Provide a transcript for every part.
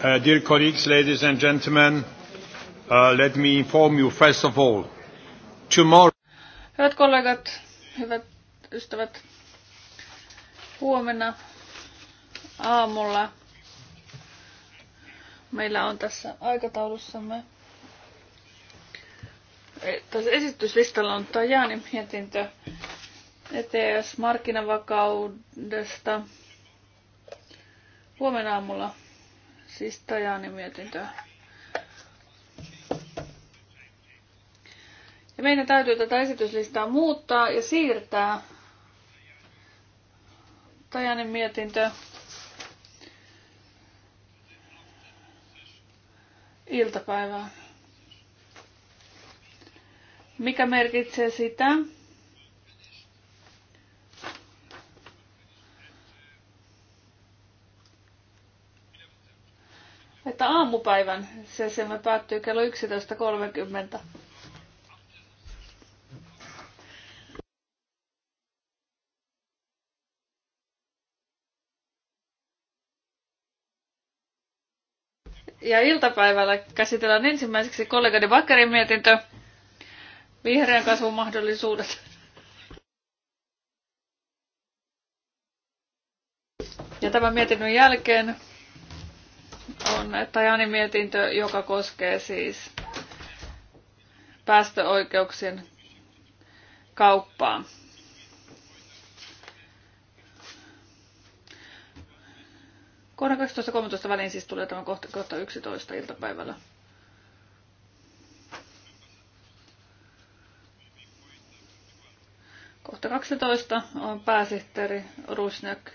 Uh, dear colleagues, ladies and gentlemen, uh, let me inform you first of all. Tomorrow... Hyvät kollegat, hyvät ystävät, huomenna aamulla meillä on tässä aikataulussamme eh, tässä esityslistalla on Tajanin mietintö ETS-markkinavakaudesta huomenna aamulla Siis Tajani mietintöä. Ja meidän täytyy tätä esityslistaa muuttaa ja siirtää Tajanin mietintö iltapäivään. Mikä merkitsee sitä, mutta aamupäivän sessiomme päättyy kello 11.30. Ja iltapäivällä käsitellään ensimmäiseksi kollegani Bakkerin mietintö vihreän kasvun mahdollisuudet. Ja tämän mietinnön jälkeen on Tajani mietintö, joka koskee siis päästöoikeuksien kauppaa. Kohdan 12.13 väliin siis tulee tämä kohta, kohta 11 iltapäivällä. Kohta 12 on pääsihteeri Rusnak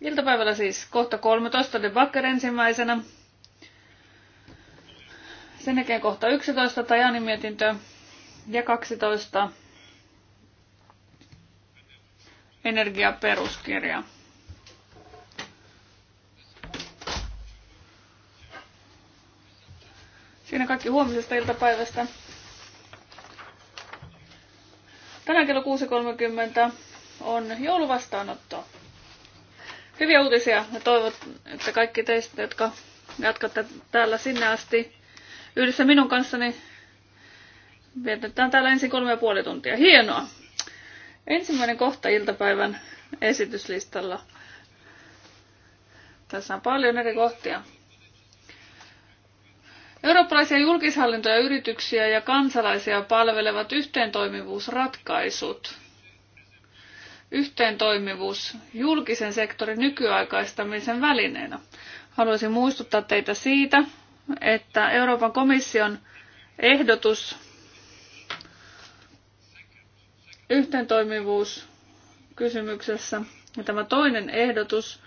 Iltapäivällä siis kohta 13 de Bakker ensimmäisenä. Sen jälkeen kohta 11 Tajanin mietintö ja 12 energiaperuskirja. Siinä kaikki huomisesta iltapäivästä. Tänään kello 6.30 on jouluvastaanotto hyviä uutisia ja toivot, että kaikki teistä, jotka jatkatte täällä sinne asti yhdessä minun kanssani, vietetään täällä ensin kolme ja puoli tuntia. Hienoa! Ensimmäinen kohta iltapäivän esityslistalla. Tässä on paljon eri kohtia. Eurooppalaisia julkishallintoja, yrityksiä ja kansalaisia palvelevat yhteentoimivuusratkaisut – yhteentoimivuus julkisen sektorin nykyaikaistamisen välineenä. Haluaisin muistuttaa teitä siitä, että Euroopan komission ehdotus yhteentoimivuus kysymyksessä ja tämä toinen ehdotus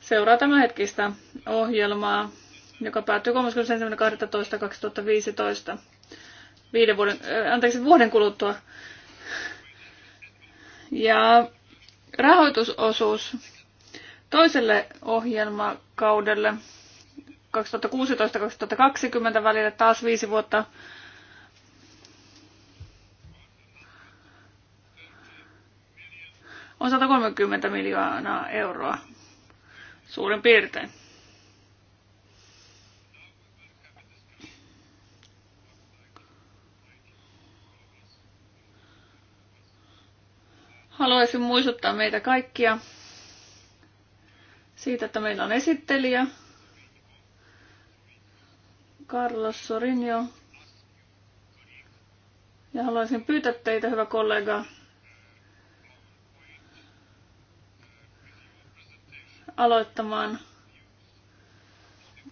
seuraa tämän hetkistä ohjelmaa, joka päättyy 31.12.2015 viiden vuoden, äh, anteeksi, vuoden kuluttua ja rahoitusosuus toiselle ohjelmakaudelle 2016-2020 välillä taas viisi vuotta on 130 miljoonaa euroa suurin piirtein. Haluaisin muistuttaa meitä kaikkia siitä, että meillä on esittelijä Carlos Sorinio. Ja haluaisin pyytää teitä, hyvä kollega, aloittamaan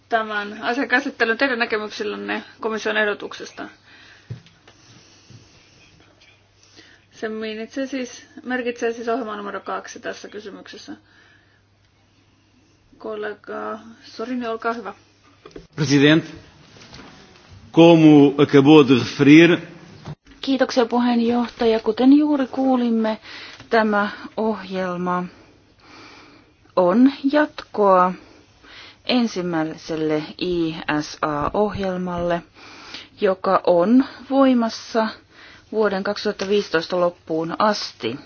tämän asian käsittelyn teidän näkemyksillänne komission ehdotuksesta. Se mainitsee siis, merkitsee siis ohjelman numero kaksi tässä kysymyksessä. Kollega Sorini, olkaa hyvä. President, como acabou de referir. Kiitoksia puheenjohtaja. Kuten juuri kuulimme, tämä ohjelma on jatkoa ensimmäiselle ISA-ohjelmalle, joka on voimassa – vuoden 2015 loppuun asti.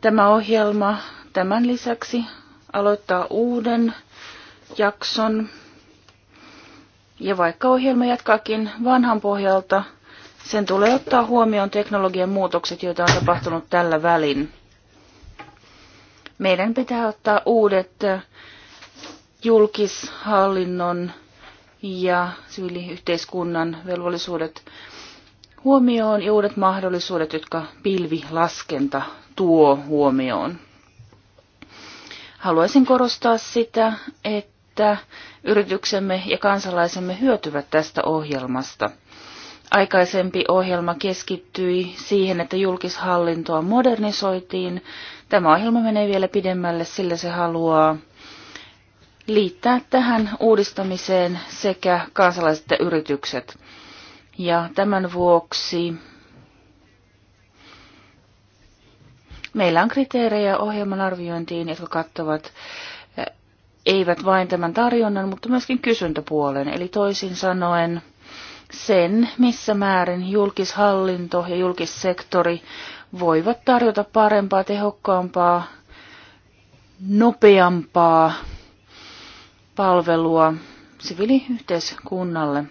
Tämä ohjelma tämän lisäksi aloittaa uuden jakson. Ja vaikka ohjelma jatkaakin vanhan pohjalta, sen tulee ottaa huomioon teknologian muutokset, joita on tapahtunut tällä välin. Meidän pitää ottaa uudet äh, julkishallinnon ja siviiliyhteiskunnan velvollisuudet huomioon ja uudet mahdollisuudet, jotka pilvilaskenta tuo huomioon. Haluaisin korostaa sitä, että yrityksemme ja kansalaisemme hyötyvät tästä ohjelmasta. Aikaisempi ohjelma keskittyi siihen, että julkishallintoa modernisoitiin. Tämä ohjelma menee vielä pidemmälle, sillä se haluaa liittää tähän uudistamiseen sekä kansalaiset että yritykset. Ja tämän vuoksi meillä on kriteerejä ohjelman arviointiin, jotka kattavat eh, eivät vain tämän tarjonnan, mutta myöskin kysyntäpuolen. Eli toisin sanoen sen, missä määrin julkishallinto ja julkissektori voivat tarjota parempaa, tehokkaampaa, nopeampaa palvelua siviiliyhteiskunnalle.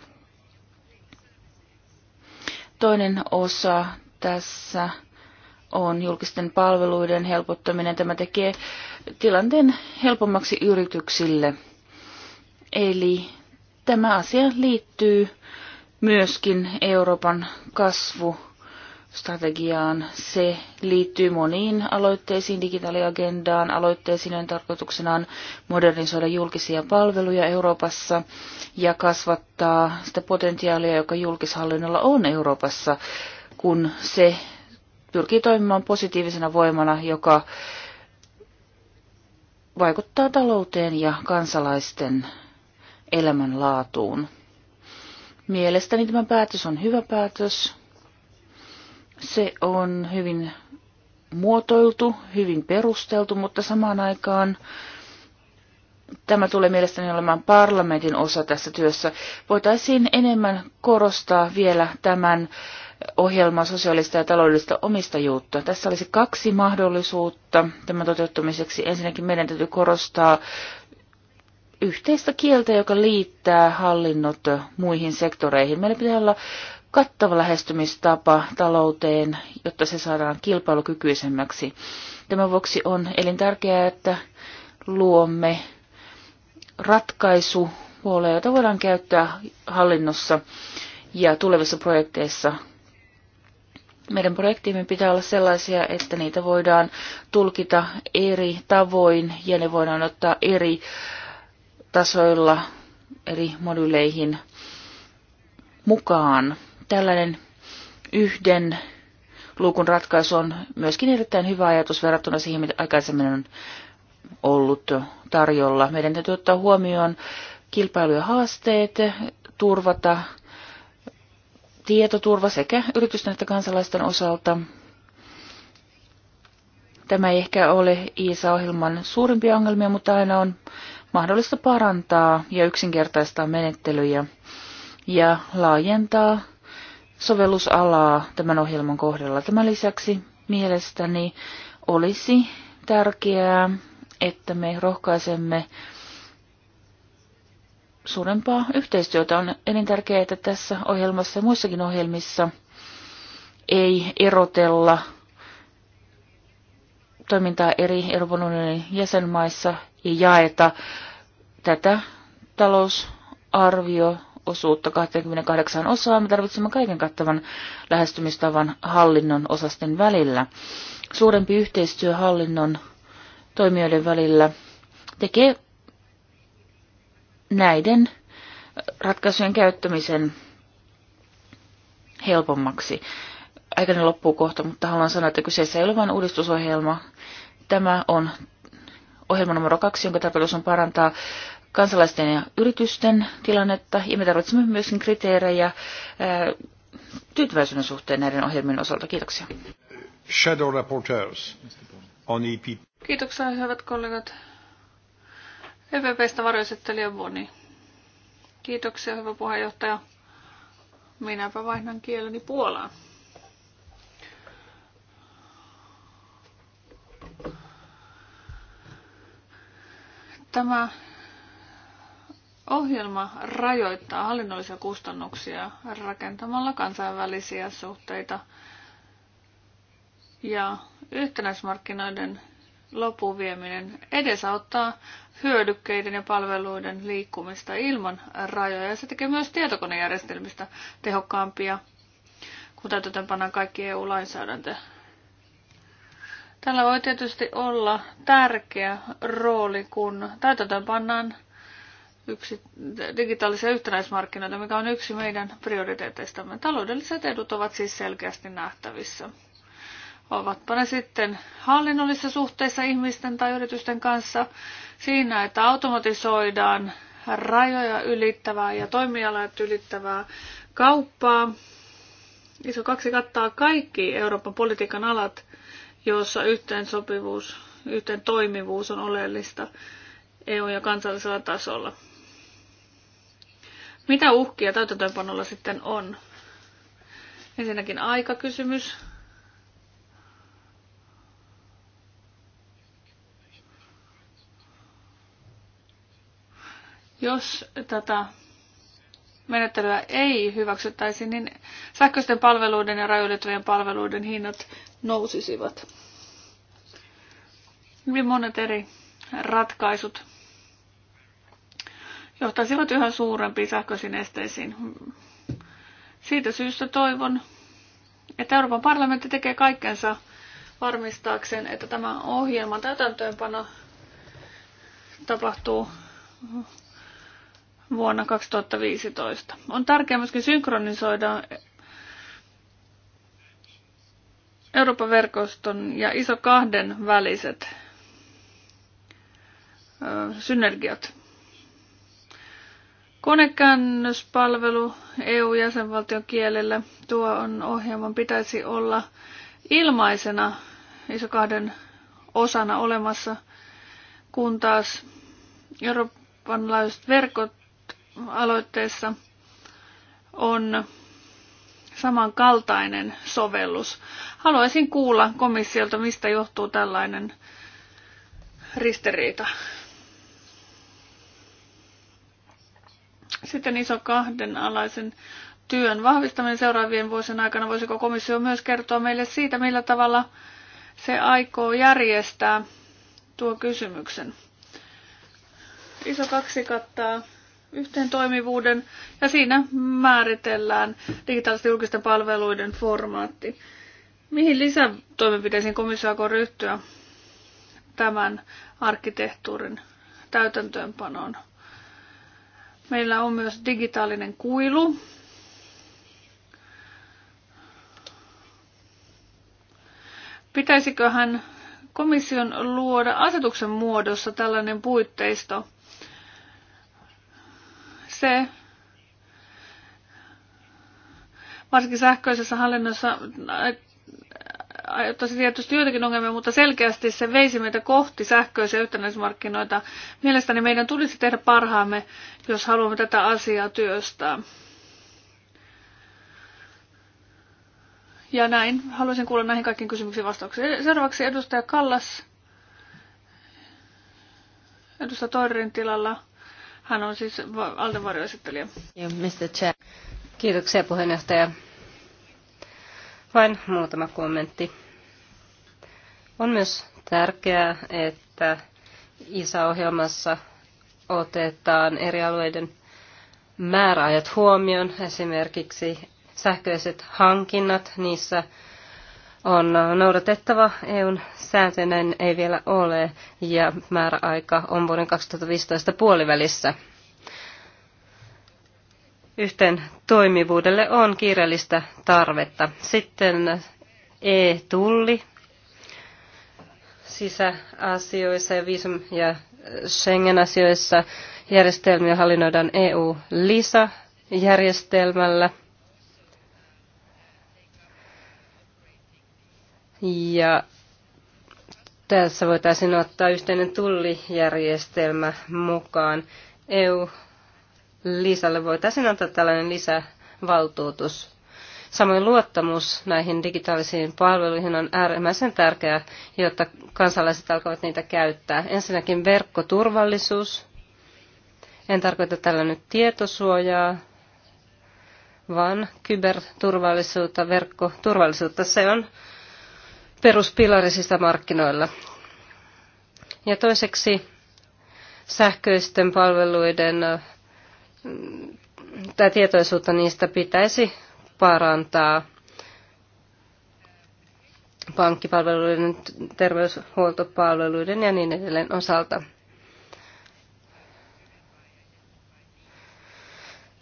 Toinen osa tässä on julkisten palveluiden helpottaminen. Tämä tekee tilanteen helpommaksi yrityksille. Eli tämä asia liittyy myöskin Euroopan kasvu- strategiaan. Se liittyy moniin aloitteisiin, digitaaliagendaan, aloitteisiin, joiden tarkoituksena on modernisoida julkisia palveluja Euroopassa ja kasvattaa sitä potentiaalia, joka julkishallinnolla on Euroopassa, kun se pyrkii toimimaan positiivisena voimana, joka vaikuttaa talouteen ja kansalaisten elämänlaatuun. Mielestäni tämä päätös on hyvä päätös se on hyvin muotoiltu, hyvin perusteltu, mutta samaan aikaan tämä tulee mielestäni olemaan parlamentin osa tässä työssä. Voitaisiin enemmän korostaa vielä tämän ohjelman sosiaalista ja taloudellista omistajuutta. Tässä olisi kaksi mahdollisuutta tämän toteuttamiseksi. Ensinnäkin meidän täytyy korostaa yhteistä kieltä, joka liittää hallinnot muihin sektoreihin. Meillä pitää olla kattava lähestymistapa talouteen, jotta se saadaan kilpailukykyisemmäksi. Tämän vuoksi on elintärkeää, että luomme ratkaisupuoleja, joita voidaan käyttää hallinnossa ja tulevissa projekteissa. Meidän projektiimme pitää olla sellaisia, että niitä voidaan tulkita eri tavoin ja ne voidaan ottaa eri tasoilla eri moduleihin mukaan. Tällainen yhden luukun ratkaisu on myöskin erittäin hyvä ajatus verrattuna siihen, mitä aikaisemmin on ollut tarjolla. Meidän täytyy ottaa huomioon kilpailu- ja haasteet, turvata tietoturva sekä yritysten että kansalaisten osalta. Tämä ei ehkä ole ISA-ohjelman suurimpia ongelmia, mutta aina on mahdollista parantaa ja yksinkertaistaa menettelyjä ja laajentaa sovellusalaa tämän ohjelman kohdalla. Tämän lisäksi mielestäni olisi tärkeää, että me rohkaisemme suurempaa yhteistyötä. On elintärkeää, että tässä ohjelmassa ja muissakin ohjelmissa ei erotella toimintaa eri Euroopan unionin jäsenmaissa ja jaeta tätä talousarvio osuutta 28 osaa. Me tarvitsemme kaiken kattavan lähestymistavan hallinnon osasten välillä. Suurempi yhteistyö hallinnon toimijoiden välillä tekee näiden ratkaisujen käyttämisen helpommaksi. Aikani loppuu kohta, mutta haluan sanoa, että kyseessä ei ole vain uudistusohjelma. Tämä on ohjelma numero kaksi, jonka tarkoitus on parantaa kansalaisten ja yritysten tilannetta, ja me tarvitsemme myöskin kriteerejä äh, tyytyväisyyden suhteen näiden ohjelmien osalta. Kiitoksia. Shadow Rapporteurs on EP. Kiitoksia, hyvät kollegat. EPPstä varjoisettelija Boni. Kiitoksia, hyvä puheenjohtaja. Minäpä vaihdan kieleni Puolaan. Tämä Ohjelma rajoittaa hallinnollisia kustannuksia rakentamalla kansainvälisiä suhteita ja yhtenäismarkkinoiden lopuvieminen edesauttaa hyödykkeiden ja palveluiden liikkumista ilman rajoja se tekee myös tietokonejärjestelmistä tehokkaampia, kun täytäntöönpannaan kaikki EU-lainsäädäntö. Tällä voi tietysti olla tärkeä rooli, kun täytetään pannaan yksi, digitaalisia yhtenäismarkkinoita, mikä on yksi meidän prioriteeteistamme. Taloudelliset edut ovat siis selkeästi nähtävissä. Ovatpa ne sitten hallinnollisissa suhteissa ihmisten tai yritysten kanssa siinä, että automatisoidaan rajoja ylittävää ja toimialat ylittävää kauppaa. ISO kaksi kattaa kaikki Euroopan politiikan alat, joissa sopivuus, yhteen toimivuus on oleellista EU- ja kansallisella tasolla. Mitä uhkia täytäntöönpanolla sitten on? Ensinnäkin aikakysymys. Jos tätä menettelyä ei hyväksyttäisi, niin sähköisten palveluiden ja rajoitettujen palveluiden hinnat nousisivat. Hyvin monet eri ratkaisut johtaisivat yhä suurempiin sähköisiin esteisiin. Siitä syystä toivon, että Euroopan parlamentti tekee kaikkensa varmistaakseen, että tämä ohjelman täytäntöönpano tapahtuu vuonna 2015. On tärkeää myöskin synkronisoida Euroopan verkoston ja ISO kahden väliset synergiat. Konekäännöspalvelu EU-jäsenvaltion kielellä. Tuo on ohjelman pitäisi olla ilmaisena iso kahden osana olemassa, kun taas eurooppalaiset verkot aloitteessa on samankaltainen sovellus. Haluaisin kuulla komissiolta, mistä johtuu tällainen ristiriita. Sitten iso kahden alaisen työn vahvistaminen seuraavien vuosien aikana. Voisiko komissio myös kertoa meille siitä, millä tavalla se aikoo järjestää tuo kysymyksen? Iso kaksi kattaa yhteen toimivuuden ja siinä määritellään digitaalisten julkisten palveluiden formaatti. Mihin lisätoimenpiteisiin komissio aikoo ryhtyä tämän arkkitehtuurin täytäntöönpanoon? Meillä on myös digitaalinen kuilu. Pitäisiköhän komission luoda asetuksen muodossa tällainen puitteisto? Se varsinkin sähköisessä hallinnossa aiheuttaisi tietysti joitakin ongelmia, mutta selkeästi se veisi meitä kohti sähköisiä yhtenäismarkkinoita. Mielestäni meidän tulisi tehdä parhaamme, jos haluamme tätä asiaa työstää. Ja näin, haluaisin kuulla näihin kaikkiin kysymyksiin vastauksia. Seuraavaksi edustaja Kallas, edustaja Toirin tilalla. Hän on siis altenvarjoesittelijä. Kiitoksia puheenjohtaja. Vain muutama kommentti. On myös tärkeää, että ISA-ohjelmassa otetaan eri alueiden määräajat huomioon, esimerkiksi sähköiset hankinnat, niissä on noudatettava EUn sääntöjä, näin ei vielä ole, ja määräaika on vuoden 2015 puolivälissä. Yhteen toimivuudelle on kiireellistä tarvetta. Sitten e-tulli sisäasioissa ja viisum- ja äh, Schengen-asioissa järjestelmiä hallinnoidaan EU-LISA-järjestelmällä. Ja tässä voitaisiin ottaa yhteinen tullijärjestelmä mukaan. EU-lisälle voitaisiin antaa tällainen lisävaltuutus Samoin luottamus näihin digitaalisiin palveluihin on äärimmäisen tärkeää, jotta kansalaiset alkavat niitä käyttää. Ensinnäkin verkkoturvallisuus. En tarkoita tällä nyt tietosuojaa, vaan kyberturvallisuutta, verkkoturvallisuutta. Se on peruspilari markkinoilla. Ja toiseksi sähköisten palveluiden mm, tai tietoisuutta niistä pitäisi parantaa pankkipalveluiden, terveyshuoltopalveluiden ja niin edelleen osalta.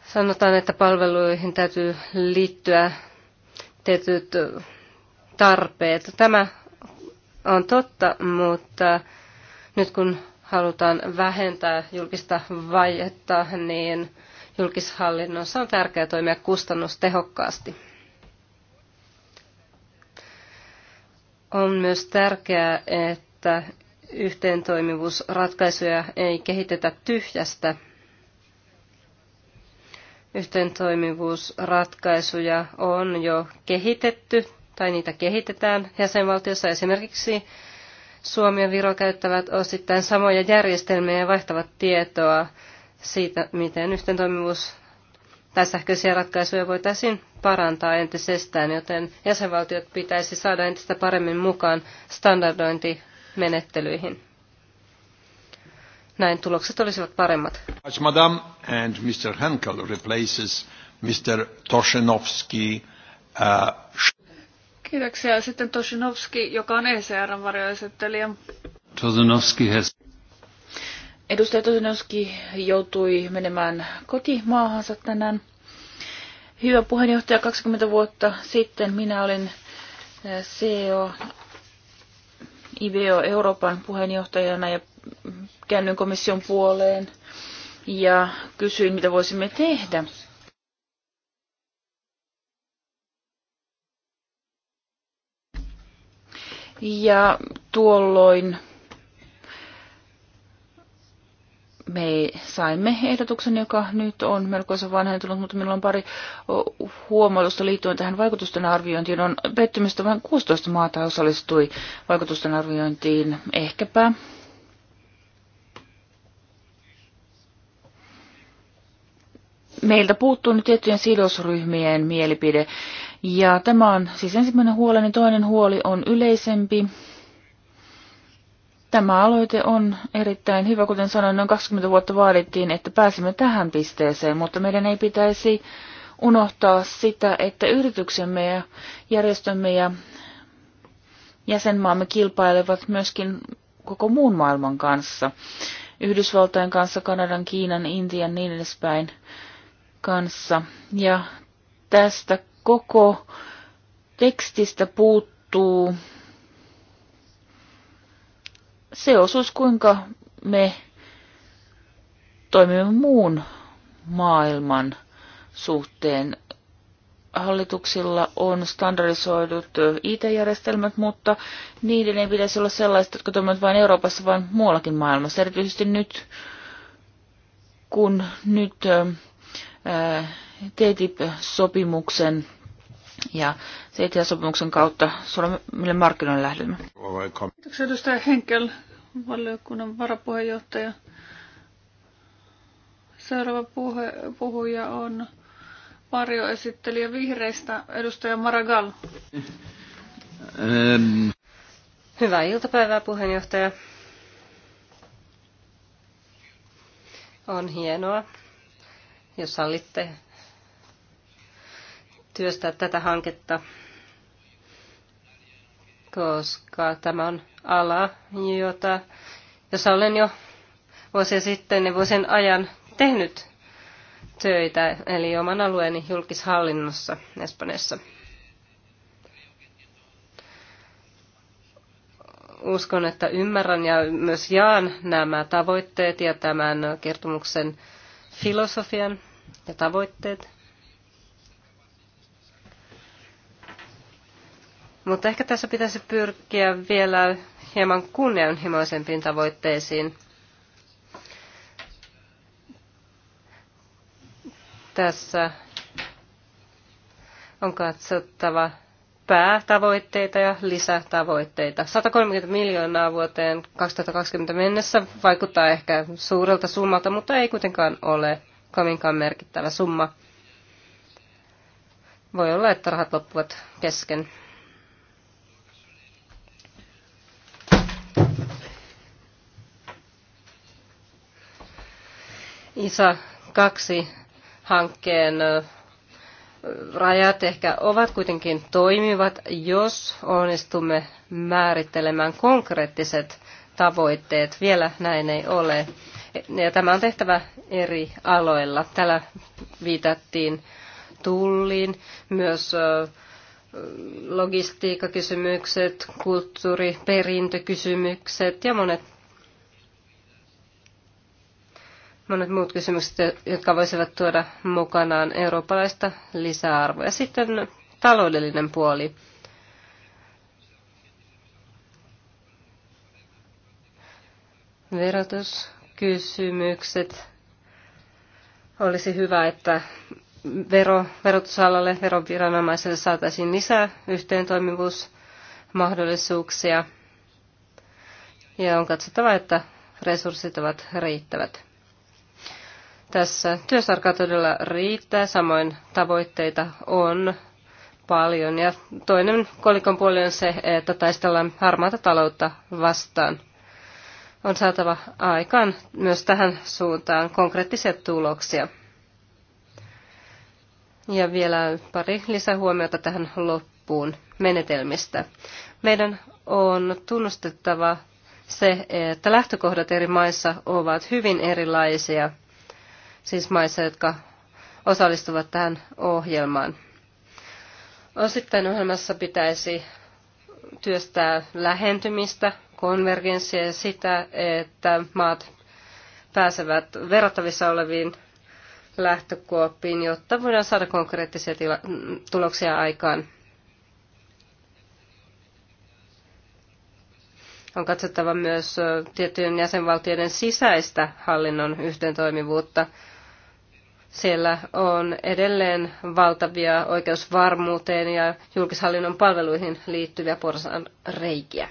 Sanotaan, että palveluihin täytyy liittyä tietyt tarpeet. Tämä on totta, mutta nyt kun halutaan vähentää julkista vaihetta, niin Julkishallinnossa on tärkeää toimia kustannustehokkaasti. On myös tärkeää, että yhteentoimivuusratkaisuja ei kehitetä tyhjästä. Yhteentoimivuusratkaisuja on jo kehitetty tai niitä kehitetään jäsenvaltiossa. Esimerkiksi Suomi ja Viro käyttävät osittain samoja järjestelmiä ja vaihtavat tietoa siitä, miten yhteen toimivuus tai sähköisiä ratkaisuja voitaisiin parantaa entisestään, joten jäsenvaltiot pitäisi saada entistä paremmin mukaan standardointimenettelyihin. Näin tulokset olisivat paremmat. Madam and Mr. Henkel replaces Mr. Toshinovski. Uh... Kiitoksia. Sitten Toshinovski, joka on ecr varjoesittelijä. Toshinovski has... Edustaja Tosinowski joutui menemään kotimaahansa tänään. Hyvä puheenjohtaja, 20 vuotta sitten minä olin eh, CEO IVO Euroopan puheenjohtajana ja käännyin komission puoleen ja kysyin, mitä voisimme tehdä. Ja tuolloin me saimme ehdotuksen, joka nyt on melkoisen vanhentunut, mutta minulla on pari huomautusta liittyen tähän vaikutusten arviointiin. On pettymystä vain 16 maata osallistui vaikutusten arviointiin. Ehkäpä meiltä puuttuu nyt tiettyjen sidosryhmien mielipide. Ja tämä on siis ensimmäinen niin Toinen huoli on yleisempi. Tämä aloite on erittäin hyvä, kuten sanoin, noin 20 vuotta vaadittiin, että pääsimme tähän pisteeseen, mutta meidän ei pitäisi unohtaa sitä, että yrityksemme ja järjestömme ja jäsenmaamme kilpailevat myöskin koko muun maailman kanssa. Yhdysvaltain kanssa, Kanadan, Kiinan, Intian, niin edespäin kanssa. Ja tästä koko tekstistä puuttuu se osuus, kuinka me toimimme muun maailman suhteen. Hallituksilla on standardisoidut IT-järjestelmät, mutta niiden ei pitäisi olla sellaiset, jotka toimivat vain Euroopassa, vaan muuallakin maailmassa. Erityisesti nyt, kun nyt äh, äh, TTIP-sopimuksen ja CTA-sopimuksen kautta Suomelle markkinoille lähdemme. Kiitoksia edustaja Henkel, valiokunnan varapuheenjohtaja. Seuraava puhe, puhuja on varjoesittelijä vihreistä, edustaja Maragall. Ähm. Hyvää iltapäivää puheenjohtaja. On hienoa, jos sallitte, työstää tätä hanketta, koska tämä on ala, jota, jossa olen jo vuosia sitten ja vuosien ajan tehnyt töitä, eli oman alueeni julkishallinnossa Espanjassa. Uskon, että ymmärrän ja myös jaan nämä tavoitteet ja tämän kertomuksen filosofian ja tavoitteet. Mutta ehkä tässä pitäisi pyrkiä vielä hieman kunnianhimoisempiin tavoitteisiin. Tässä on katsottava päätavoitteita ja lisätavoitteita. 130 miljoonaa vuoteen 2020 mennessä vaikuttaa ehkä suurelta summalta, mutta ei kuitenkaan ole kovinkaan merkittävä summa. Voi olla, että rahat loppuvat kesken. ISA 2 hankkeen rajat ehkä ovat kuitenkin toimivat, jos onnistumme määrittelemään konkreettiset tavoitteet. Vielä näin ei ole. Ja tämä on tehtävä eri aloilla. Täällä viitattiin tulliin, myös logistiikkakysymykset, kulttuuriperintökysymykset ja monet monet muut kysymykset, jotka voisivat tuoda mukanaan eurooppalaista lisäarvoa. Ja sitten taloudellinen puoli. Verotuskysymykset. Olisi hyvä, että vero, verotusalalle, veroviranomaiselle saataisiin lisää yhteentoimivuusmahdollisuuksia. Ja on katsottava, että resurssit ovat riittävät. Tässä työsarkaa todella riittää, samoin tavoitteita on paljon. Ja toinen kolikon puoli on se, että taistellaan harmaata taloutta vastaan. On saatava aikaan myös tähän suuntaan konkreettisia tuloksia. Ja vielä pari lisähuomiota tähän loppuun menetelmistä. Meidän on tunnustettava se, että lähtökohdat eri maissa ovat hyvin erilaisia – siis maissa, jotka osallistuvat tähän ohjelmaan. Osittain ohjelmassa pitäisi työstää lähentymistä, konvergenssia ja sitä, että maat pääsevät verrattavissa oleviin lähtökuoppiin, jotta voidaan saada konkreettisia tuloksia aikaan. On katsottava myös tiettyjen jäsenvaltioiden sisäistä hallinnon yhteentoimivuutta. toimivuutta siellä on edelleen valtavia oikeusvarmuuteen ja julkishallinnon palveluihin liittyviä porsaan reikiä.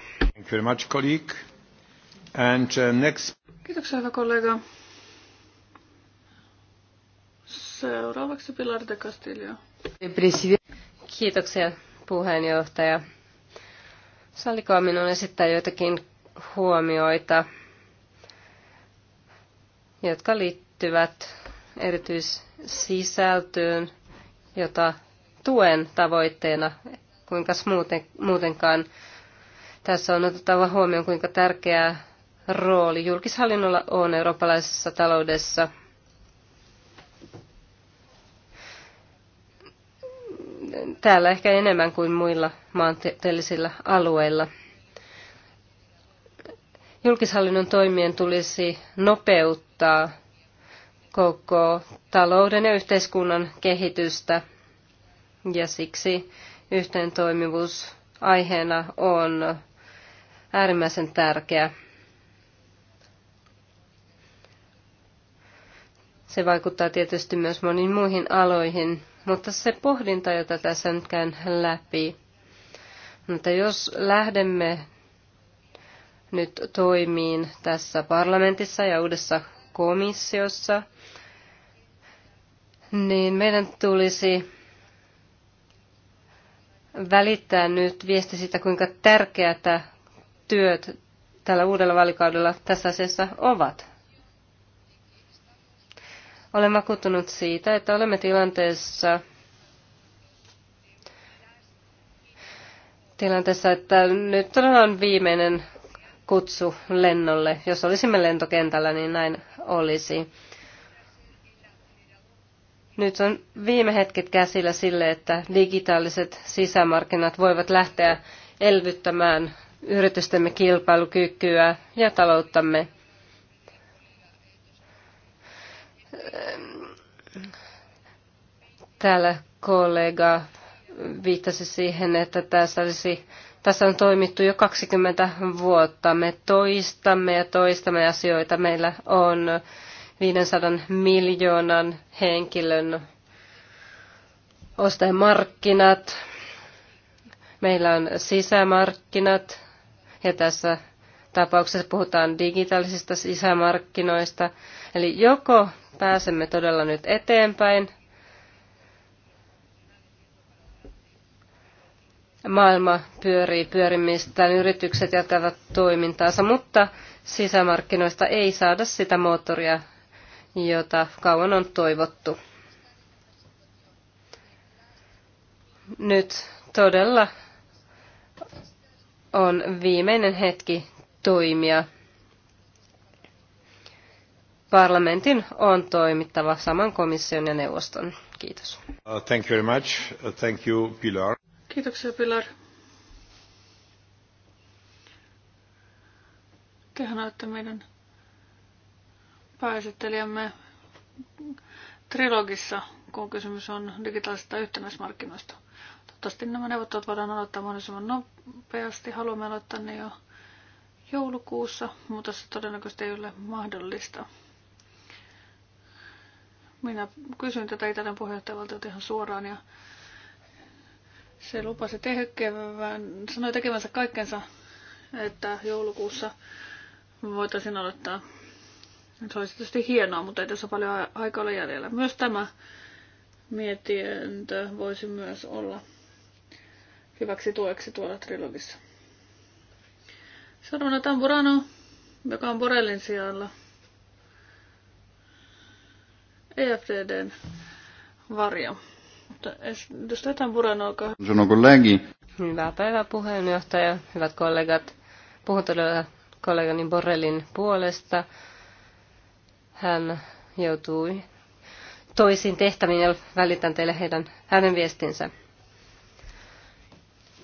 And, uh, next... Kiitoksia, hyvä kollega. Seuraavaksi Pilar de Castillo. Kiitoksia, puheenjohtaja. Sallikoa minun esittää joitakin huomioita, jotka liittyvät erityissisältöön, jota tuen tavoitteena, kuinka muuten, muutenkaan tässä on otettava huomioon, kuinka tärkeä rooli julkishallinnolla on eurooppalaisessa taloudessa. Täällä ehkä enemmän kuin muilla maantieteellisillä alueilla. Julkishallinnon toimien tulisi nopeuttaa koko talouden ja yhteiskunnan kehitystä. Ja siksi yhteentoimivuus aiheena on äärimmäisen tärkeä. Se vaikuttaa tietysti myös moniin muihin aloihin, mutta se pohdinta, jota tässä nyt käyn läpi. Mutta jos lähdemme nyt toimiin tässä parlamentissa ja uudessa komissiossa, niin meidän tulisi välittää nyt viesti siitä, kuinka tärkeätä työt tällä uudella valikaudella tässä asiassa ovat. Olen vakuuttunut siitä, että olemme tilanteessa, tilanteessa, että nyt todella on viimeinen kutsu lennolle. Jos olisimme lentokentällä, niin näin olisi. Nyt on viime hetket käsillä sille, että digitaaliset sisämarkkinat voivat lähteä elvyttämään yritystemme kilpailukykyä ja talouttamme. Täällä kollega viittasi siihen, että tässä, olisi, tässä on toimittu jo 20 vuotta. Me toistamme ja toistamme asioita. Meillä on 500 miljoonan henkilön ostajamarkkinat. Meillä on sisämarkkinat ja tässä tapauksessa puhutaan digitaalisista sisämarkkinoista. Eli joko pääsemme todella nyt eteenpäin maailma pyörii pyörimistään, yritykset jatkavat toimintaansa, mutta sisämarkkinoista ei saada sitä moottoria, jota kauan on toivottu. Nyt todella on viimeinen hetki toimia. Parlamentin on toimittava saman komission ja neuvoston. Kiitos. Uh, thank you very much. Uh, thank you, Pilar. Kiitoksia, Pilar. Tehän olette meidän pääesittelijämme trilogissa, kun kysymys on digitaalisista yhtenäismarkkinoista. Toivottavasti nämä neuvottelut voidaan aloittaa mahdollisimman nopeasti. Haluamme aloittaa ne jo joulukuussa, mutta se todennäköisesti ei ole mahdollista. Minä kysyin tätä Itälän puheenjohtajavaltiolta ihan suoraan ja se lupasi tehkevään, sanoi tekevänsä kaikkensa, että joulukuussa voitaisiin aloittaa se olisi tietysti hienoa, mutta ei tässä paljon aikaa ole jäljellä. Myös tämä mietintö voisi myös olla hyväksi tueksi tuolla trilogissa. Sarona Tamburano, joka on Borellin sijalla. EFDDn varjo. Edustaja Tamburano, olkaa hyvä. Hyvää päivää puheenjohtaja, hyvät kollegat. Puhun todella kollegani Borrellin puolesta. Hän joutui toisiin tehtäviin ja välitän teille heidän, hänen viestinsä.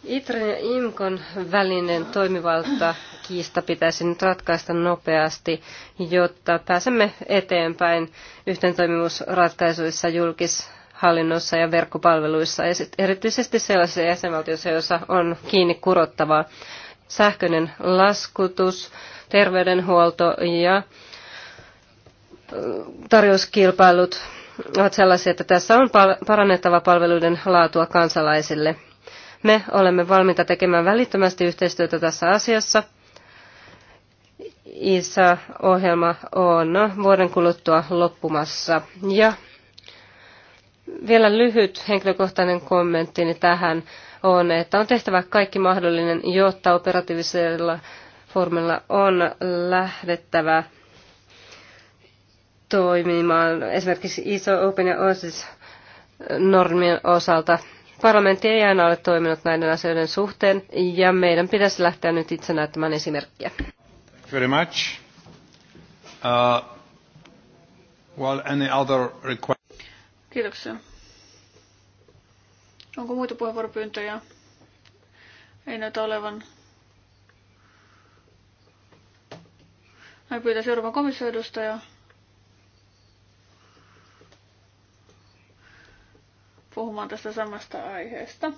Itran ja IMKon välinen toimivalta kiista pitäisi nyt ratkaista nopeasti, jotta pääsemme eteenpäin yhteentoimivuusratkaisuissa julkishallinnossa ja verkkopalveluissa, ja erityisesti sellaisissa jäsenvaltioissa, joissa on kiinni kurottavaa. Sähköinen laskutus, terveydenhuolto ja tarjouskilpailut ovat sellaisia, että tässä on parannettava palveluiden laatua kansalaisille. Me olemme valmiita tekemään välittömästi yhteistyötä tässä asiassa. ISA-ohjelma on vuoden kuluttua loppumassa. Ja vielä lyhyt henkilökohtainen kommenttini tähän on, että on tehtävä kaikki mahdollinen, jotta operatiivisella formilla on lähdettävä toimimaan esimerkiksi ISO Open ja OSIS normien osalta. Parlamentti ei aina ole toiminut näiden asioiden suhteen ja meidän pitäisi lähteä nyt itse näyttämään esimerkkiä. Thank you very much. Uh, well, any other request? Kiitoksia. Onko muita puheenvuoropyyntöjä? Ei näytä olevan. Näin pyytäisin Euroopan komission edustajaa. puhumaan tästä samasta aiheesta.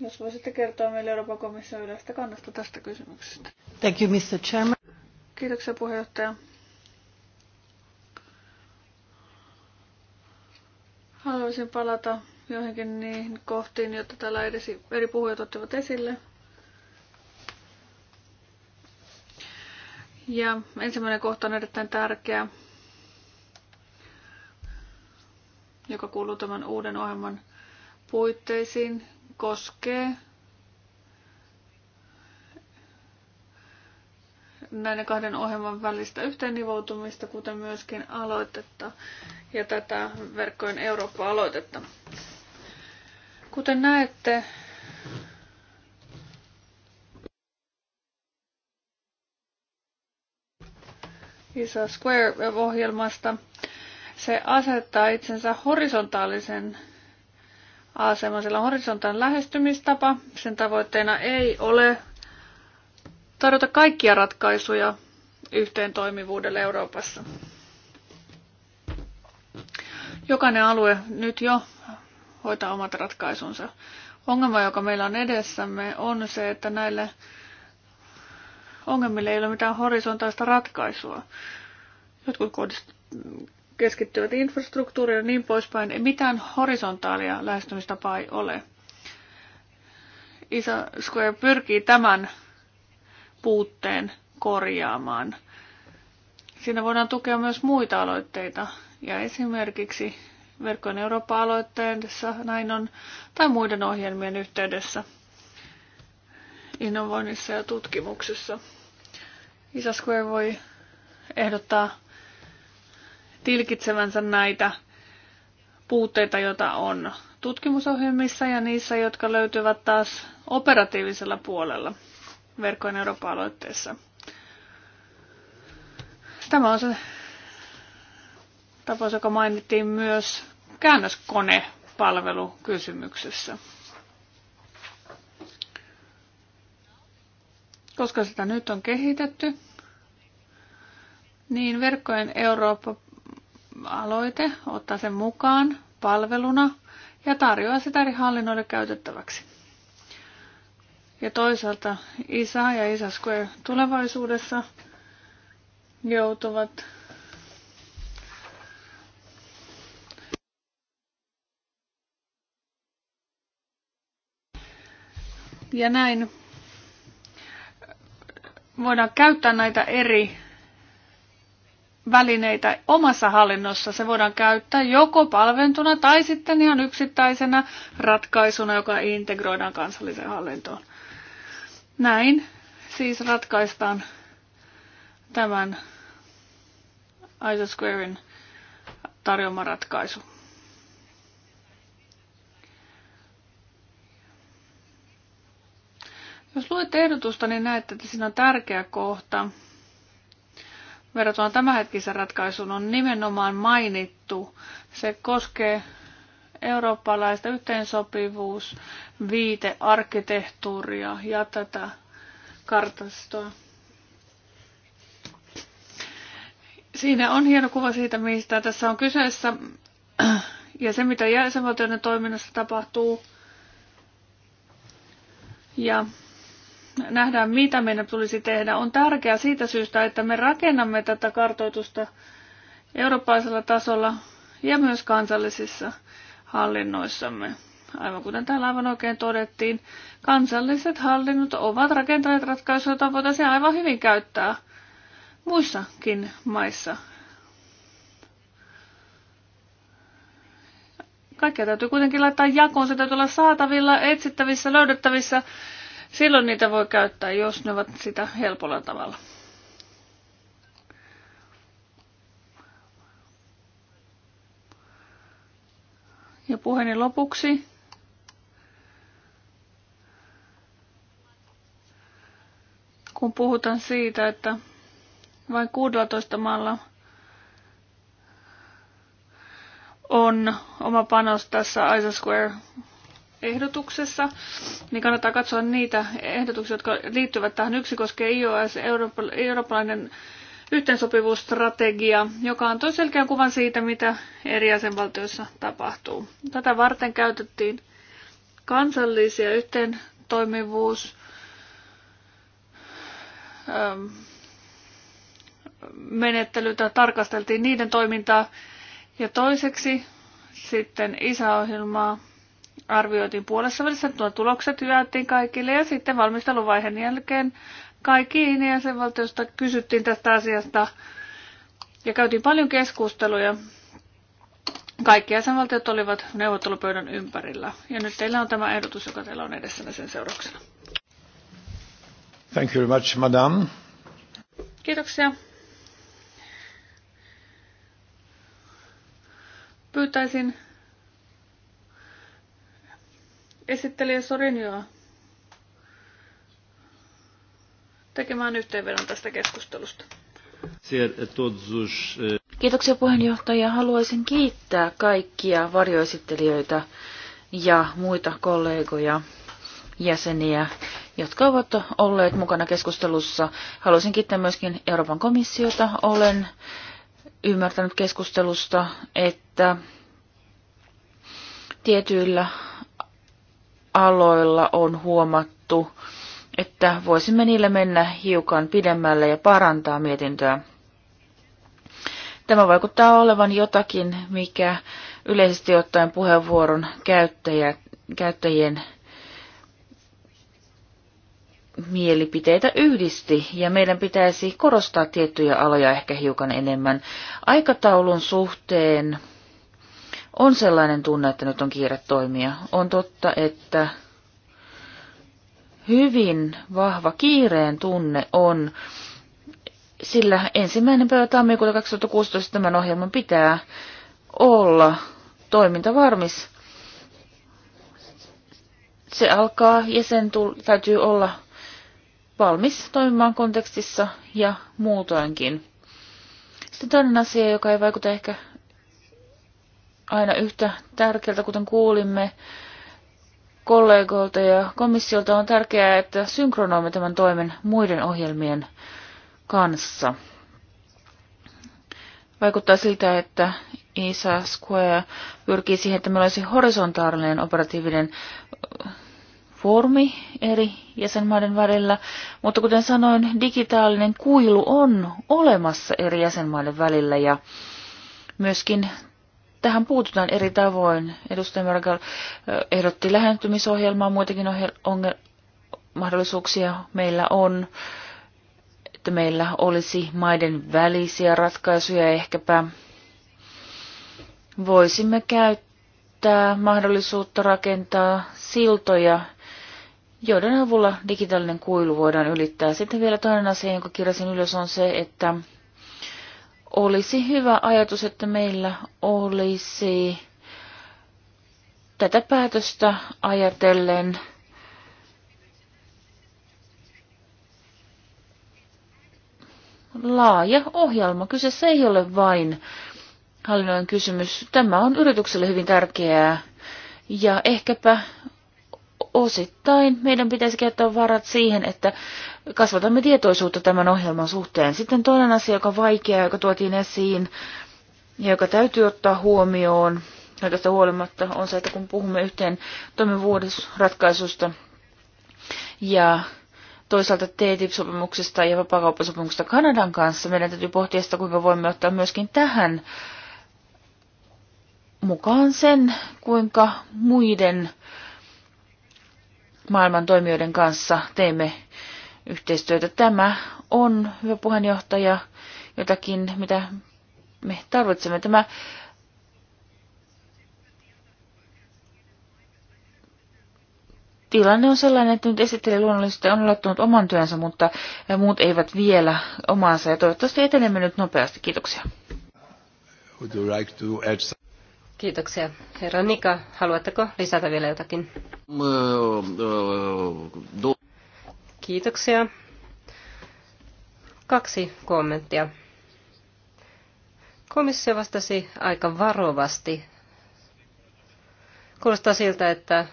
Jos voisitte kertoa meille Euroopan komission yleistä kannasta tästä kysymyksestä. Thank you, Mr. Chairman. Kiitoksia puheenjohtaja. Haluaisin palata joihinkin niihin kohtiin, joita täällä edesi, eri puhujat ottivat esille. Ja ensimmäinen kohta on erittäin tärkeä. joka kuuluu tämän uuden ohjelman puitteisiin, koskee näiden kahden ohjelman välistä yhteennivoutumista, kuten myöskin aloitetta ja tätä verkkojen Eurooppa-aloitetta. Kuten näette, Isa Square-ohjelmasta se asettaa itsensä horisontaalisen aseman. Sillä on horisontaalinen lähestymistapa. Sen tavoitteena ei ole tarjota kaikkia ratkaisuja yhteen toimivuudelle Euroopassa. Jokainen alue nyt jo hoitaa omat ratkaisunsa. Ongelma, joka meillä on edessämme, on se, että näille ongelmille ei ole mitään horisontaista ratkaisua. Jotkut keskittyvät infrastruktuuriin ja niin poispäin. Mitään horisontaalia lähestymistapaa ei ole. Isä, Square pyrkii tämän puutteen korjaamaan. Siinä voidaan tukea myös muita aloitteita, ja esimerkiksi Verkkojen Eurooppa-aloitteessa näin on, tai muiden ohjelmien yhteydessä, innovoinnissa ja tutkimuksessa. Isä, Square voi ehdottaa tilkitsevänsä näitä puutteita, joita on tutkimusohjelmissa ja niissä, jotka löytyvät taas operatiivisella puolella verkkojen Eurooppa-aloitteessa. Tämä on se tapaus, joka mainittiin myös käännöskonepalvelukysymyksessä. Koska sitä nyt on kehitetty, niin verkkojen Eurooppa aloite, ottaa sen mukaan palveluna ja tarjoaa sitä eri hallinnoille käytettäväksi. Ja toisaalta isä ja isä tulevaisuudessa joutuvat Ja näin voidaan käyttää näitä eri välineitä omassa hallinnossa. Se voidaan käyttää joko palventuna tai sitten ihan yksittäisenä ratkaisuna, joka integroidaan kansalliseen hallintoon. Näin siis ratkaistaan tämän Isosquarein tarjoama ratkaisu. Jos luet ehdotusta, niin näette, että siinä on tärkeä kohta – verrattuna tämänhetkisen ratkaisuun on nimenomaan mainittu. Se koskee eurooppalaista yhteensopivuus, viite, arkkitehtuuria ja tätä kartastoa. Siinä on hieno kuva siitä, mistä tässä on kyseessä ja se, mitä jäsenvaltioiden toiminnassa tapahtuu. Ja nähdään, mitä meidän tulisi tehdä, on tärkeää siitä syystä, että me rakennamme tätä kartoitusta eurooppalaisella tasolla ja myös kansallisissa hallinnoissamme. Aivan kuten täällä aivan oikein todettiin, kansalliset hallinnot ovat rakentaneet ratkaisuja, joita voitaisiin aivan hyvin käyttää muissakin maissa. Kaikkea täytyy kuitenkin laittaa jakoon, se täytyy olla saatavilla, etsittävissä, löydettävissä Silloin niitä voi käyttää, jos ne ovat sitä helpolla tavalla. Ja puheeni lopuksi kun puhutaan siitä, että vain 16 maalla on oma panos tässä ISA Square ehdotuksessa, niin kannattaa katsoa niitä ehdotuksia, jotka liittyvät tähän. Yksi koskee IOS, eurooppalainen yhteensopivuusstrategia, joka antoi selkeän kuvan siitä, mitä eri jäsenvaltioissa tapahtuu. Tätä varten käytettiin kansallisia yhteentoimivuus ähm, menettelytä, tarkasteltiin niiden toimintaa ja toiseksi sitten isäohjelmaa arvioitiin puolessa välissä, tuon tulokset jaettiin kaikille ja sitten valmisteluvaiheen jälkeen kaikkiin jäsenvaltioista kysyttiin tästä asiasta ja käytiin paljon keskusteluja. Kaikki jäsenvaltiot olivat neuvottelupöydän ympärillä. Ja nyt teillä on tämä ehdotus, joka teillä on edessä sen seurauksena. Thank you very much, madam. Kiitoksia. Pyytäisin esittelijä Sorinjoa tekemään yhteenvedon tästä keskustelusta. Kiitoksia puheenjohtaja. Haluaisin kiittää kaikkia varjoesittelijöitä ja muita kollegoja, jäseniä, jotka ovat olleet mukana keskustelussa. Haluaisin kiittää myöskin Euroopan komissiota. Olen ymmärtänyt keskustelusta, että tietyillä aloilla on huomattu, että voisimme niillä mennä hiukan pidemmälle ja parantaa mietintöä. Tämä vaikuttaa olevan jotakin, mikä yleisesti ottaen puheenvuoron käyttäjä, käyttäjien mielipiteitä yhdisti ja meidän pitäisi korostaa tiettyjä aloja ehkä hiukan enemmän. Aikataulun suhteen on sellainen tunne, että nyt on kiire toimia. On totta, että hyvin vahva kiireen tunne on, sillä ensimmäinen päivä tammikuuta 2016 tämän ohjelman pitää olla toiminta varmis. Se alkaa ja sen täytyy olla valmis toimimaan kontekstissa ja muutoinkin. Sitten toinen asia, joka ei vaikuta ehkä aina yhtä tärkeältä, kuten kuulimme kollegoilta ja komissiolta, on tärkeää, että synkronoimme tämän toimen muiden ohjelmien kanssa. Vaikuttaa siltä, että ISA Square pyrkii siihen, että meillä olisi horisontaalinen operatiivinen foorumi eri jäsenmaiden välillä, mutta kuten sanoin, digitaalinen kuilu on olemassa eri jäsenmaiden välillä ja myöskin tähän puututaan eri tavoin. Edustaja Merkel ehdotti lähentymisohjelmaa, muitakin mahdollisuuksia meillä on, että meillä olisi maiden välisiä ratkaisuja ehkäpä. Voisimme käyttää mahdollisuutta rakentaa siltoja, joiden avulla digitaalinen kuilu voidaan ylittää. Sitten vielä toinen asia, jonka kirjasin ylös, on se, että olisi hyvä ajatus, että meillä olisi tätä päätöstä ajatellen laaja ohjelma. Kyseessä ei ole vain hallinnoin kysymys. Tämä on yritykselle hyvin tärkeää ja ehkäpä osittain meidän pitäisi käyttää varat siihen, että kasvatamme tietoisuutta tämän ohjelman suhteen. Sitten toinen asia, joka on vaikea, joka tuotiin esiin ja joka täytyy ottaa huomioon kaikesta huolimatta, on se, että kun puhumme yhteen toimivuodisratkaisusta ja toisaalta TTIP-sopimuksesta ja vapaakauppasopimuksesta Kanadan kanssa, meidän täytyy pohtia sitä, kuinka voimme ottaa myöskin tähän mukaan sen, kuinka muiden maailman toimijoiden kanssa teemme yhteistyötä. Tämä on, hyvä puheenjohtaja, jotakin, mitä me tarvitsemme. Tämä tilanne on sellainen, että nyt esittelijä luonnollisesti on aloittanut oman työnsä, mutta muut eivät vielä omaansa. Ja toivottavasti etenemme nyt nopeasti. Kiitoksia. Kiitoksia. Herra Nika, haluatteko lisätä vielä jotakin? Kiitoksia. Kaksi kommenttia. Komissio vastasi aika varovasti. Kuulostaa siltä, että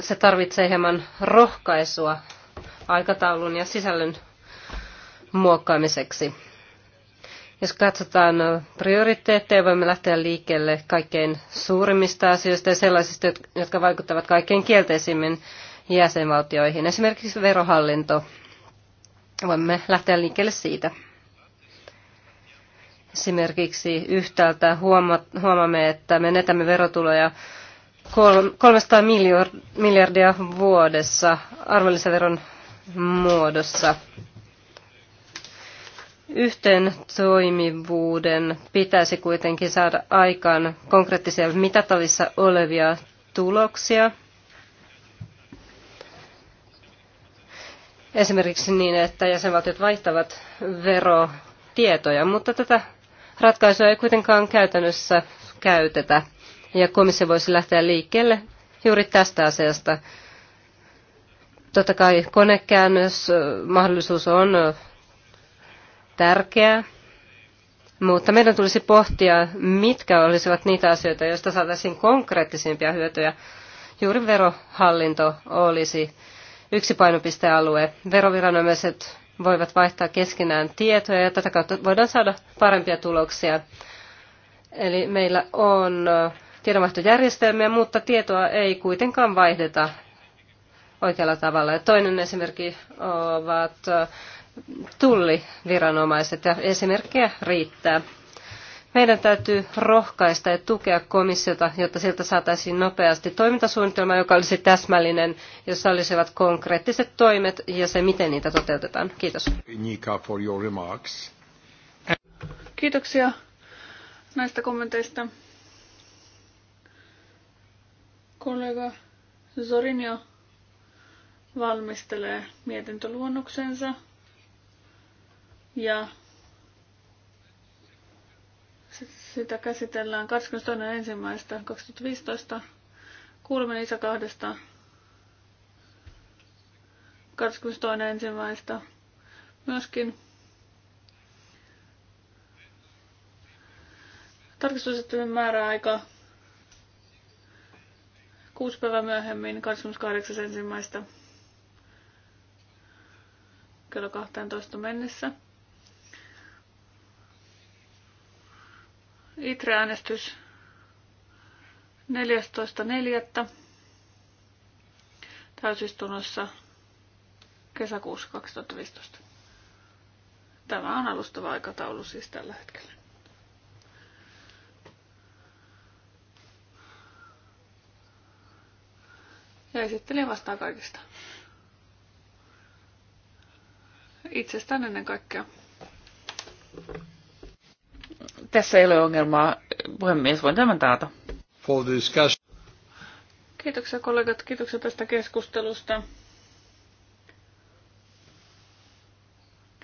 se tarvitsee hieman rohkaisua aikataulun ja sisällön muokkaamiseksi jos katsotaan prioriteetteja, voimme lähteä liikkeelle kaikkein suurimmista asioista ja sellaisista, jotka vaikuttavat kaikkein kielteisimmin jäsenvaltioihin. Esimerkiksi verohallinto. Voimme lähteä liikkeelle siitä. Esimerkiksi yhtäältä huomaamme, että menetämme verotuloja 300 miljardia vuodessa arvonlisäveron muodossa yhteen toimivuuden pitäisi kuitenkin saada aikaan konkreettisia mitattavissa olevia tuloksia. Esimerkiksi niin, että jäsenvaltiot vaihtavat verotietoja, mutta tätä ratkaisua ei kuitenkaan käytännössä käytetä. Ja komissio voisi lähteä liikkeelle juuri tästä asiasta. Totta kai konekäännös mahdollisuus on tärkeää, mutta meidän tulisi pohtia, mitkä olisivat niitä asioita, joista saataisiin konkreettisimpia hyötyjä. Juuri verohallinto olisi yksi painopistealue. Veroviranomaiset voivat vaihtaa keskenään tietoja ja tätä kautta voidaan saada parempia tuloksia. Eli meillä on tiedonvaihtojärjestelmiä, mutta tietoa ei kuitenkaan vaihdeta oikealla tavalla. Ja toinen esimerkki ovat tulliviranomaiset ja esimerkkejä riittää. Meidän täytyy rohkaista ja tukea komissiota, jotta siltä saataisiin nopeasti toimintasuunnitelma, joka olisi täsmällinen, jossa olisivat konkreettiset toimet ja se, miten niitä toteutetaan. Kiitos. Nika, for your remarks. Kiitoksia näistä kommenteista. Kollega Zorinio valmistelee mietintöluonnoksensa. Ja sitä käsitellään 22.1.2015. Kuulemme niissä kahdesta 22.1. myöskin. Tarkistusjärjestelmän määräaika kuusi päivää myöhemmin 28.1. kello 12 mennessä. Itreäänestys 14.4. täysistunnossa kesäkuussa 2015. Tämä on alustava aikataulu siis tällä hetkellä. Ja esittelin vastaan kaikista. Itsestään ennen kaikkea. Tässä ei ole ongelmaa. Puhemies, voin tämän taata. For discussion. Kiitoksia kollegat, kiitoksia tästä keskustelusta.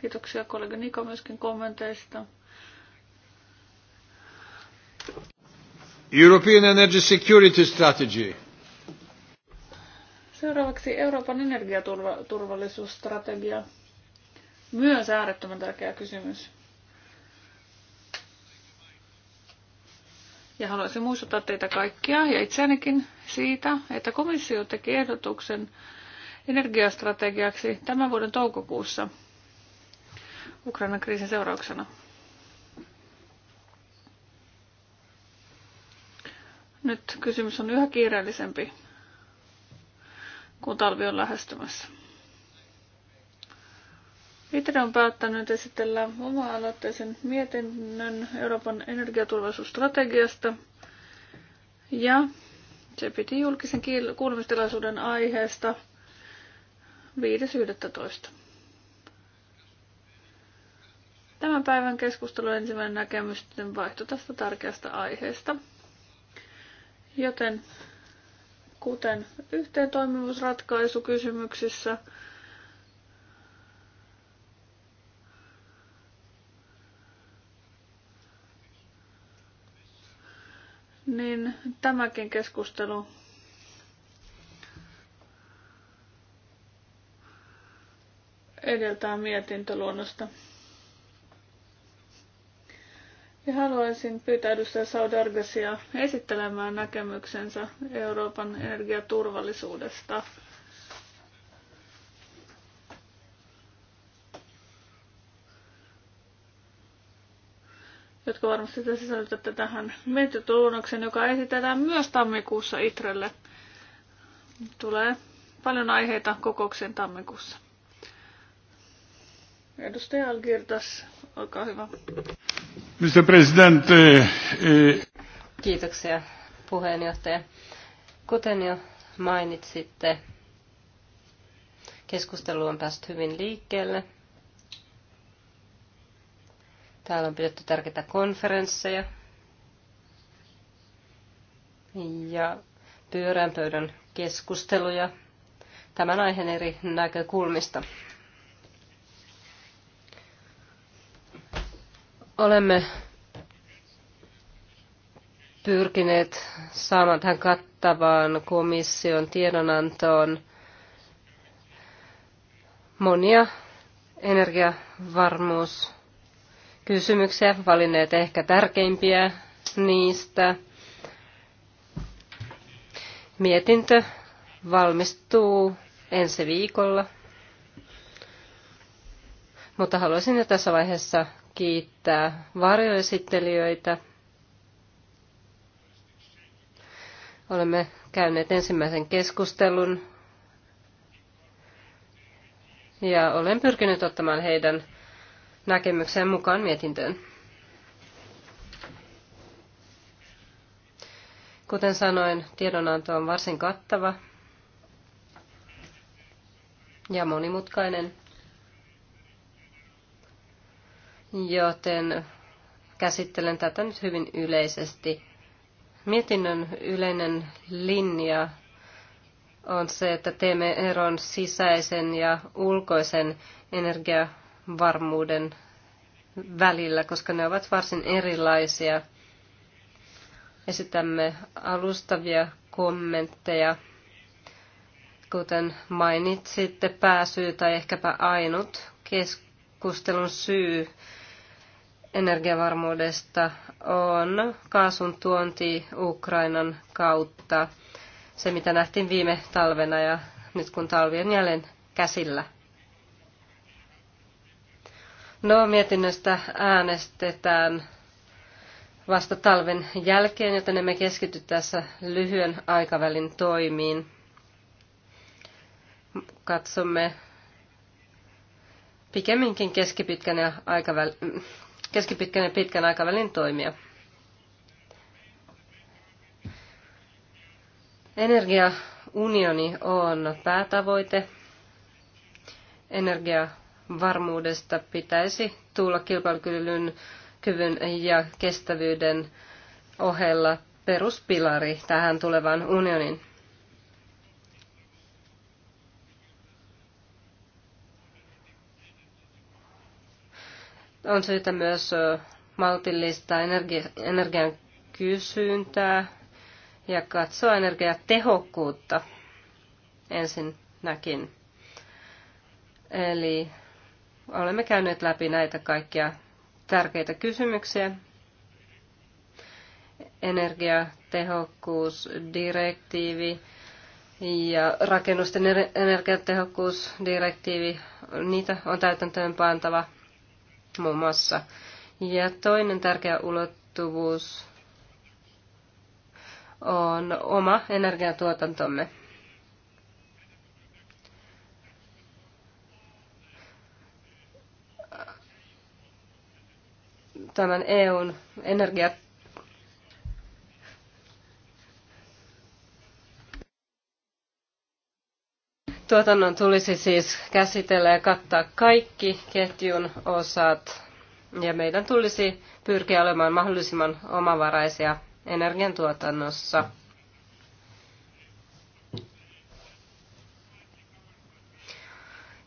Kiitoksia kollega Niko myöskin kommenteista. European Energy Security Strategy. Seuraavaksi Euroopan energiaturvallisuusstrategia. Myös äärettömän tärkeä kysymys. Ja haluaisin muistuttaa teitä kaikkia ja itseänikin siitä, että komissio teki ehdotuksen energiastrategiaksi tämän vuoden toukokuussa Ukrainan kriisin seurauksena. Nyt kysymys on yhä kiireellisempi, kun talvi on lähestymässä. Itre on päättänyt esitellä oma-aloitteisen mietinnön Euroopan energiaturvallisuusstrategiasta ja se piti julkisen kuulemistilaisuuden aiheesta 5.11. Tämän päivän keskustelu ensimmäinen näkemysten vaihto tästä tärkeästä aiheesta. Joten kuten yhteentoimivuusratkaisu kysymyksissä, niin tämäkin keskustelu edeltää mietintöluonnosta. Ja haluaisin pyytää edustaja Saudargasia esittelemään näkemyksensä Euroopan energiaturvallisuudesta. jotka varmasti te sisällytätte tähän mietintöluonnoksen, joka esitetään myös tammikuussa Itrelle. Tulee paljon aiheita kokoukseen tammikuussa. Edustaja Algirdas, olkaa hyvä. Mr. President, eh, eh. Kiitoksia puheenjohtaja. Kuten jo mainitsitte, keskustelu on päässyt hyvin liikkeelle – Täällä on pidetty tärkeitä konferensseja ja pyörän pöydän keskusteluja tämän aiheen eri näkökulmista. Olemme pyrkineet saamaan tähän kattavaan komission tiedonantoon monia energiavarmuus kysymyksiä, valinneet ehkä tärkeimpiä niistä. Mietintö valmistuu ensi viikolla, mutta haluaisin jo tässä vaiheessa kiittää varjoesittelijöitä. Olemme käyneet ensimmäisen keskustelun ja olen pyrkinyt ottamaan heidän näkemykseen mukaan mietintöön. Kuten sanoin, tiedonanto on varsin kattava ja monimutkainen, joten käsittelen tätä nyt hyvin yleisesti. Mietinnön yleinen linja on se, että teemme eron sisäisen ja ulkoisen energia- varmuuden välillä, koska ne ovat varsin erilaisia. Esitämme alustavia kommentteja, kuten mainitsitte, pääsy tai ehkäpä ainut keskustelun syy energiavarmuudesta on kaasun tuonti Ukrainan kautta. Se, mitä nähtiin viime talvena ja nyt kun talvi on jälleen käsillä. No, mietinnöstä äänestetään vasta talven jälkeen, joten emme keskity tässä lyhyen aikavälin toimiin. Katsomme pikemminkin keskipitkän ja, aikaväl... keskipitkän ja pitkän aikavälin toimia. Energiaunioni on päätavoite. Energia varmuudesta pitäisi tulla kilpailukyvyn kyvyn ja kestävyyden ohella peruspilari tähän tulevaan unionin. On syytä myös maltillista energia, energian kysyntää ja katsoa energiatehokkuutta ensinnäkin. Eli Olemme käyneet läpi näitä kaikkia tärkeitä kysymyksiä. Energiatehokkuusdirektiivi ja rakennusten energiatehokkuusdirektiivi, niitä on täytäntöön pantava muun muassa. Ja toinen tärkeä ulottuvuus on oma energiatuotantomme. tämän EUn energia Tuotannon tulisi siis käsitellä ja kattaa kaikki ketjun osat ja meidän tulisi pyrkiä olemaan mahdollisimman omavaraisia energiantuotannossa.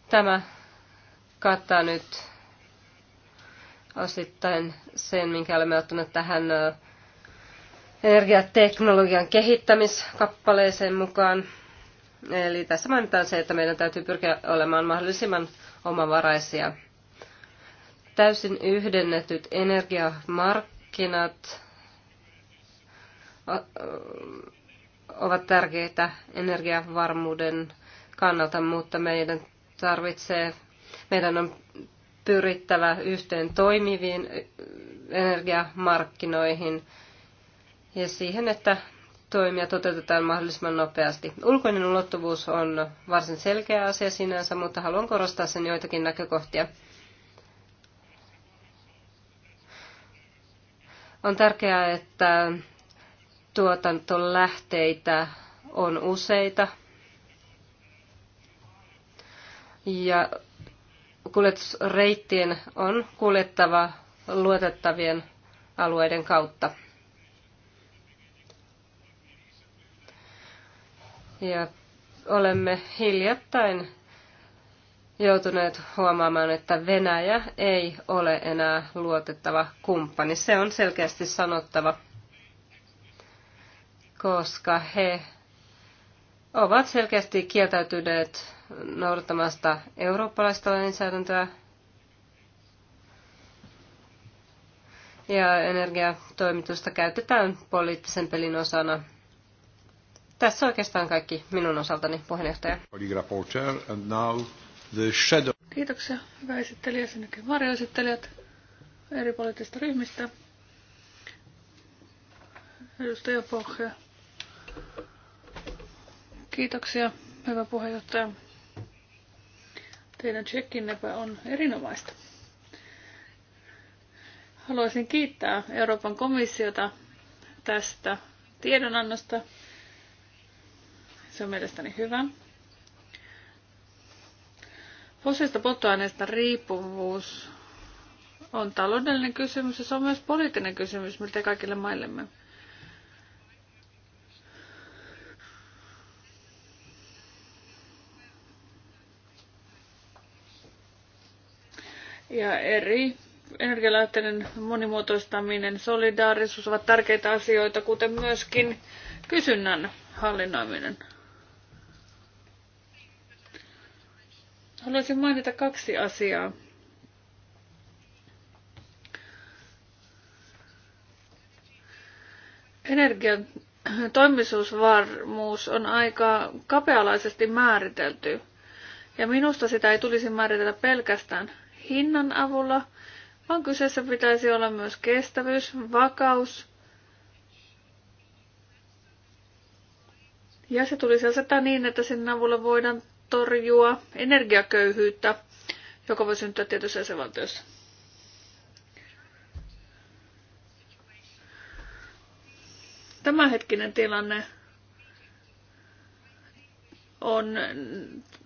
Tämä kattaa nyt osittain sen, minkä olemme ottaneet tähän energiateknologian kehittämiskappaleeseen mukaan. Eli tässä mainitaan se, että meidän täytyy pyrkiä olemaan mahdollisimman omavaraisia. Täysin yhdennetyt energiamarkkinat ovat tärkeitä energiavarmuuden kannalta, mutta meidän tarvitsee, meidän on pyrittävä yhteen toimiviin energiamarkkinoihin ja siihen, että toimia toteutetaan mahdollisimman nopeasti. Ulkoinen ulottuvuus on varsin selkeä asia sinänsä, mutta haluan korostaa sen joitakin näkökohtia. On tärkeää, että tuotantolähteitä on useita ja kuljetusreittien on kuljettava luotettavien alueiden kautta. Ja olemme hiljattain joutuneet huomaamaan, että Venäjä ei ole enää luotettava kumppani. Se on selkeästi sanottava, koska he ovat selkeästi kieltäytyneet noudattamasta eurooppalaista lainsäädäntöä ja energiatoimitusta käytetään poliittisen pelin osana. Tässä oikeastaan kaikki minun osaltani, puheenjohtaja. Kiitoksia, hyvä esittelijä, sen varjoesittelijät eri poliittisista ryhmistä. Edustaja Pohja. Kiitoksia, hyvä puheenjohtaja. Teidän tsekkinnepä on erinomaista. Haluaisin kiittää Euroopan komissiota tästä tiedonannosta. Se on mielestäni hyvä. Fossiilista polttoaineista riippuvuus on taloudellinen kysymys ja se on myös poliittinen kysymys miltä kaikille maillemme. ja eri energialähteiden monimuotoistaminen, solidaarisuus ovat tärkeitä asioita, kuten myöskin kysynnän hallinnoiminen. Haluaisin mainita kaksi asiaa. Energian toimisuusvarmuus on aika kapealaisesti määritelty, ja minusta sitä ei tulisi määritellä pelkästään hinnan avulla, vaan kyseessä pitäisi olla myös kestävyys, vakaus. Ja se tulisi asettaa niin, että sen avulla voidaan torjua energiaköyhyyttä, joka voi syntyä tietyissä jäsenvaltioissa. Tämänhetkinen tilanne on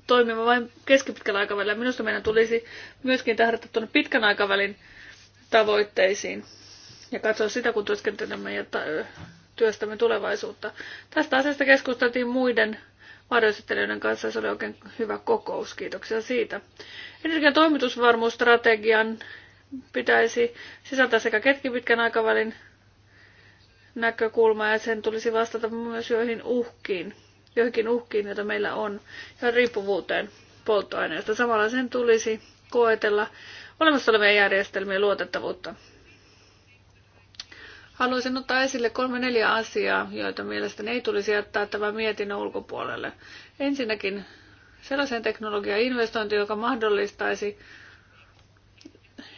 toimimaan vain keskipitkällä aikavälillä. Minusta meidän tulisi myöskin tähdätä tuonne pitkän aikavälin tavoitteisiin ja katsoa sitä, kun työskentelemme ja työstämme tulevaisuutta. Tästä asiasta keskusteltiin muiden varjoesittelijöiden kanssa ja se oli oikein hyvä kokous. Kiitoksia siitä. Energian toimitusvarmuusstrategian pitäisi sisältää sekä keskipitkän aikavälin näkökulma ja sen tulisi vastata myös joihin uhkiin, joihinkin uhkiin, joita meillä on, ja riippuvuuteen polttoaineesta. Samalla sen tulisi koetella olemassa olevien järjestelmien luotettavuutta. Haluaisin ottaa esille kolme neljä asiaa, joita mielestäni ei tulisi jättää tämän mietinnön ulkopuolelle. Ensinnäkin sellaisen teknologian investointi, joka mahdollistaisi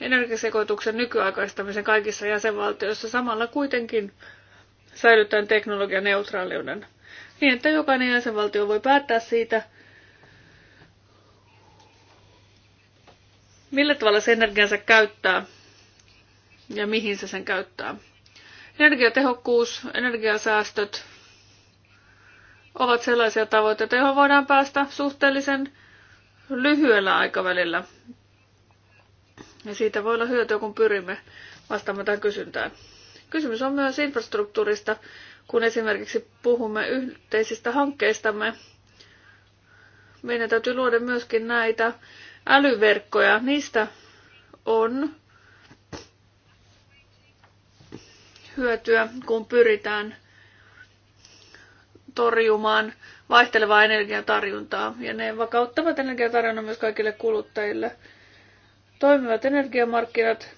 energiasekoituksen nykyaikaistamisen kaikissa jäsenvaltioissa samalla kuitenkin säilyttäen teknologian neutraaliuden niin että jokainen jäsenvaltio voi päättää siitä, millä tavalla se energiansa käyttää ja mihin se sen käyttää. Energiatehokkuus, energiasäästöt ovat sellaisia tavoitteita, joihin voidaan päästä suhteellisen lyhyellä aikavälillä. Ja siitä voi olla hyötyä, kun pyrimme vastaamaan tähän kysyntään. Kysymys on myös infrastruktuurista, kun esimerkiksi puhumme yhteisistä hankkeistamme, meidän täytyy luoda myöskin näitä älyverkkoja. Niistä on hyötyä, kun pyritään torjumaan vaihtelevaa energiatarjuntaa. Ja ne vakauttavat energiatarjonnan myös kaikille kuluttajille. Toimivat energiamarkkinat,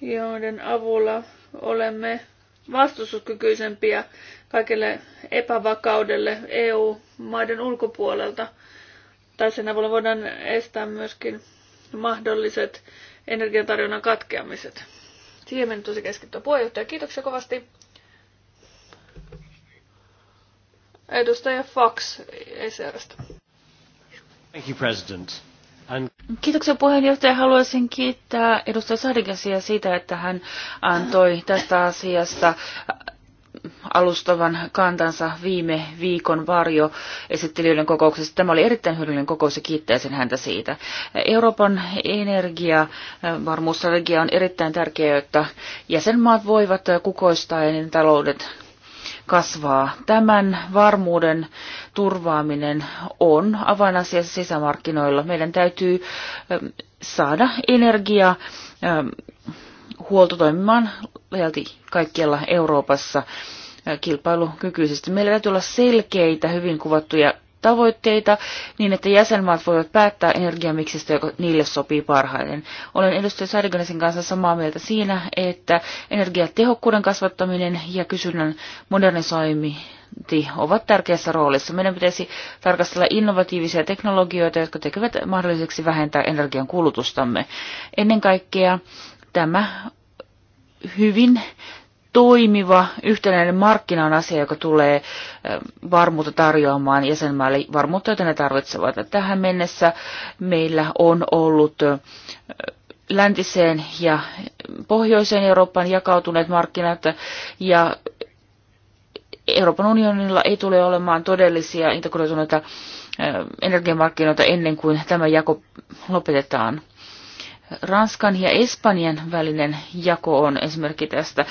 joiden avulla olemme vastustuskykyisempiä kaikille epävakaudelle EU-maiden ulkopuolelta. Tai sen avulla voidaan estää myöskin mahdolliset energiantarjonnan katkeamiset. Siihen meni tosi keskittyä puheenjohtaja. Kiitoksia kovasti. Edustaja Fox ECRstä. Thank you, President. Kiitoksia puheenjohtaja. Haluaisin kiittää edustaja Sahdikasia siitä, että hän antoi tästä asiasta alustavan kantansa viime viikon varjo esittelijöiden kokouksessa. Tämä oli erittäin hyödyllinen kokous ja kiittäisin häntä siitä. Euroopan energia, varmuusstrategia on erittäin tärkeää, jotta jäsenmaat voivat kukoistaa ja taloudet kasvaa. Tämän varmuuden turvaaminen on avainasia sisämarkkinoilla. Meidän täytyy ähm, saada energia ähm, huolto toimimaan kaikkialla Euroopassa äh, kilpailukykyisesti. Meillä täytyy olla selkeitä, hyvin kuvattuja tavoitteita niin, että jäsenmaat voivat päättää energiamiksistä, joka niille sopii parhaiten. Olen edustaja Sarganasen kanssa samaa mieltä siinä, että energiatehokkuuden kasvattaminen ja kysynnän modernisoimi ovat tärkeässä roolissa. Meidän pitäisi tarkastella innovatiivisia teknologioita, jotka tekevät mahdolliseksi vähentää energian kulutustamme. Ennen kaikkea tämä hyvin toimiva yhtenäinen markkina on asia, joka tulee varmuutta tarjoamaan jäsenmaille varmuutta, jota ne tarvitsevat. Tähän mennessä meillä on ollut läntiseen ja pohjoiseen Eurooppaan jakautuneet markkinat ja Euroopan unionilla ei tule olemaan todellisia integroituneita energiamarkkinoita ennen kuin tämä jako lopetetaan. Ranskan ja Espanjan välinen jako on esimerkki tästä.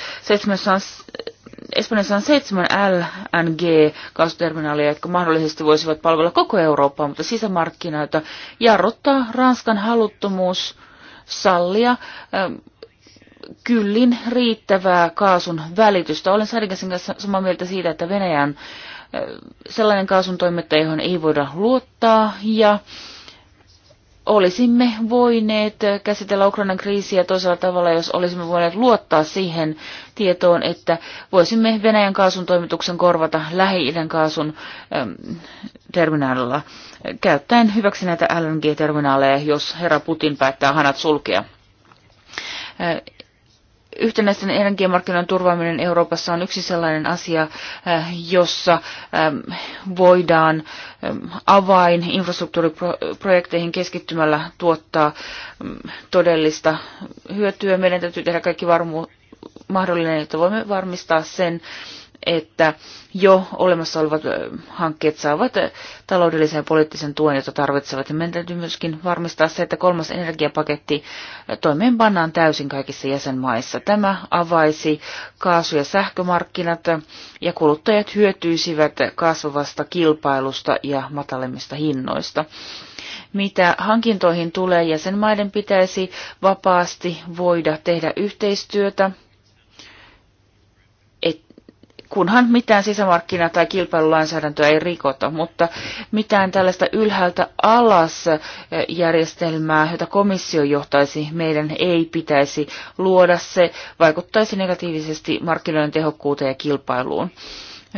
Espanjassa on seitsemän LNG-kaasuterminaalia, jotka mahdollisesti voisivat palvella koko Eurooppaa, mutta sisämarkkinoita jarruttaa Ranskan haluttomuus sallia ähm, kyllin riittävää kaasun välitystä. Olen Sarikasin kanssa samaa mieltä siitä, että Venäjän äh, sellainen kaasun toimittaja, johon ei voida luottaa, ja olisimme voineet käsitellä Ukrainan kriisiä toisella tavalla, jos olisimme voineet luottaa siihen tietoon, että voisimme Venäjän kaasun toimituksen korvata Lähi-idän kaasun äm, terminaalilla käyttäen hyväksi näitä LNG-terminaaleja, jos herra Putin päättää hanat sulkea. Äh, Yhtenäisten energiamarkkinoiden turvaaminen Euroopassa on yksi sellainen asia, äh, jossa ähm, voidaan ähm, avain infrastruktuuriprojekteihin keskittymällä tuottaa mm, todellista hyötyä. Meidän täytyy tehdä kaikki varmu mahdollinen, että voimme varmistaa sen, että jo olemassa olevat hankkeet saavat taloudellisen ja poliittisen tuen, jota tarvitsevat. Ja meidän täytyy myöskin varmistaa se, että kolmas energiapaketti toimeenpannaan täysin kaikissa jäsenmaissa. Tämä avaisi kaasu- ja sähkömarkkinat ja kuluttajat hyötyisivät kasvavasta kilpailusta ja matalemmista hinnoista. Mitä hankintoihin tulee, jäsenmaiden pitäisi vapaasti voida tehdä yhteistyötä kunhan mitään sisämarkkina- tai kilpailulainsäädäntöä ei rikota, mutta mitään tällaista ylhäältä alas eh, järjestelmää, jota komissio johtaisi, meidän ei pitäisi luoda. Se vaikuttaisi negatiivisesti markkinoiden tehokkuuteen ja kilpailuun.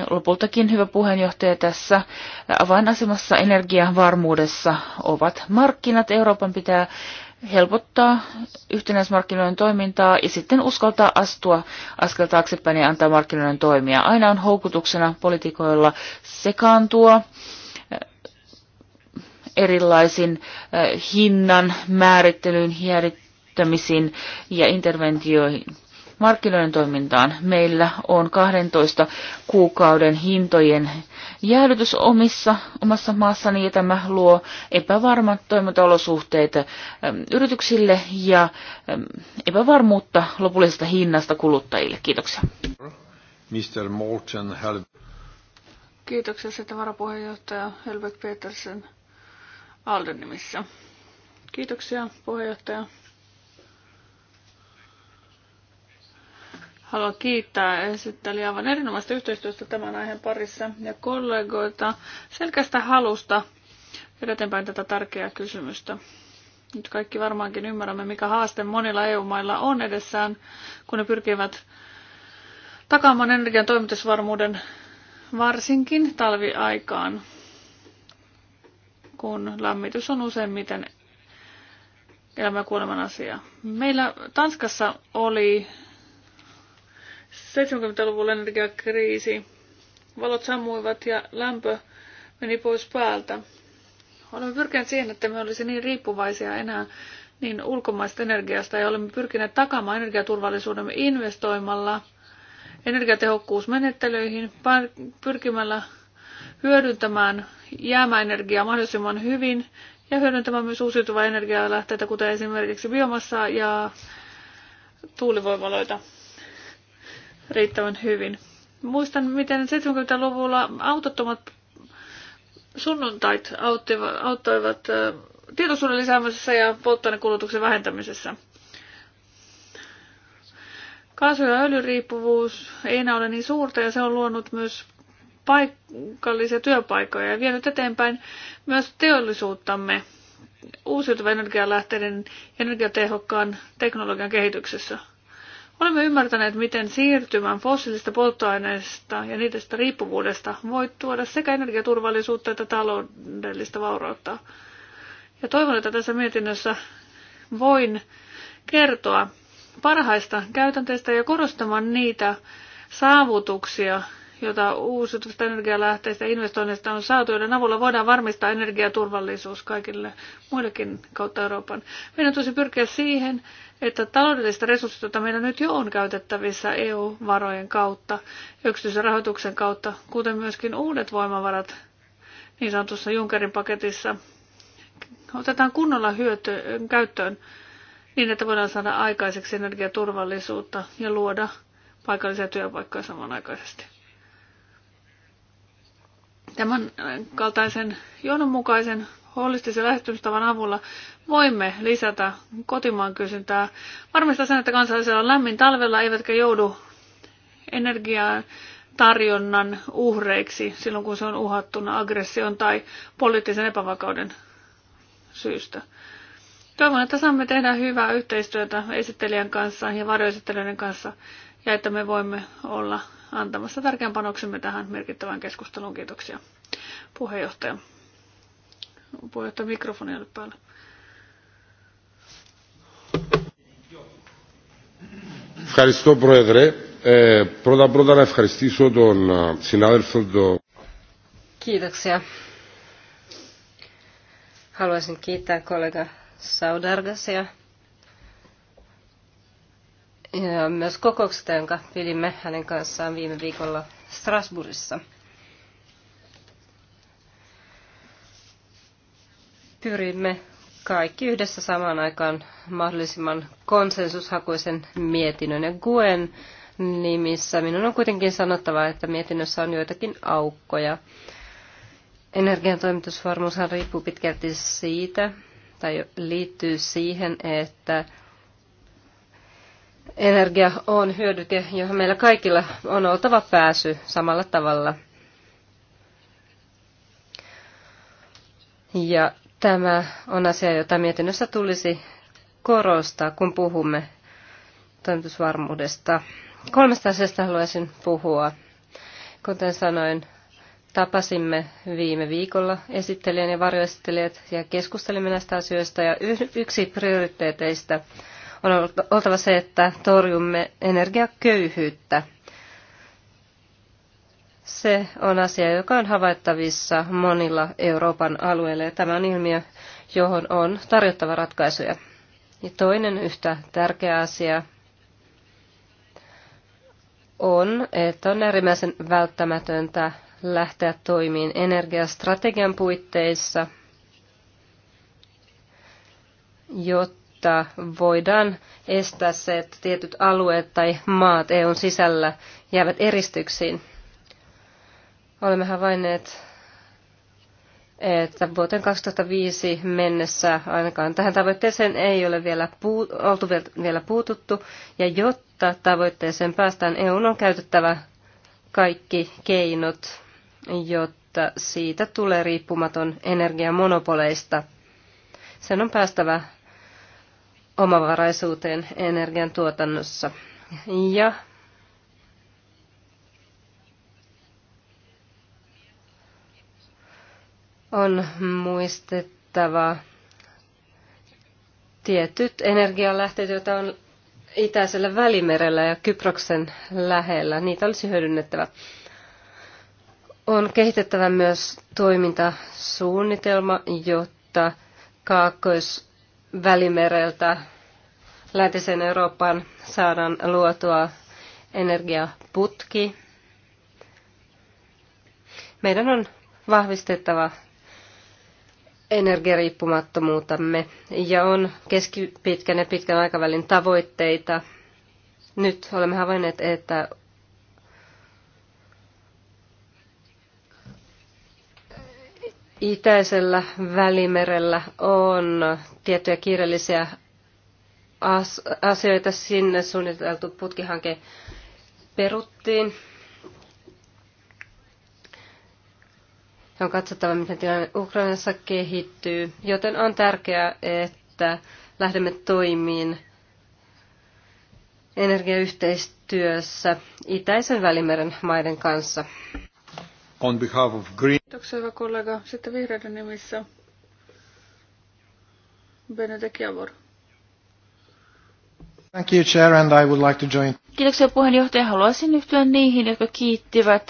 Lopultakin hyvä puheenjohtaja tässä avainasemassa energiavarmuudessa ovat markkinat. Euroopan pitää helpottaa yhtenäismarkkinoiden toimintaa ja sitten uskaltaa astua askel taaksepäin ja antaa markkinoiden toimia. Aina on houkutuksena politikoilla sekaantua eh, erilaisin eh, hinnan määrittelyyn, hierittämisiin ja interventioihin markkinoiden toimintaan. Meillä on 12 kuukauden hintojen jäädytys omissa, omassa maassani ja tämä luo epävarmat toimintaolosuhteet yrityksille ja epävarmuutta lopullisesta hinnasta kuluttajille. Kiitoksia. Mr. Morten Kiitoksia sitten varapuheenjohtaja Helvet Petersen Alden nimissä. Kiitoksia puheenjohtaja. Haluan kiittää esittelijä aivan erinomaista yhteistyöstä tämän aiheen parissa ja kollegoita selkeästä halusta viedä eteenpäin tätä tärkeää kysymystä. Nyt kaikki varmaankin ymmärrämme, mikä haaste monilla EU-mailla on edessään, kun ne pyrkivät takaamaan energian toimitusvarmuuden varsinkin talviaikaan, kun lämmitys on useimmiten elämä ja kuoleman asia. Meillä Tanskassa oli 70-luvulla energiakriisi, valot sammuivat ja lämpö meni pois päältä. Olemme pyrkineet siihen, että me olisi niin riippuvaisia enää niin ulkomaista energiasta ja olemme pyrkineet takaamaan energiaturvallisuudemme investoimalla energiatehokkuusmenettelyihin, pyrkimällä hyödyntämään jäämäenergiaa mahdollisimman hyvin ja hyödyntämään myös uusiutuvaa energialähteitä, kuten esimerkiksi biomassaa ja tuulivoimaloita riittävän hyvin. Muistan, miten 70-luvulla autottomat sunnuntait auttivat, auttoivat tietoisuuden lisäämisessä ja polttoainekulutuksen vähentämisessä. Kaasu- ja öljyriippuvuus ei enää ole niin suurta ja se on luonut myös paikallisia työpaikkoja ja vienyt eteenpäin myös teollisuuttamme uusiutuvan energialähteiden energiatehokkaan teknologian kehityksessä. Olemme ymmärtäneet, miten siirtymän fossiilisista polttoaineista ja niistä riippuvuudesta voi tuoda sekä energiaturvallisuutta että taloudellista vaurautta. Ja toivon, että tässä mietinnössä voin kertoa parhaista käytänteistä ja korostamaan niitä saavutuksia, joita uusiutuvista energialähteistä ja investoinneista on saatu, joiden avulla voidaan varmistaa energiaturvallisuus kaikille muillekin kautta Euroopan. Meidän tulisi pyrkiä siihen, että taloudellista resurssit, joita meillä nyt jo on käytettävissä EU-varojen kautta, yksityisen rahoituksen kautta, kuten myöskin uudet voimavarat niin sanotussa Junckerin paketissa, otetaan kunnolla hyöty, käyttöön niin, että voidaan saada aikaiseksi energiaturvallisuutta ja luoda paikallisia työpaikkoja samanaikaisesti. Tämän kaltaisen johdonmukaisen holistisen lähestymistavan avulla voimme lisätä kotimaan kysyntää. Varmistaa sen, että kansalaisilla on lämmin talvella, eivätkä joudu energiaa tarjonnan uhreiksi silloin, kun se on uhattuna aggression tai poliittisen epävakauden syystä. Toivon, että saamme tehdä hyvää yhteistyötä esittelijän kanssa ja varjoesittelijöiden kanssa ja että me voimme olla antamassa tärkeän panoksemme tähän merkittävään keskusteluun. Kiitoksia puheenjohtaja. Puheenjohtaja mikrofoni nyt päällä. Ευχαριστώ Πρόεδρε. Ε, πρώτα πρώτα να ευχαριστήσω τον συνάδελφο τον... Κοίταξε. Haluaisin kiittää kollega Saudargasia ja myös kokouksesta, jonka pidimme hänen kanssaan viime viikolla Strasbourgissa. pyrimme kaikki yhdessä samaan aikaan mahdollisimman konsensushakuisen mietinnön ja Guen nimissä. Minun on kuitenkin sanottava, että mietinnössä on joitakin aukkoja. Energiantoimitusvarmuushan riippuu pitkälti siitä, tai liittyy siihen, että energia on hyödyke, johon meillä kaikilla on oltava pääsy samalla tavalla. Ja Tämä on asia, jota mietinnössä tulisi korostaa, kun puhumme toimitusvarmuudesta. Kolmesta asiasta haluaisin puhua. Kuten sanoin, tapasimme viime viikolla esittelijän ja varjoesittelijät ja keskustelimme näistä asioista. Ja yksi prioriteeteista on oltava se, että torjumme energiaköyhyyttä – se on asia, joka on havaittavissa monilla Euroopan alueilla ja tämä on ilmiö, johon on tarjottava ratkaisuja. Ja toinen yhtä tärkeä asia on, että on äärimmäisen välttämätöntä lähteä toimiin energiastrategian puitteissa, jotta voidaan estää se, että tietyt alueet tai maat EUn sisällä jäävät eristyksiin. Olemme havainneet, että vuoteen 2005 mennessä ainakaan tähän tavoitteeseen ei ole vielä puu, oltu vielä puututtu, ja jotta tavoitteeseen päästään, EU on käytettävä kaikki keinot, jotta siitä tulee riippumaton energiamonopoleista. Sen on päästävä omavaraisuuteen energian tuotannossa. Ja On muistettava tietyt energialähteet, joita on itäisellä välimerellä ja Kyproksen lähellä. Niitä olisi hyödynnettävä. On kehitettävä myös toimintasuunnitelma, jotta Kaakkois-välimereltä läntisen Eurooppaan saadaan luotua energiaputki. Meidän on vahvistettava energiariippumattomuutamme ja on keskipitkän ja pitkän aikavälin tavoitteita. Nyt olemme havainneet, että itäisellä välimerellä on tiettyjä kiireellisiä asioita. Sinne suunniteltu putkihanke peruttiin on katsottava, miten tilanne Ukrainassa kehittyy, joten on tärkeää, että lähdemme toimiin energiayhteistyössä itäisen välimeren maiden kanssa. On behalf of Green... Kiitoksia hyvä kollega. Sitten vihreiden nimissä Benedek Javor. Thank you, Chair, and I would like to join. Kiitoksia puheenjohtaja. Haluaisin yhtyä niihin, jotka kiittivät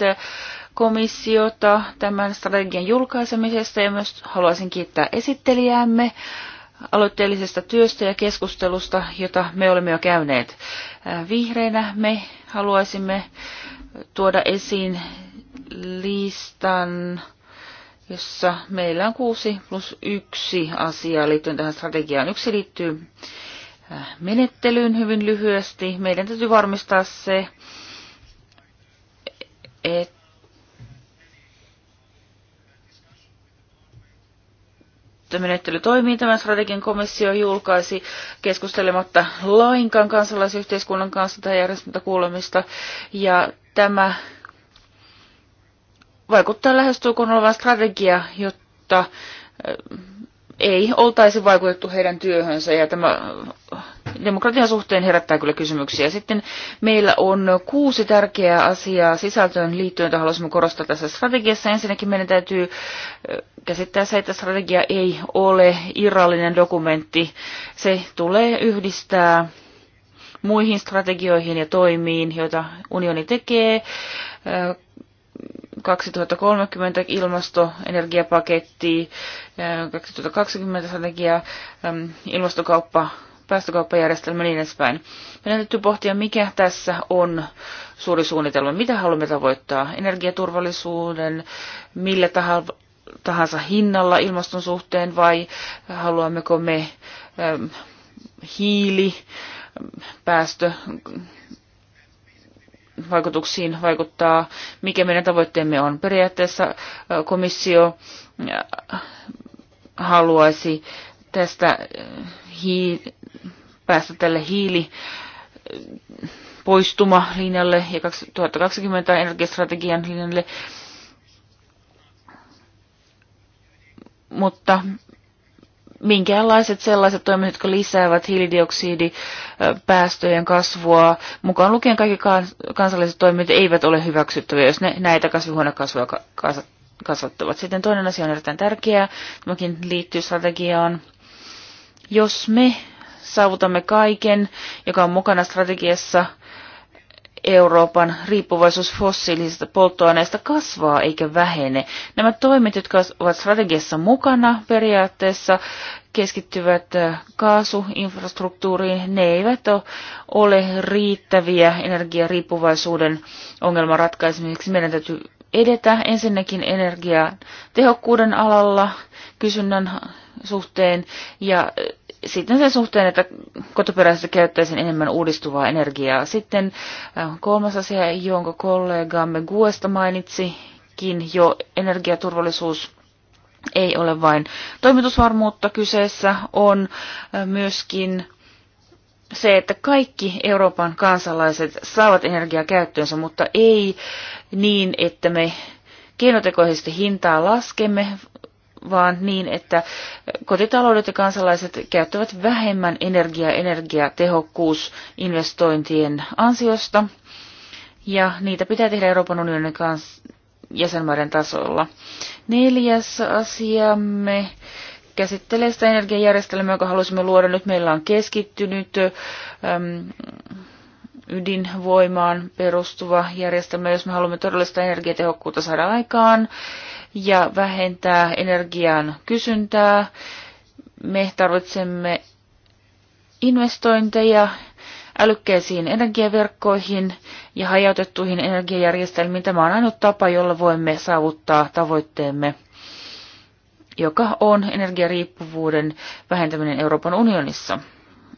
komissiota tämän strategian julkaisemisesta ja myös haluaisin kiittää esittelijäämme aloitteellisesta työstä ja keskustelusta, jota me olemme jo käyneet. Äh, Vihreinä me haluaisimme tuoda esiin listan, jossa meillä on kuusi plus yksi asiaa liittyen tähän strategiaan. Yksi liittyy äh, menettelyyn hyvin lyhyesti. Meidän täytyy varmistaa se, että menettely toimii. Tämän strategian komissio julkaisi keskustelematta lainkaan kansalaisyhteiskunnan kanssa tai järjestelmäkuulemista. Ja tämä vaikuttaa lähestulkoon olevan strategia, jotta ei oltaisi vaikutettu heidän työhönsä ja tämä demokratian suhteen herättää kyllä kysymyksiä. Sitten meillä on kuusi tärkeää asiaa sisältöön liittyen, jota haluaisimme korostaa tässä strategiassa. Ensinnäkin meidän täytyy käsittää se, että strategia ei ole irrallinen dokumentti. Se tulee yhdistää muihin strategioihin ja toimiin, joita unioni tekee. 2030 ilmasto, energiapaketti, 2020 strategia, ilmastokauppa päästökauppajärjestelmä niin edespäin. Meidän täytyy pohtia, mikä tässä on suuri suunnitelma, mitä haluamme tavoittaa, energiaturvallisuuden, millä tahansa hinnalla ilmaston suhteen vai haluammeko me ähm, hiili, päästö, vaikutuksiin vaikuttaa, mikä meidän tavoitteemme on. Periaatteessa komissio haluaisi tästä päästä tälle hiili linjalle ja 2020 energiastrategian linjalle. Mutta minkäänlaiset sellaiset toimet, jotka lisäävät hiilidioksidipäästöjen kasvua, mukaan lukien kaikki kansalliset toimet, eivät ole hyväksyttäviä, jos ne näitä kasvihuonekasvua kasvattavat. Sitten toinen asia on erittäin tärkeä, tämäkin liittyy strategiaan. Jos me saavutamme kaiken, joka on mukana strategiassa Euroopan riippuvaisuus fossiilisista polttoaineista kasvaa eikä vähene. Nämä toimet, jotka ovat strategiassa mukana periaatteessa, keskittyvät äh, kaasuinfrastruktuuriin. Ne eivät ole riittäviä energiariippuvaisuuden ongelman ratkaisemiseksi. Meidän täytyy edetä ensinnäkin energiatehokkuuden alalla kysynnän suhteen ja äh, sitten sen suhteen, että kotoperäisesti käyttäisin enemmän uudistuvaa energiaa. Sitten äh, kolmas asia, jonka kollegamme Guesta mainitsikin jo, energiaturvallisuus ei ole vain toimitusvarmuutta kyseessä, on äh, myöskin se, että kaikki Euroopan kansalaiset saavat energiaa käyttöönsä, mutta ei niin, että me keinotekoisesti hintaa laskemme, vaan niin, että kotitaloudet ja kansalaiset käyttävät vähemmän energiaa energiatehokkuusinvestointien ansiosta, ja niitä pitää tehdä Euroopan unionin kanssa jäsenmaiden tasolla. Neljäs asiamme käsittelee sitä energiajärjestelmää, jonka halusimme luoda. Nyt meillä on keskittynyt äm, ydinvoimaan perustuva järjestelmä, jos me haluamme todellista energiatehokkuutta saada aikaan ja vähentää energian kysyntää. Me tarvitsemme investointeja älykkäisiin energiaverkkoihin ja hajautettuihin energiajärjestelmiin. Tämä on ainut tapa, jolla voimme saavuttaa tavoitteemme, joka on energiariippuvuuden vähentäminen Euroopan unionissa.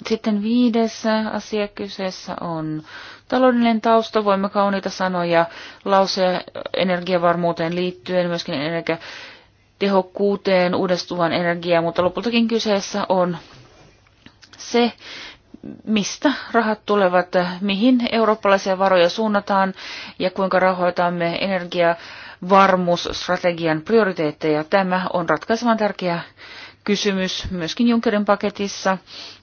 Sitten viides asia kyseessä on Taloudellinen tausta, voimme kauniita sanoja, lauseja energiavarmuuteen liittyen, myöskin energiatehokkuuteen, uudistuvan energiaa, mutta lopultakin kyseessä on se, mistä rahat tulevat, mihin eurooppalaisia varoja suunnataan ja kuinka rahoitamme energiavarmuusstrategian prioriteetteja. Tämä on ratkaisevan tärkeä kysymys myöskin Junckerin paketissa,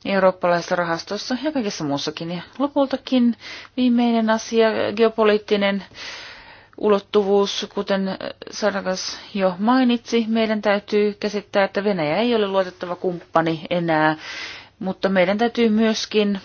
eurooppalaisessa rahastossa ja kaikessa muussakin. Ja lopultakin viimeinen asia, geopoliittinen ulottuvuus, kuten Sarakas jo mainitsi, meidän täytyy käsittää, että Venäjä ei ole luotettava kumppani enää, mutta meidän täytyy myöskin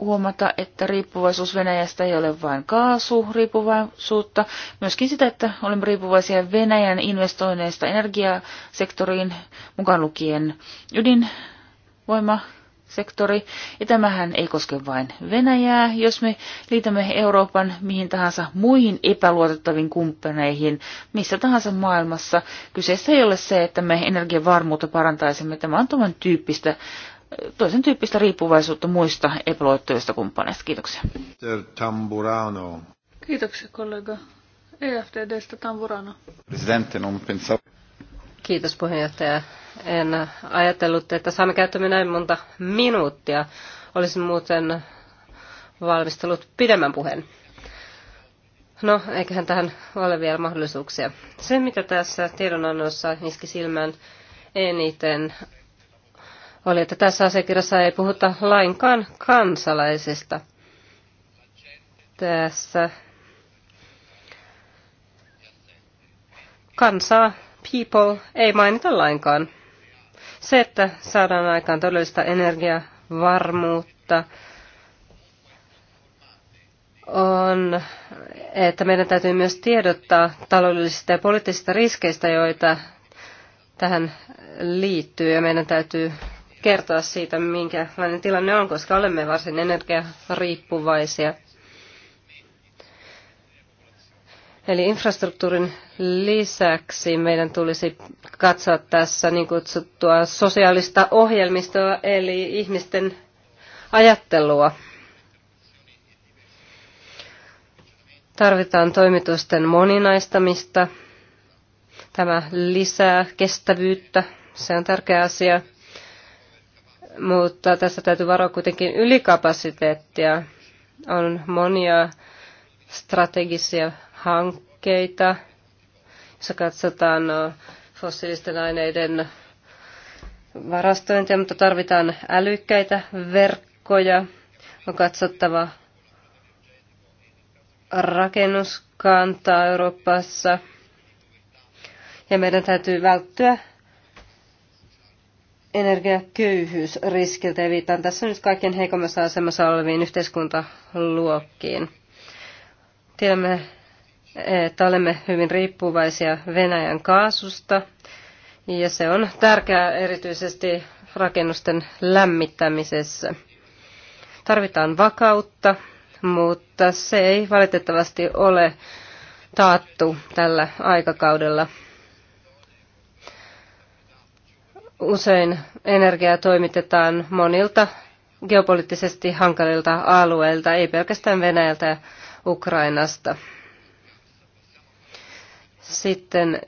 huomata, että riippuvaisuus Venäjästä ei ole vain kaasuriippuvaisuutta, myöskin sitä, että olemme riippuvaisia Venäjän investoinneista energiasektoriin, mukaan lukien ydinvoima sektori. Ja tämähän ei koske vain Venäjää. Jos me liitämme Euroopan mihin tahansa muihin epäluotettaviin kumppaneihin missä tahansa maailmassa, kyseessä ei ole se, että me energiavarmuutta parantaisimme. Tämä on tämän tyyppistä toisen tyyppistä riippuvaisuutta muista epäluottavista kumppaneista. Kiitoksia. Tamburano. Kiitoksia kollega EFTDstä Tamburano. Kiitos puheenjohtaja. En ajatellut, että saamme käyttämään näin monta minuuttia. Olisin muuten valmistellut pidemmän puheen. No, eiköhän tähän ole vielä mahdollisuuksia. Se, mitä tässä tiedonannossa iski silmään eniten, oli, että tässä asiakirjassa ei puhuta lainkaan kansalaisista. Tässä kansaa, people, ei mainita lainkaan. Se, että saadaan aikaan todellista energiavarmuutta, on, että meidän täytyy myös tiedottaa taloudellisista ja poliittisista riskeistä, joita tähän liittyy, ja meidän täytyy kertoa siitä, minkälainen tilanne on, koska olemme varsin energiariippuvaisia. Eli infrastruktuurin lisäksi meidän tulisi katsoa tässä niin kutsuttua sosiaalista ohjelmistoa, eli ihmisten ajattelua. Tarvitaan toimitusten moninaistamista. Tämä lisää kestävyyttä. Se on tärkeä asia. Mutta tässä täytyy varoa kuitenkin ylikapasiteettia. On monia strategisia hankkeita, jos katsotaan fossiilisten aineiden varastointia, mutta tarvitaan älykkäitä verkkoja. On katsottava rakennuskantaa Euroopassa. Ja meidän täytyy välttyä energiaköyhyysriskiltä ja viittaan tässä nyt kaikkien heikommassa asemassa oleviin yhteiskuntaluokkiin. Tiedämme, että olemme hyvin riippuvaisia Venäjän kaasusta ja se on tärkeää erityisesti rakennusten lämmittämisessä. Tarvitaan vakautta, mutta se ei valitettavasti ole taattu tällä aikakaudella. usein energiaa toimitetaan monilta geopoliittisesti hankalilta alueilta, ei pelkästään Venäjältä ja Ukrainasta. Sitten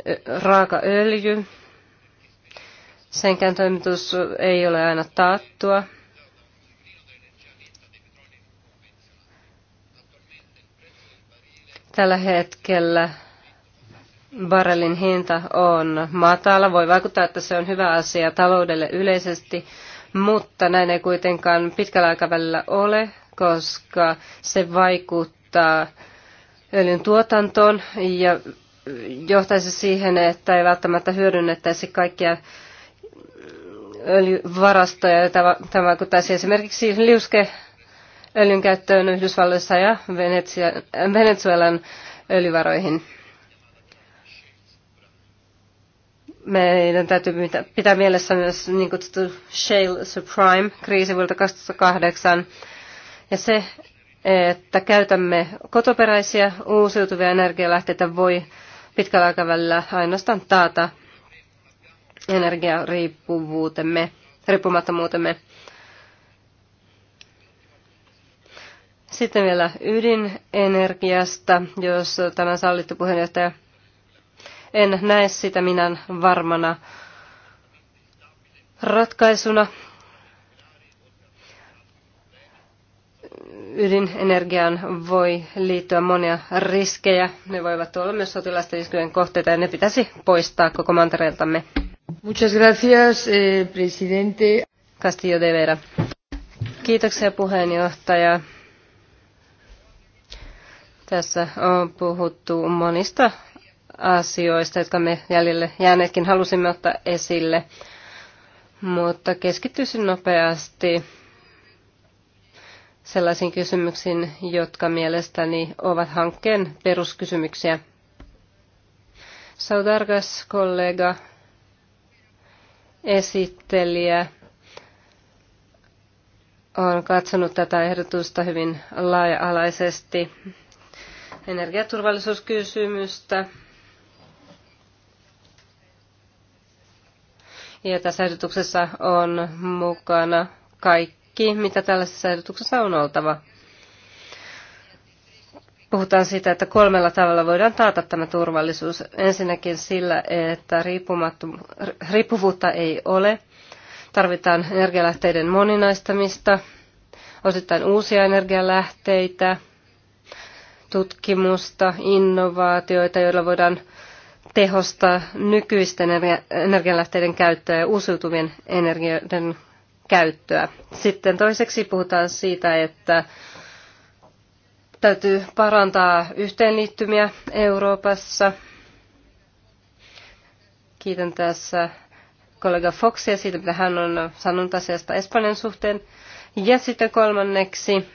raakaöljy. Senkään toimitus ei ole aina taattua. Tällä hetkellä barrelin hinta on matala. Voi vaikuttaa, että se on hyvä asia taloudelle yleisesti, mutta näin ei kuitenkaan pitkällä aikavälillä ole, koska se vaikuttaa öljyn tuotantoon ja johtaisi siihen, että ei välttämättä hyödynnettäisi kaikkia öljyvarastoja. Tämä vaikuttaisi esimerkiksi liuske öljyn käyttöön Yhdysvalloissa ja Venezuelan öljyvaroihin. meidän täytyy pitää mielessä myös niin kutsuttu shale subprime kriisi vuodelta 2008 ja se, että käytämme kotoperäisiä uusiutuvia energialähteitä voi pitkällä aikavälillä ainoastaan taata energiariippuvuutemme, riippumattomuutemme. Sitten vielä ydinenergiasta, jos tämän sallittu puheenjohtaja – en näe sitä minä varmana ratkaisuna. Ydinenergiaan voi liittyä monia riskejä. Ne voivat olla myös sotilaisten iskujen kohteita ja ne pitäisi poistaa koko mantereeltamme. Muchas gracias, eh, presidente. Castillo de Vera. Kiitoksia puheenjohtaja. Tässä on puhuttu monista asioista, jotka me jäljelle jääneetkin halusimme ottaa esille. Mutta keskittyisin nopeasti sellaisiin kysymyksiin, jotka mielestäni ovat hankkeen peruskysymyksiä. Saudargas kollega, esittelijä, on katsonut tätä ehdotusta hyvin laaja-alaisesti energiaturvallisuuskysymystä, Ja tässä ehdotuksessa on mukana kaikki, mitä tällaisessa ehdotuksessa on oltava. Puhutaan siitä, että kolmella tavalla voidaan taata tämä turvallisuus. Ensinnäkin sillä, että riippuvuutta ei ole. Tarvitaan energialähteiden moninaistamista, osittain uusia energialähteitä, tutkimusta, innovaatioita, joilla voidaan tehostaa nykyisten energialähteiden käyttöä ja uusiutuvien energioiden käyttöä. Sitten toiseksi puhutaan siitä, että täytyy parantaa yhteenliittymiä Euroopassa. Kiitän tässä kollega Foxia siitä, mitä hän on sanonut asiasta Espanjan suhteen. Ja sitten kolmanneksi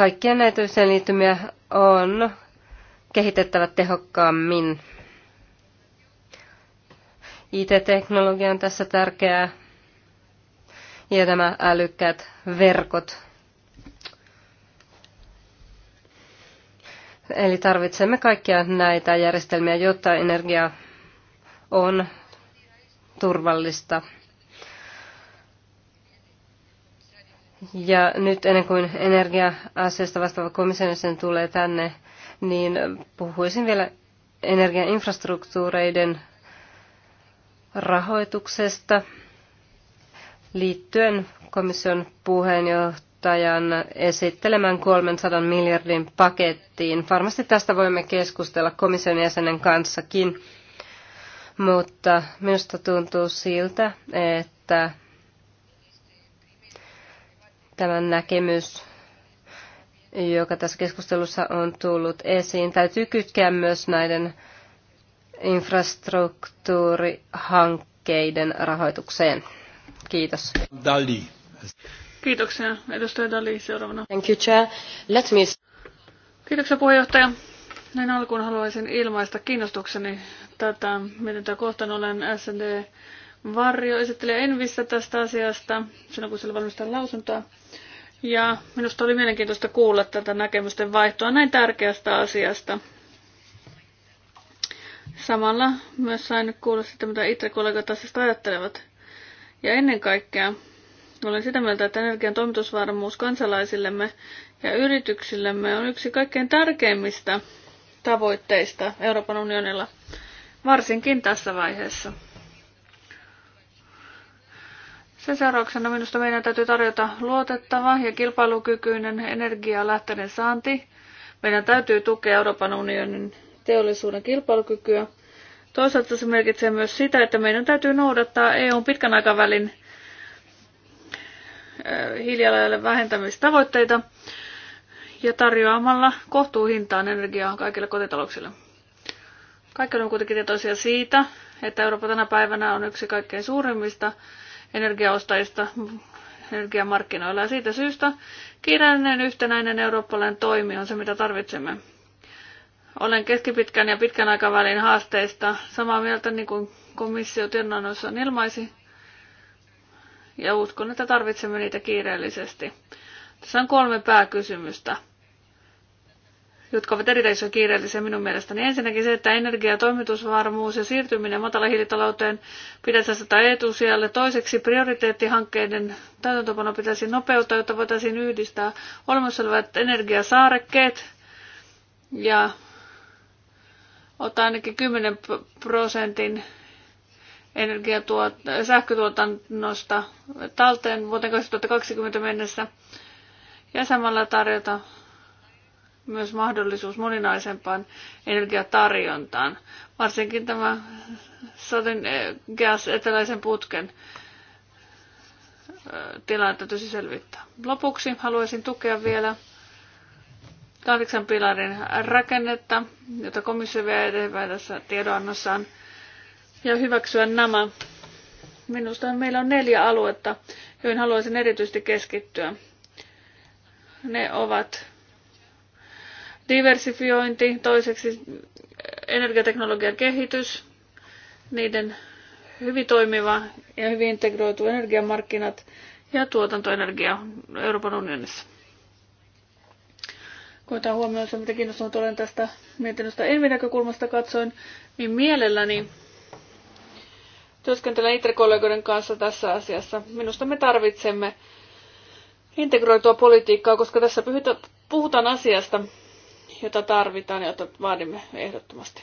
Kaikkia näitä yhteenliittymiä on kehitettävä tehokkaammin. IT-teknologia on tässä tärkeää ja nämä älykkäät verkot. Eli tarvitsemme kaikkia näitä järjestelmiä, jotta energia on turvallista. Ja nyt ennen kuin energia-asiasta vastaava komission sen tulee tänne, niin puhuisin vielä energiainfrastruktuureiden rahoituksesta liittyen komission puheenjohtajan esittelemään 300 miljardin pakettiin. Varmasti tästä voimme keskustella komission jäsenen kanssakin, mutta minusta tuntuu siltä, että tämä näkemys, joka tässä keskustelussa on tullut esiin, täytyy kytkeä myös näiden infrastruktuurihankkeiden rahoitukseen. Kiitos. Dali. Kiitoksia. Edustaja Dali seuraavana. Thank you, Chair. Let me... Kiitoksia puheenjohtaja. Näin alkuun haluaisin ilmaista kiinnostukseni tätä miten tämä kohtaan. Olen SND varjo esittelee Envissä tästä asiasta, silloin kun sillä valmistaa lausuntoa. Ja minusta oli mielenkiintoista kuulla tätä näkemysten vaihtoa näin tärkeästä asiasta. Samalla myös sain kuulla sitä, mitä itse kollegat asiasta ajattelevat. Ja ennen kaikkea olen sitä mieltä, että energian toimitusvarmuus kansalaisillemme ja yrityksillemme on yksi kaikkein tärkeimmistä tavoitteista Euroopan unionilla, varsinkin tässä vaiheessa. Sen seurauksena minusta meidän täytyy tarjota luotettava ja kilpailukykyinen energialähteiden saanti. Meidän täytyy tukea Euroopan unionin teollisuuden kilpailukykyä. Toisaalta se merkitsee myös sitä, että meidän täytyy noudattaa EUn pitkän aikavälin hiilijalanjäljen vähentämistavoitteita ja tarjoamalla kohtuuhintaan energiaa kaikille kotitalouksille. Kaikki on kuitenkin tietoisia siitä, että Eurooppa tänä päivänä on yksi kaikkein suurimmista energiaostajista energiamarkkinoilla. Ja siitä syystä kiireellinen yhtenäinen eurooppalainen toimi on se, mitä tarvitsemme. Olen keskipitkän ja pitkän aikavälin haasteista samaa mieltä, niin kuin komissio on ilmaisi, ja uskon, että tarvitsemme niitä kiireellisesti. Tässä on kolme pääkysymystä jotka ovat erityisen kiireellisiä minun mielestäni. Ensinnäkin se, että energia- ja toimitusvarmuus ja siirtyminen matalahiilitalouteen pitäisi asettaa etusijalle. Toiseksi prioriteettihankkeiden täytäntöpano pitäisi nopeuttaa, jotta voitaisiin yhdistää olemassa olevat energiasaarekkeet ja ottaa ainakin 10 prosentin energiatuot- sähkötuotannosta talteen vuoteen 2020 mennessä ja samalla tarjota myös mahdollisuus moninaisempaan energiatarjontaan. Varsinkin tämä Southern eh, Gas eteläisen putken eh, tilanne täytyisi selvittää. Lopuksi haluaisin tukea vielä kahdeksan pilarin rakennetta, jota komissio vie eteenpäin tässä tiedonannossaan, ja hyväksyä nämä. Minusta meillä on neljä aluetta, joihin haluaisin erityisesti keskittyä. Ne ovat diversifiointi, toiseksi energiateknologian kehitys, niiden hyvin toimiva ja hyvin integroitu energiamarkkinat ja tuotantoenergia Euroopan unionissa. Kun otan huomioon se, mitä kiinnostunut olen tästä mietinnöstä Envi-näkökulmasta katsoin, niin mielelläni työskentelen itse kanssa tässä asiassa. Minusta me tarvitsemme integroitua politiikkaa, koska tässä puhutaan asiasta, jota tarvitaan ja jota vaadimme ehdottomasti.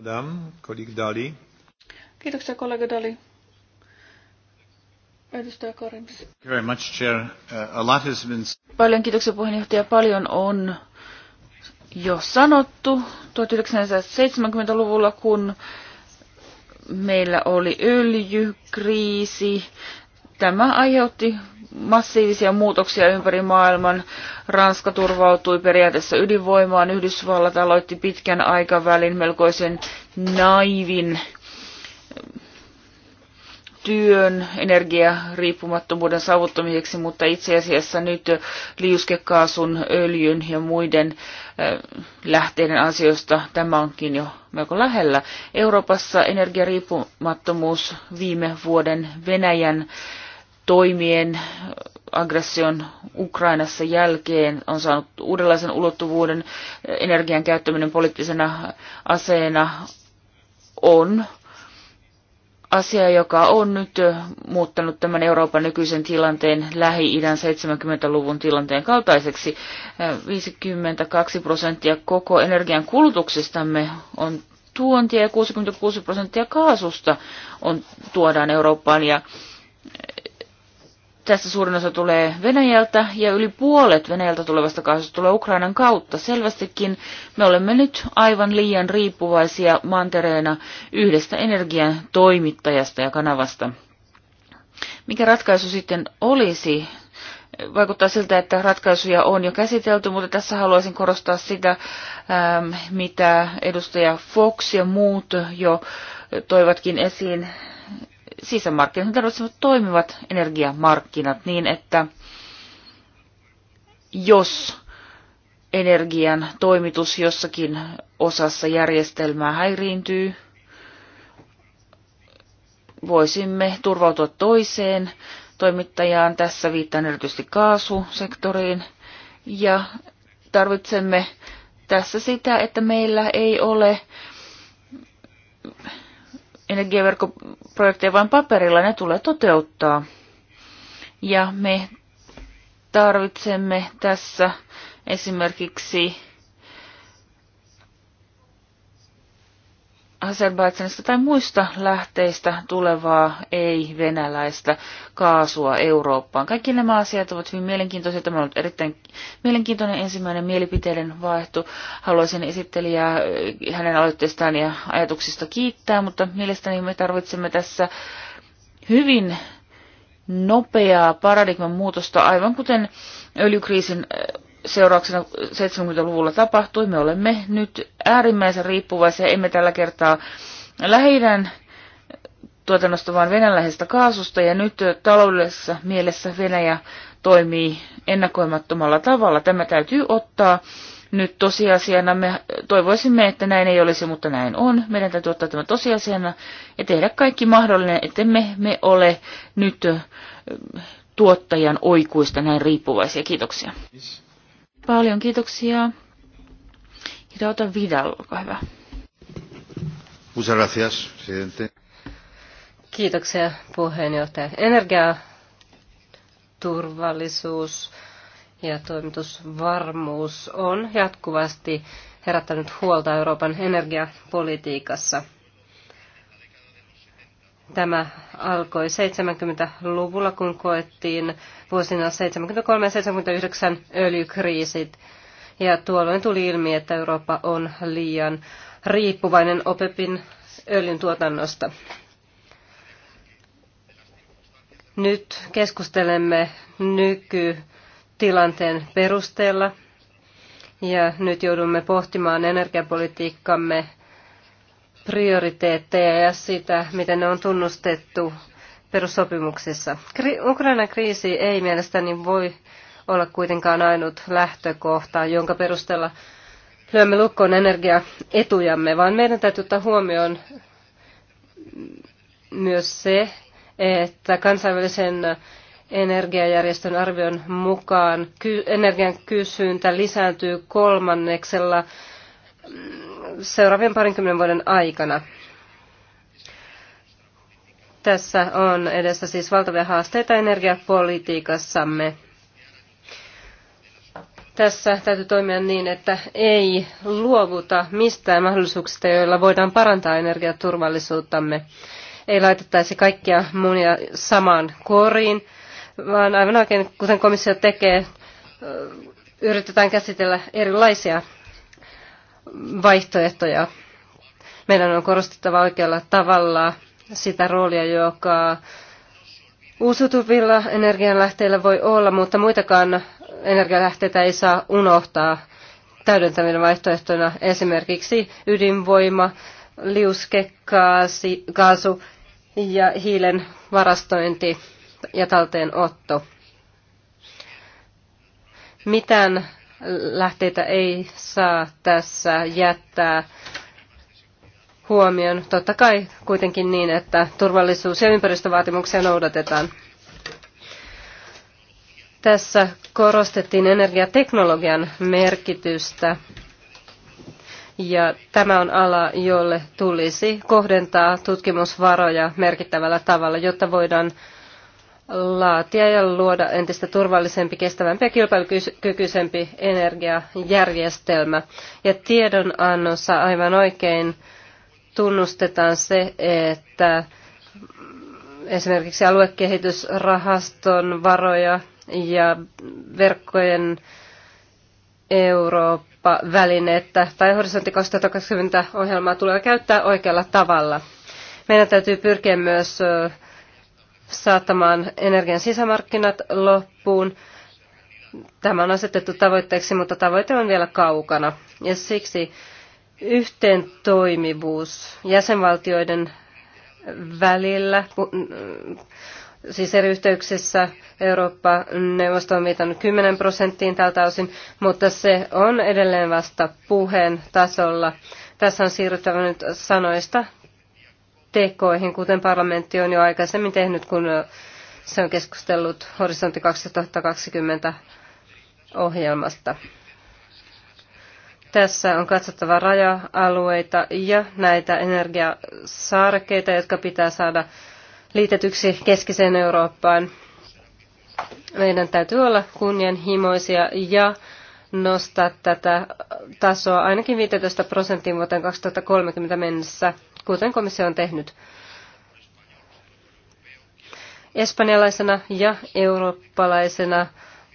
Madame, kollega Dali. Kiitoksia kollega Dali. Edustaja Karims. Very much, Chair. Uh, a lot has been... Paljon kiitoksia puheenjohtaja. Paljon on jo sanottu 1970-luvulla, kun meillä oli öljykriisi, Tämä aiheutti massiivisia muutoksia ympäri maailman. Ranska turvautui periaatteessa ydinvoimaan, Yhdysvallat aloitti pitkän aikavälin melkoisen naivin työn energiariippumattomuuden saavuttamiseksi, mutta itse asiassa nyt liuskekaasun, öljyn ja muiden lähteiden ansiosta tämä onkin jo melko lähellä. Euroopassa energiariippumattomuus viime vuoden Venäjän äh, toimien äh, aggression Ukrainassa jälkeen on saanut uudenlaisen ulottuvuuden. Energian käyttäminen poliittisena aseena on asia, joka on nyt äh, muuttanut tämän Euroopan nykyisen tilanteen Lähi-idän 70-luvun tilanteen kaltaiseksi. 52 äh, prosenttia koko energian kulutuksistamme on tuontia ja 66 prosenttia kaasusta on, tuodaan Eurooppaan ja Tästä suurin osa tulee Venäjältä ja yli puolet Venäjältä tulevasta kaasusta tulee Ukrainan kautta. Selvästikin me olemme nyt aivan liian riippuvaisia mantereena yhdestä energian toimittajasta ja kanavasta. Mikä ratkaisu sitten olisi? Vaikuttaa siltä, että ratkaisuja on jo käsitelty, mutta tässä haluaisin korostaa sitä, ähm, mitä edustaja Fox ja muut jo toivatkin esiin sisämarkkinat tarvitsevat toimivat energiamarkkinat niin, että jos energian toimitus jossakin osassa järjestelmää häiriintyy, voisimme turvautua toiseen toimittajaan. Tässä viittaan erityisesti kaasusektoriin. Ja tarvitsemme tässä sitä, että meillä ei ole energiaverkkoprojekteja vain paperilla, ne tulee toteuttaa. Ja me tarvitsemme tässä esimerkiksi Azerbaidsanista tai muista lähteistä tulevaa ei-venäläistä kaasua Eurooppaan. Kaikki nämä asiat ovat hyvin mielenkiintoisia. Tämä on ollut erittäin mielenkiintoinen ensimmäinen mielipiteiden vaihto. Haluaisin esittelijää äh, hänen aloitteestaan ja ajatuksista kiittää, mutta mielestäni me tarvitsemme tässä hyvin nopeaa paradigman muutosta, aivan kuten öljykriisin äh, seurauksena 70-luvulla tapahtui. Me olemme nyt äärimmäisen riippuvaisia, emme tällä kertaa lähidän tuotannosta, vaan venäläisestä kaasusta. Ja nyt taloudellisessa mielessä Venäjä toimii ennakoimattomalla tavalla. Tämä täytyy ottaa nyt tosiasiana. Me toivoisimme, että näin ei olisi, mutta näin on. Meidän täytyy ottaa tämä tosiasiana ja tehdä kaikki mahdollinen, että me, me ole nyt tuottajan oikuista näin riippuvaisia. Kiitoksia. Paljon kiitoksia. Ja otan Vidal, olkaa hyvä. Muchas gracias, presidente. Kiitoksia puheenjohtaja. Energia, turvallisuus ja toimitusvarmuus on jatkuvasti herättänyt huolta Euroopan energiapolitiikassa – Tämä alkoi 70-luvulla, kun koettiin vuosina 73 ja 79 öljykriisit. Ja tuolloin tuli ilmi, että Eurooppa on liian riippuvainen OPEPin öljyn tuotannosta. Nyt keskustelemme nykytilanteen perusteella ja nyt joudumme pohtimaan energiapolitiikkamme prioriteetteja ja sitä, miten ne on tunnustettu perussopimuksissa. Ukrainan kriisi ei mielestäni voi olla kuitenkaan ainut lähtökohta, jonka perusteella lyömme lukkoon energiaetujamme, vaan meidän täytyy ottaa huomioon myös se, että kansainvälisen energiajärjestön arvion mukaan energian kysyntä lisääntyy kolmanneksella seuraavien parinkymmenen vuoden aikana. Tässä on edessä siis valtavia haasteita energiapolitiikassamme. Tässä täytyy toimia niin, että ei luovuta mistään mahdollisuuksista, joilla voidaan parantaa energiaturvallisuuttamme. Ei laitettaisi kaikkia munia samaan koriin, vaan aivan oikein, kuten komissio tekee, yritetään käsitellä erilaisia vaihtoehtoja. Meidän on korostettava oikealla tavalla sitä roolia, joka uusiutuvilla energianlähteillä voi olla, mutta muitakaan energialähteitä ei saa unohtaa täydentävinä vaihtoehtoina esimerkiksi ydinvoima, liuskekaasu ja hiilen varastointi ja talteenotto. Mitään lähteitä ei saa tässä jättää huomioon. Totta kai kuitenkin niin, että turvallisuus- ja ympäristövaatimuksia noudatetaan. Tässä korostettiin energiateknologian merkitystä ja tämä on ala, jolle tulisi kohdentaa tutkimusvaroja merkittävällä tavalla, jotta voidaan laatia ja luoda entistä turvallisempi, kestävämpi ja kilpailukykyisempi energiajärjestelmä. Ja tiedonannossa aivan oikein tunnustetaan se, että esimerkiksi aluekehitysrahaston varoja ja verkkojen Eurooppa-välinettä tai Horisontti 2020-ohjelmaa tulee käyttää oikealla tavalla. Meidän täytyy pyrkiä myös saattamaan energian sisämarkkinat loppuun. Tämä on asetettu tavoitteeksi, mutta tavoite on vielä kaukana. Ja siksi yhteen toimivuus jäsenvaltioiden välillä, mm, siis eri yhteyksissä Eurooppa-neuvosto on viitannut 10 prosenttiin tältä osin, mutta se on edelleen vasta puheen tasolla. Tässä on siirryttävä nyt sanoista tekoihin, kuten parlamentti on jo aikaisemmin tehnyt, kun se on keskustellut Horisontti 2020 ohjelmasta. Tässä on katsottava raja-alueita ja näitä energiasaarekkeita, jotka pitää saada liitetyksi keskiseen Eurooppaan. Meidän täytyy olla kunnianhimoisia ja nostaa tätä tasoa ainakin 15 prosenttiin vuoteen 2030 mennessä, kuten komissio on tehnyt. Espanjalaisena ja eurooppalaisena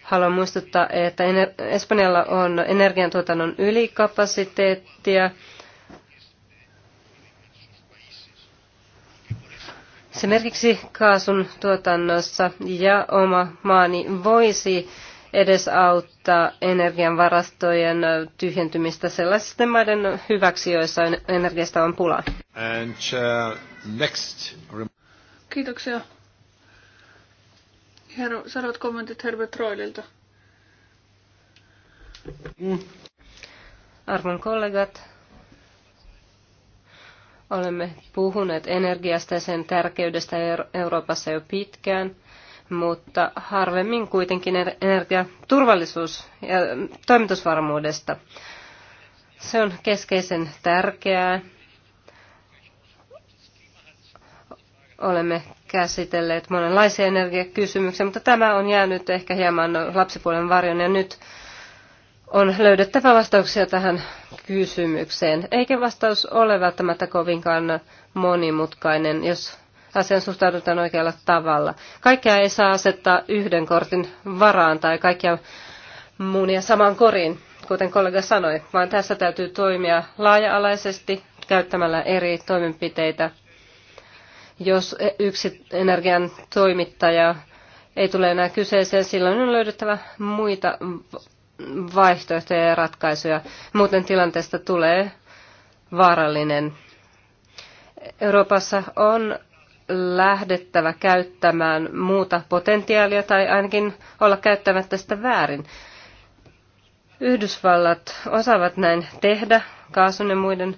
haluan muistuttaa, että Espanjalla on energiantuotannon ylikapasiteettia. Esimerkiksi kaasun tuotannossa ja oma maani voisi edesauttaa energian varastojen tyhjentymistä sellaisten maiden hyväksi, joissa energiasta on pulaa. And, uh, next. Kiitoksia. Herra, sanot kommentit Herbert Roililta. Mm. Arvon kollegat, olemme puhuneet energiasta ja sen tärkeydestä Euroopassa jo pitkään – mutta harvemmin kuitenkin energiaturvallisuus ja toimitusvarmuudesta. Se on keskeisen tärkeää. Olemme käsitelleet monenlaisia energiakysymyksiä, mutta tämä on jäänyt ehkä hieman lapsipuolen varjon ja nyt on löydettävä vastauksia tähän kysymykseen. Eikä vastaus ole välttämättä kovinkaan monimutkainen, jos asian suhtaudutaan oikealla tavalla. Kaikkea ei saa asettaa yhden kortin varaan tai kaikkia muunia samaan koriin, kuten kollega sanoi, vaan tässä täytyy toimia laaja-alaisesti käyttämällä eri toimenpiteitä. Jos yksi energian toimittaja ei tule enää kyseeseen, silloin on löydettävä muita vaihtoehtoja ja ratkaisuja. Muuten tilanteesta tulee vaarallinen. Euroopassa on lähdettävä käyttämään muuta potentiaalia tai ainakin olla käyttämättä sitä väärin. Yhdysvallat osaavat näin tehdä kaasun ja muiden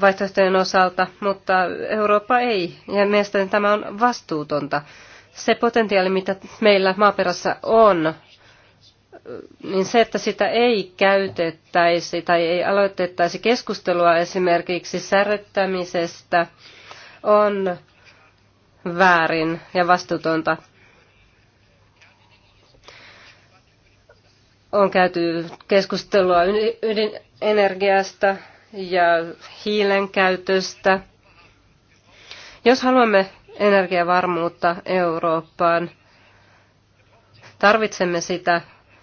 vaihtoehtojen osalta, mutta Eurooppa ei. Ja mielestäni tämä on vastuutonta. Se potentiaali, mitä meillä maaperässä on, niin se, että sitä ei käytettäisi tai ei aloitettaisi keskustelua esimerkiksi särrettämisestä, on väärin ja vastuutonta. On käyty keskustelua ydinenergiasta ja hiilen käytöstä. Jos haluamme energiavarmuutta Eurooppaan, tarvitsemme sitä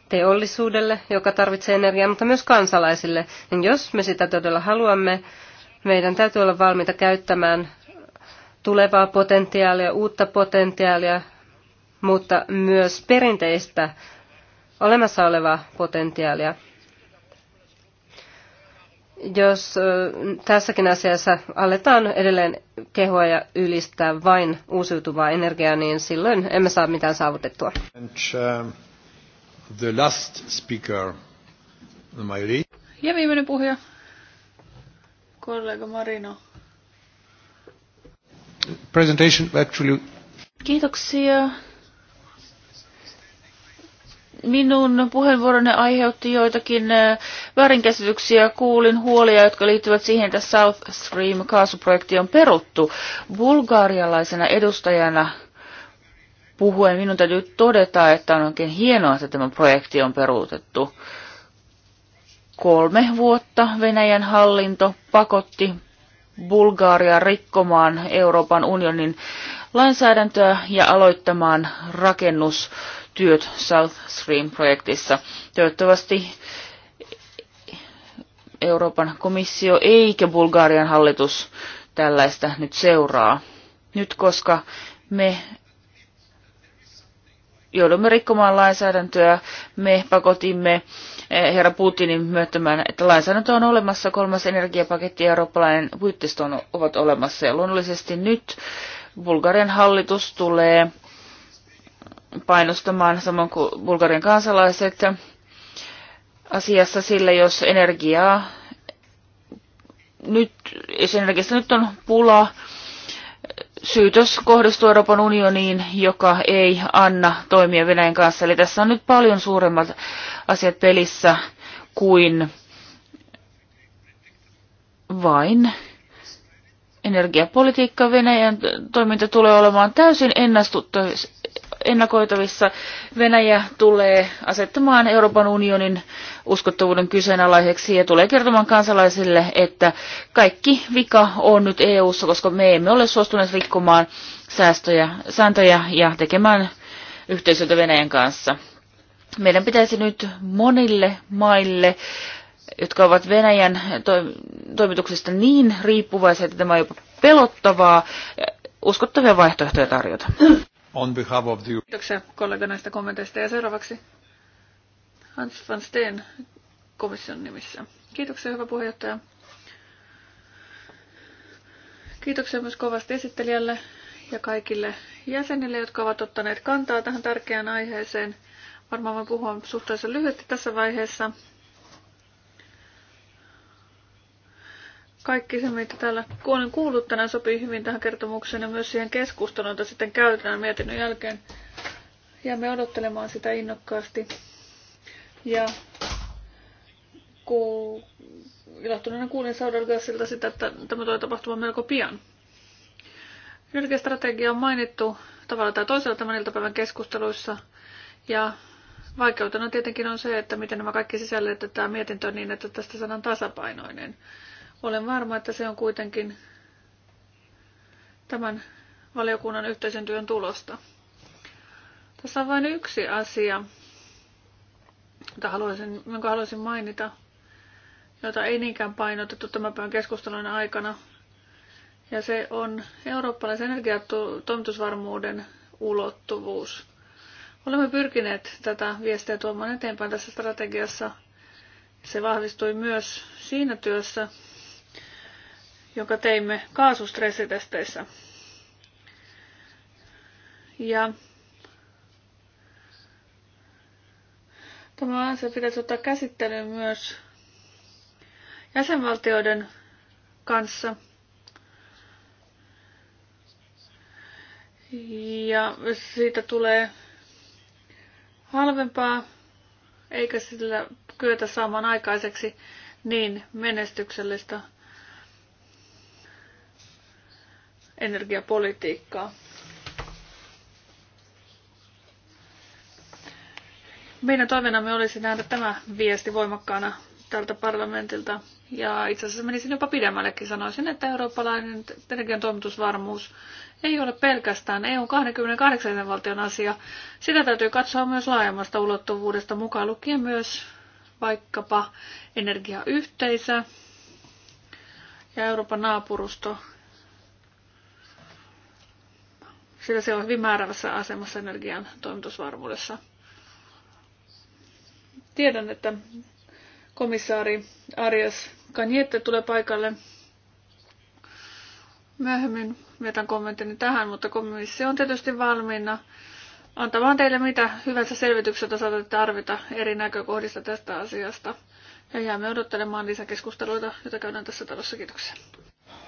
teollisuudelle, joka tarvitsee energiaa, mutta myös kansalaisille. Niin jos me sitä todella haluamme, meidän täytyy olla valmiita käyttämään tulevaa potentiaalia, uutta potentiaalia, mutta myös perinteistä olemassa olevaa potentiaalia. Jos tässäkin asiassa aletaan edelleen kehoa ja ylistää vain uusiutuvaa energiaa, niin silloin emme saa mitään saavutettua. Um, the last speaker, Ja viimeinen puhuja, kollega Marino presentation actually... Kiitoksia. Minun puheenvuoroni aiheutti joitakin äh, väärinkäsityksiä. Kuulin huolia, jotka liittyvät siihen, että South Stream kaasuprojekti on peruttu. Bulgarialaisena edustajana puhuen minun täytyy todeta, että on oikein hienoa, että tämä projekti on peruutettu. Kolme vuotta Venäjän hallinto pakotti Bulgaaria rikkomaan Euroopan unionin lainsäädäntöä ja aloittamaan rakennustyöt South Stream-projektissa. Toivottavasti Euroopan komissio eikä Bulgarian hallitus tällaista nyt seuraa. Nyt koska me joudumme rikkomaan lainsäädäntöä, me pakotimme Eh, herra Putinin myöntämään, että lainsäädäntö on olemassa, kolmas energiapaketti ja eurooppalainen puitteisto on, ovat olemassa. Ja luonnollisesti nyt Bulgarian hallitus tulee painostamaan samoin kuin Bulgarian kansalaiset asiassa sillä, jos energiaa nyt, jos energiasta nyt on pula, syytös kohdistuu Euroopan unioniin, joka ei anna toimia Venäjän kanssa. Eli tässä on nyt paljon suuremmat asiat pelissä kuin vain energiapolitiikka Venäjän toiminta tulee olemaan täysin ennakoitavissa. Venäjä tulee asettamaan Euroopan unionin uskottavuuden kyseenalaiseksi ja tulee kertomaan kansalaisille, että kaikki vika on nyt EU:ssa, koska me emme ole suostuneet rikkomaan säästöjä, sääntöjä ja tekemään yhteistyötä Venäjän kanssa. Meidän pitäisi nyt monille maille jotka ovat Venäjän toimituksista niin riippuvaisia, että tämä on jopa pelottavaa, uskottavia vaihtoehtoja tarjota. On behalf of the... Kiitoksia kollega näistä kommenteista. Ja seuraavaksi Hans van Steen komission nimissä. Kiitoksia, hyvä puheenjohtaja. Kiitoksia myös kovasti esittelijälle ja kaikille jäsenille, jotka ovat ottaneet kantaa tähän tärkeään aiheeseen – Varmaan voin puhua suhteellisen lyhyesti tässä vaiheessa. Kaikki se, mitä täällä olen kuullut tänään, sopii hyvin tähän kertomukseen ja myös siihen keskusteluun, jota sitten käytetään mietinnön jälkeen. Jäämme odottelemaan sitä innokkaasti. Ja kun ilahtuneena kuulin Saudelgassilta sitä, että tämä tulee tapahtumaan melko pian. Energiastrategia on mainittu tavalla tai toisella tämän iltapäivän keskusteluissa ja Vaikeutena tietenkin on se, että miten nämä kaikki sisällytetään mietintöön niin, että tästä sanan tasapainoinen. Olen varma, että se on kuitenkin tämän valiokunnan yhteisen työn tulosta. Tässä on vain yksi asia, jota haluaisin, jonka haluaisin mainita, jota ei niinkään painotettu tämän päivän keskustelun aikana. Ja se on eurooppalaisen energiatoimitusvarmuuden ulottuvuus. Olemme pyrkineet tätä viestiä tuomaan eteenpäin tässä strategiassa. Se vahvistui myös siinä työssä, jonka teimme kaasustressitesteissä. Ja tämä asia pitäisi ottaa käsittelyyn myös jäsenvaltioiden kanssa. Ja siitä tulee halvempaa, eikä sillä kyetä saamaan aikaiseksi niin menestyksellistä energiapolitiikkaa. Meidän toiveenamme olisi nähdä tämä viesti voimakkaana tältä parlamentilta ja itse asiassa menisin jopa pidemmällekin. Sanoisin, että eurooppalainen energian toimitusvarmuus ei ole pelkästään EU 28 valtion asia. Sitä täytyy katsoa myös laajemmasta ulottuvuudesta mukaan lukien myös vaikkapa energiayhteisö ja Euroopan naapurusto. Sillä se on hyvin määrävässä asemassa energian toimitusvarmuudessa. Tiedän, että komissaari Arias Kanjette tulee paikalle. Myöhemmin vietän kommenttini tähän, mutta komissio on tietysti valmiina antamaan teille mitä hyvänsä selvitykseltä saatatte tarvita eri näkökohdista tästä asiasta. Ja jäämme odottelemaan lisäkeskusteluita, joita käydään tässä talossa. Kiitoksia.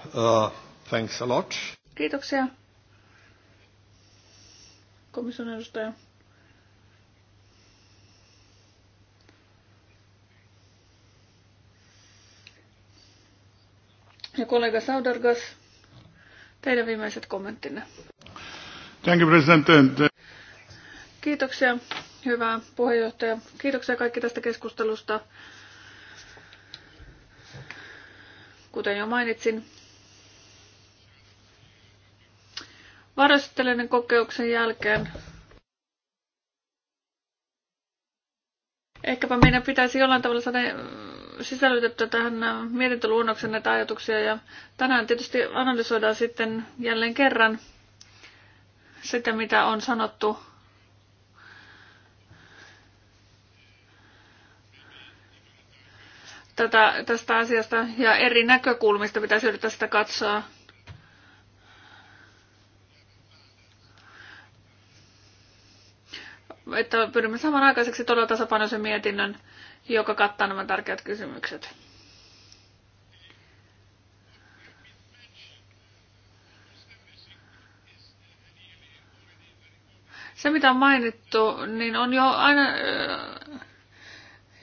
Uh, thanks a lot. Kiitoksia. Komission edustaja. Ja kollega Saudargas, teidän viimeiset kommenttinne. Thank you, President. Kiitoksia, hyvä puheenjohtaja. Kiitoksia kaikki tästä keskustelusta. Kuten jo mainitsin, varastelijoiden kokeuksen jälkeen ehkäpä meidän pitäisi jollain tavalla saada sisällytetty tähän mietintöluonnoksen näitä ajatuksia ja tänään tietysti analysoidaan sitten jälleen kerran sitä, mitä on sanottu tätä, tästä asiasta ja eri näkökulmista pitäisi yrittää sitä katsoa. Että pyrimme samanaikaiseksi todella tasapainoisen mietinnön joka kattaa nämä tärkeät kysymykset. Se, mitä on mainittu, niin on jo aina äh,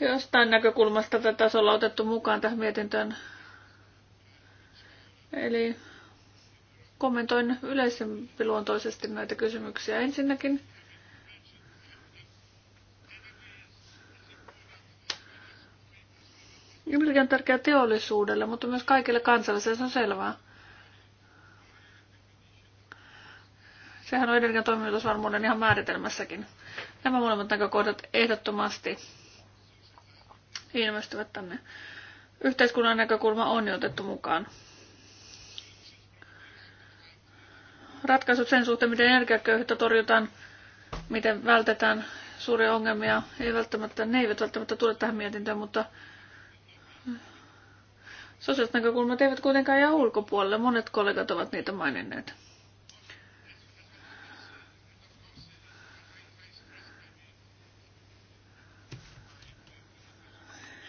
jostain näkökulmasta tätä tasolla otettu mukaan tähän mietintöön. Eli kommentoin yleisempi luontoisesti näitä kysymyksiä. Ensinnäkin Energia on tärkeä teollisuudelle, mutta myös kaikille kansalaisille, se on selvää. Sehän on energian toimitusvarmuuden ihan määritelmässäkin. Nämä molemmat näkökohdat ehdottomasti ilmestyvät tänne. Yhteiskunnan näkökulma on jo otettu mukaan. Ratkaisut sen suhteen, miten energiaköyhyyttä torjutaan, miten vältetään suuria ongelmia, ei välttämättä, ne eivät välttämättä tule tähän mietintöön, mutta Sosiaaliset näkökulmat eivät kuitenkaan jää ulkopuolelle. Monet kollegat ovat niitä maininneet.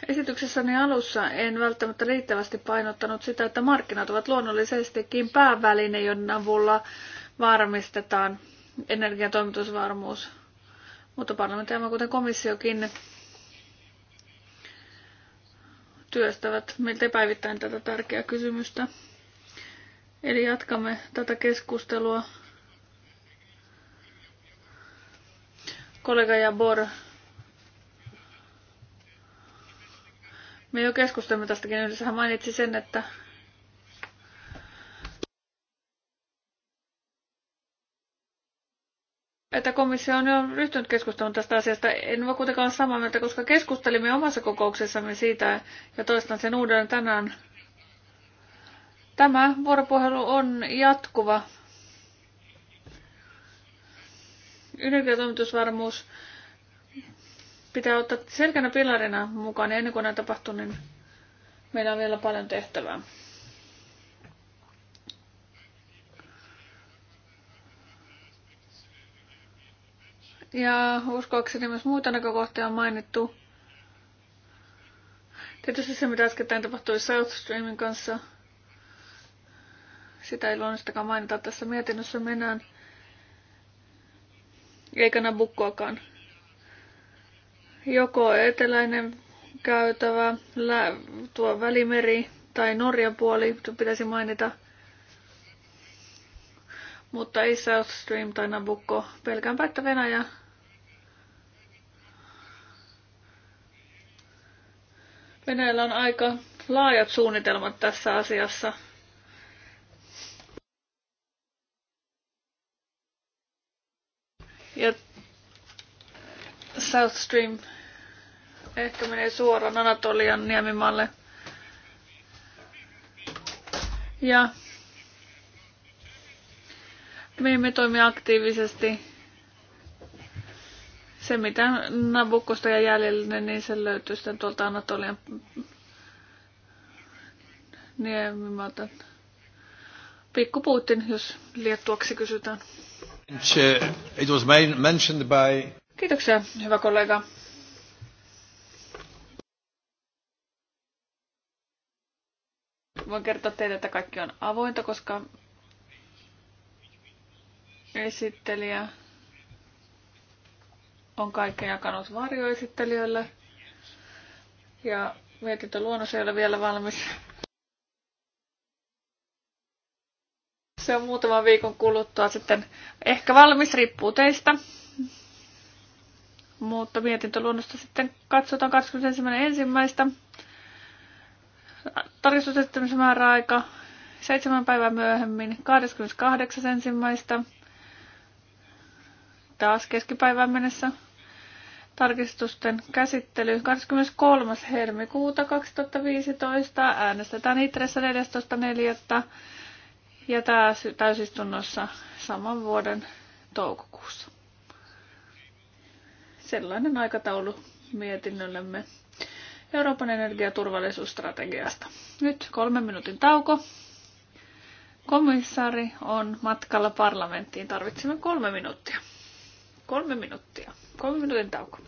Esityksessäni alussa en välttämättä riittävästi painottanut sitä, että markkinat ovat luonnollisestikin pääväline, jonne avulla varmistetaan energiatoimitusvarmuus. Mutta parlamentti, kuten komissiokin, työstävät meiltä päivittäin tätä tärkeää kysymystä. Eli jatkamme tätä keskustelua. Kollega Jabor, me jo keskustelimme tästäkin yhdessä. Hän mainitsi sen, että että komissio on jo ryhtynyt keskusteluun tästä asiasta. En voi kuitenkaan olla samaa mieltä, koska keskustelimme omassa kokouksessamme siitä, ja toistan sen uudelleen tänään. Tämä vuoropuhelu on jatkuva. Energiatoimitusvarmuus pitää ottaa selkänä pilarina mukaan, ennen kuin näin tapahtuu, niin meillä on vielä paljon tehtävää. Ja uskoakseni myös muita näkökohtia on mainittu. Tietysti se, mitä äskettäin tapahtui South Streamin kanssa, sitä ei luonnostakaan mainita tässä mietinnössä mennään. Eikä Nabukkoakaan. Joko eteläinen käytävä, lä- tuo välimeri tai Norjan puoli, pitäisi mainita. Mutta ei South Stream tai Nabukko. Pelkäänpä, että Venäjä Venäjällä on aika laajat suunnitelmat tässä asiassa. Ja South Stream ehkä menee suoraan Anatolian niemimalle. Ja me emme toimi aktiivisesti se, mitä Nabukosta ja jäljellinen, niin se löytyy sitten tuolta Anatolian niemimalta. Pikku Putin, jos liettuaksi kysytään. It was mentioned by... Kiitoksia, hyvä kollega. voin kertoa teille, että kaikki on avointa, koska esittelijä on kaiken jakanut varjoesittelijöille. Ja mietintöluonnos ei ole vielä valmis. Se on muutaman viikon kuluttua sitten ehkä valmis, riippuu teistä. Mutta mietintöluonnosta sitten katsotaan 21.1. Tarkistusesittämisen määräaika seitsemän päivää myöhemmin 28.1. Taas keskipäivään mennessä tarkistusten käsittely 23. helmikuuta 2015. Äänestetään Itressä 14.4. ja täysistunnossa saman vuoden toukokuussa. Sellainen aikataulu mietinnöllemme Euroopan energiaturvallisuusstrategiasta. Nyt kolmen minuutin tauko. Komissaari on matkalla parlamenttiin. Tarvitsemme kolme minuuttia. Kolme minuuttia. Kolme minuutin tauko.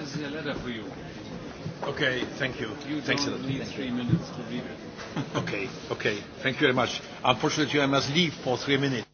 This is a letter for you. Okay, thank you. You Thanks don't a lot. need thank three you. minutes to read it. okay, okay. Thank you very much. Unfortunately, I must leave for three minutes.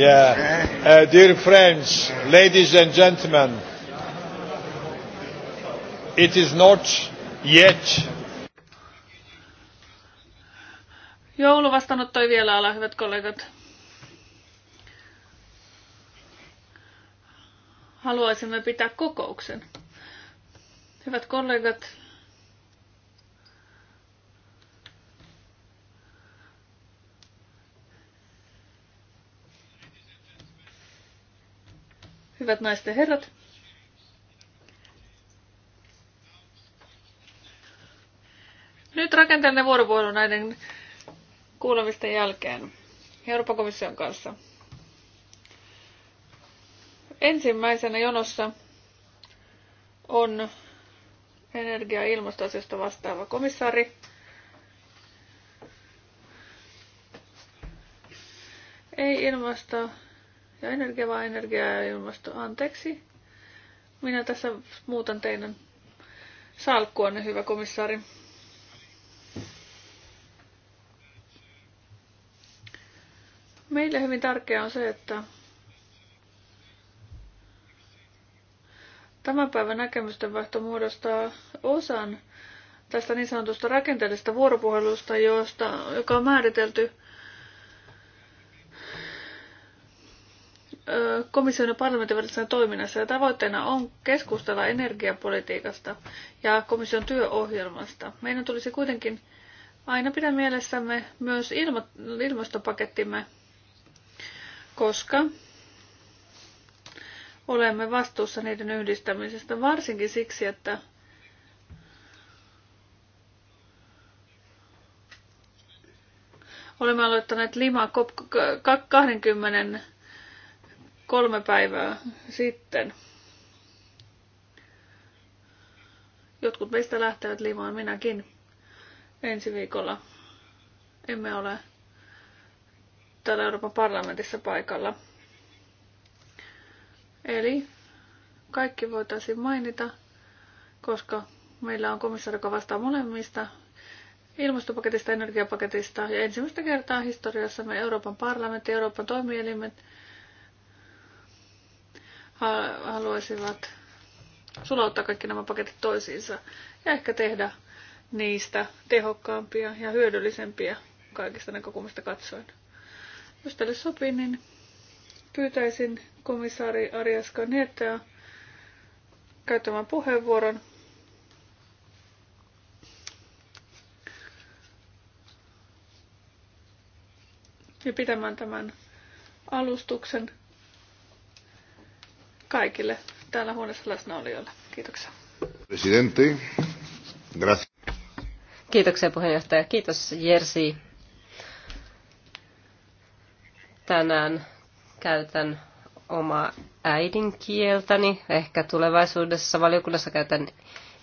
Yeah. Uh, dear friends, ladies and gentlemen, it is not yet. Joulu vastaanottoi vielä ala, hyvät kollegat. Haluaisimme pitää kokouksen. Hyvät kollegat, hyvät naiset ja herrat. Nyt rakentelen vuoropuhelu näiden kuulemisten jälkeen Euroopan komission kanssa. Ensimmäisenä jonossa on energia- ja ilmastoasioista vastaava komissaari. Ei ilmasto ja energia vai energia ja ilmasto. Anteeksi. Minä tässä muutan teidän salkkuanne, hyvä komissaari. Meille hyvin tärkeää on se, että tämän päivän näkemysten vaihto muodostaa osan tästä niin sanotusta rakenteellisesta vuoropuhelusta, josta, joka on määritelty komission ja parlamentin välisessä toiminnassa ja tavoitteena on keskustella energiapolitiikasta ja komission työohjelmasta. Meidän tulisi kuitenkin aina pitää mielessämme myös ilma, ilmastopakettimme, koska olemme vastuussa niiden yhdistämisestä, varsinkin siksi, että olemme aloittaneet Lima COP 20 kolme päivää sitten. Jotkut meistä lähtevät limaan, minäkin, ensi viikolla. Emme ole täällä Euroopan parlamentissa paikalla. Eli kaikki voitaisiin mainita, koska meillä on komissaari, joka vastaa molemmista ilmastopaketista, energiapaketista ja ensimmäistä kertaa historiassa me Euroopan parlamentti, Euroopan toimielimet haluaisivat sulauttaa kaikki nämä paketit toisiinsa ja ehkä tehdä niistä tehokkaampia ja hyödyllisempiä kaikista näkökulmista katsoen. Jos tälle sopii, niin pyytäisin komissaari Arias Kanietea käyttämään puheenvuoron. Ja pitämään tämän alustuksen kaikille täällä huoneessa läsnäolijoille. Kiitoksia. Presidentti, gracias. Kiitoksia puheenjohtaja. Kiitos Jersi. Tänään käytän omaa äidinkieltäni. Ehkä tulevaisuudessa valiokunnassa käytän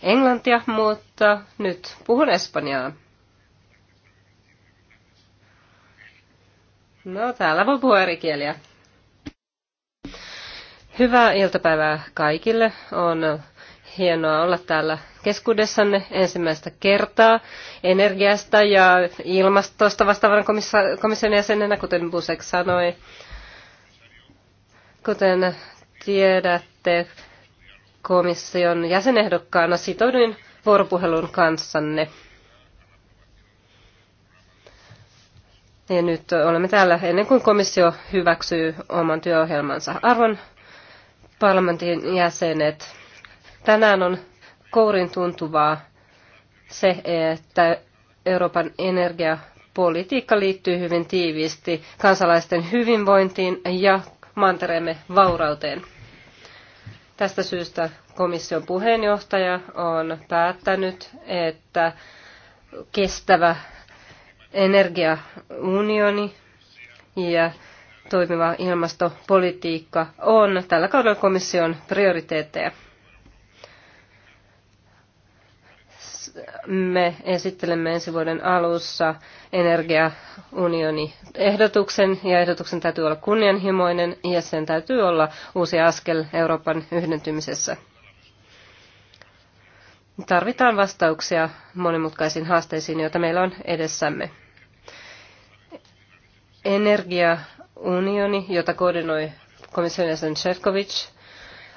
englantia, mutta nyt puhun espanjaa. No, täällä voi puhua eri kieliä. Hyvää iltapäivää kaikille. On hienoa olla täällä keskuudessanne ensimmäistä kertaa energiasta ja ilmastosta vastaavan komission jäsenenä, kuten Busek sanoi. Kuten tiedätte, komission jäsenehdokkaana sitouduin vuoropuhelun kanssanne. Ja nyt olemme täällä ennen kuin komissio hyväksyy oman työohjelmansa. Arvon parlamentin jäsenet. Tänään on kourin tuntuvaa se, että Euroopan energiapolitiikka liittyy hyvin tiiviisti kansalaisten hyvinvointiin ja mantereemme vaurauteen. Tästä syystä komission puheenjohtaja on päättänyt, että kestävä energiaunioni ja toimiva ilmastopolitiikka on tällä kaudella komission prioriteetteja. Me esittelemme ensi vuoden alussa energiaunioni ehdotuksen, ja ehdotuksen täytyy olla kunnianhimoinen, ja sen täytyy olla uusi askel Euroopan yhdentymisessä. Tarvitaan vastauksia monimutkaisiin haasteisiin, joita meillä on edessämme energia unioni, jota koordinoi komission jäsen Shevkovic,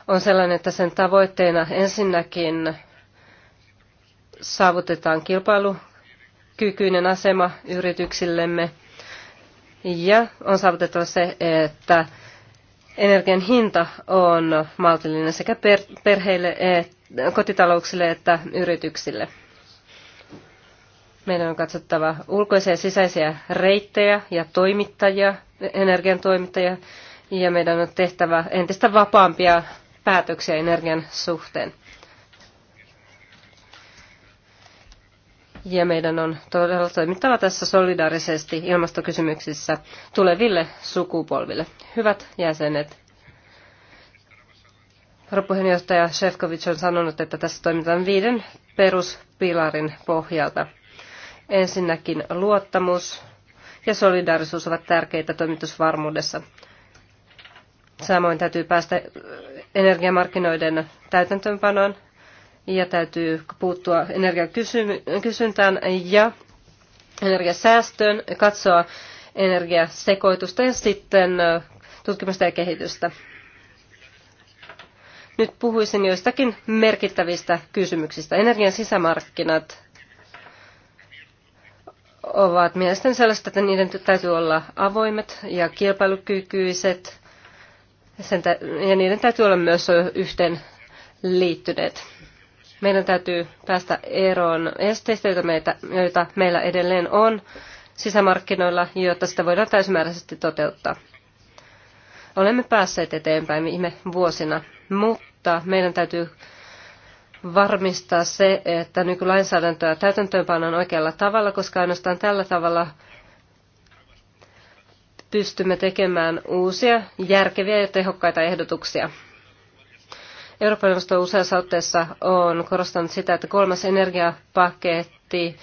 on sellainen, että sen tavoitteena ensinnäkin saavutetaan kilpailukykyinen asema yrityksillemme ja on saavutettava se, että energian hinta on maltillinen sekä perheille, kotitalouksille että yrityksille. Meidän on katsottava ulkoisia ja sisäisiä reittejä ja toimittajia, energian toimittajia, ja meidän on tehtävä entistä vapaampia päätöksiä energian suhteen. Ja meidän on todella toimittava tässä solidaarisesti ilmastokysymyksissä tuleville sukupolville. Hyvät jäsenet, varapuheenjohtaja Shevkovic on sanonut, että tässä toimitaan viiden peruspilarin pohjalta – Ensinnäkin luottamus ja solidaarisuus ovat tärkeitä toimitusvarmuudessa. Samoin täytyy päästä energiamarkkinoiden täytäntöönpanoon ja täytyy puuttua energiakysyntään ja energiasäästöön, katsoa energiasekoitusta ja sitten tutkimusta ja kehitystä. Nyt puhuisin joistakin merkittävistä kysymyksistä. Energian sisämarkkinat, ovat mielestäni sellaiset, että niiden täytyy olla avoimet ja kilpailukykyiset, ja niiden täytyy olla myös yhteen liittyneet. Meidän täytyy päästä eroon esteistä, joita, meitä, joita meillä edelleen on sisämarkkinoilla, jotta sitä voidaan täysimääräisesti toteuttaa. Olemme päässeet eteenpäin viime vuosina, mutta meidän täytyy varmistaa se, että nykylainsäädäntöä täytäntöönpanon oikealla tavalla, koska ainoastaan tällä tavalla pystymme tekemään uusia, järkeviä ja tehokkaita ehdotuksia. Euroopan neuvosto useassa otteessa on korostanut sitä, että kolmas energiapaketti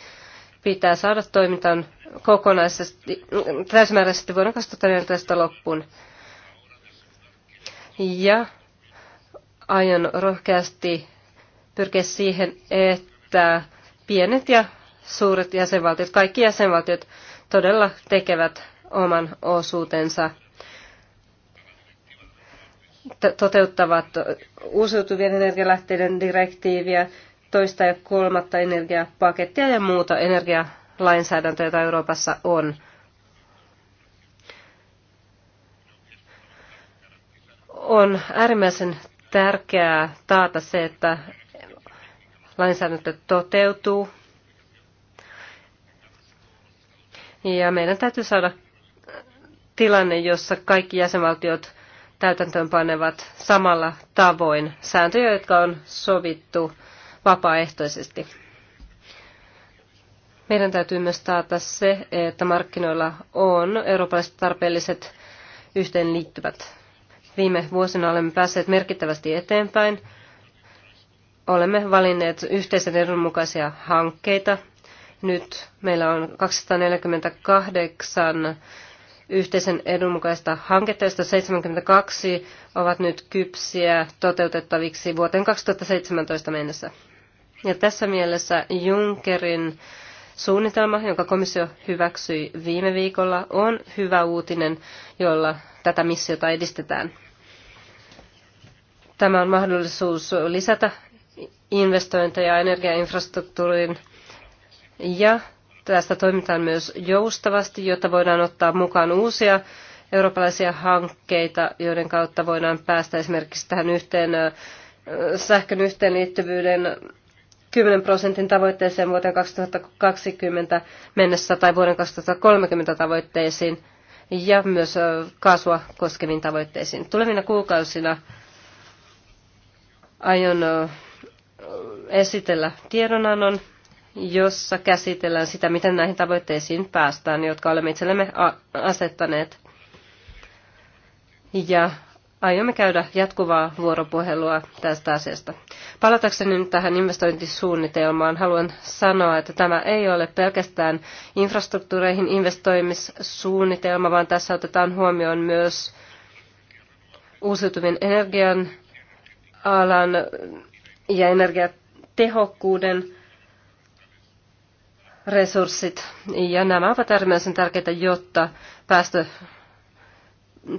pitää saada toimintaan kokonaisesti, täysimääräisesti vuoden 2014 loppuun. Ja aion rohkeasti pyrkiä siihen, että pienet ja suuret jäsenvaltiot, kaikki jäsenvaltiot todella tekevät oman osuutensa, toteuttavat uusiutuvien energialähteiden direktiiviä, toista ja kolmatta energiapakettia ja muuta energialainsäädäntöä, jota Euroopassa on. On äärimmäisen tärkeää taata se, että lainsäädäntö toteutuu. Ja meidän täytyy saada tilanne, jossa kaikki jäsenvaltiot täytäntöön panevat samalla tavoin sääntöjä, jotka on sovittu vapaaehtoisesti. Meidän täytyy myös taata se, että markkinoilla on eurooppalaiset tarpeelliset yhteenliittyvät. Viime vuosina olemme päässeet merkittävästi eteenpäin olemme valinneet yhteisen edun mukaisia hankkeita. Nyt meillä on 248 yhteisen edun mukaista hanketta, joista 72 ovat nyt kypsiä toteutettaviksi vuoteen 2017 mennessä. Ja tässä mielessä Junckerin suunnitelma, jonka komissio hyväksyi viime viikolla, on hyvä uutinen, jolla tätä missiota edistetään. Tämä on mahdollisuus lisätä investointeja energiainfrastruktuuriin ja tästä toimitaan myös joustavasti, jotta voidaan ottaa mukaan uusia eurooppalaisia hankkeita, joiden kautta voidaan päästä esimerkiksi tähän yhteen, sähkön yhteenliittyvyyden 10 prosentin tavoitteeseen vuoteen 2020 mennessä tai vuoden 2030 tavoitteisiin ja myös kasvua koskeviin tavoitteisiin. Tulevina kuukausina aion esitellä tiedonannon, jossa käsitellään sitä, miten näihin tavoitteisiin päästään, jotka olemme itsellemme asettaneet. Ja aiomme käydä jatkuvaa vuoropuhelua tästä asiasta. Palatakseni nyt tähän investointisuunnitelmaan haluan sanoa, että tämä ei ole pelkästään infrastruktuureihin investoimissuunnitelma, vaan tässä otetaan huomioon myös uusiutuvien energian alan ja energiatehokkuuden resurssit. Ja nämä ovat äärimmäisen tärkeitä, jotta päästö,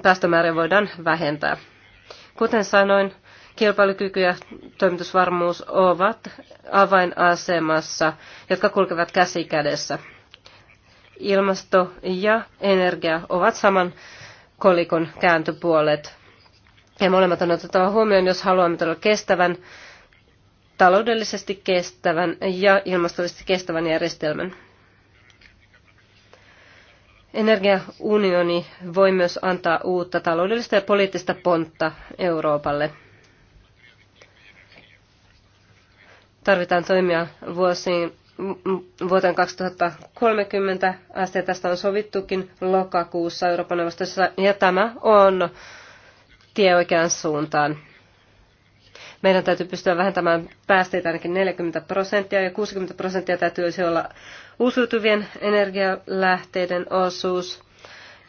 päästömäärä voidaan vähentää. Kuten sanoin, kilpailukyky ja toimitusvarmuus ovat avainasemassa, jotka kulkevat käsi kädessä. Ilmasto ja energia ovat saman kolikon kääntöpuolet. Ja molemmat on otettava huomioon, jos haluamme todella kestävän taloudellisesti kestävän ja ilmastollisesti kestävän järjestelmän. Energiaunioni voi myös antaa uutta taloudellista ja poliittista pontta Euroopalle. Tarvitaan toimia vuosiin, vuoteen 2030 asti. Tästä on sovittukin lokakuussa Euroopan neuvostossa ja tämä on tie oikeaan suuntaan. Meidän täytyy pystyä vähentämään päästöjä ainakin 40 prosenttia ja 60 prosenttia täytyy olla uusiutuvien energialähteiden osuus.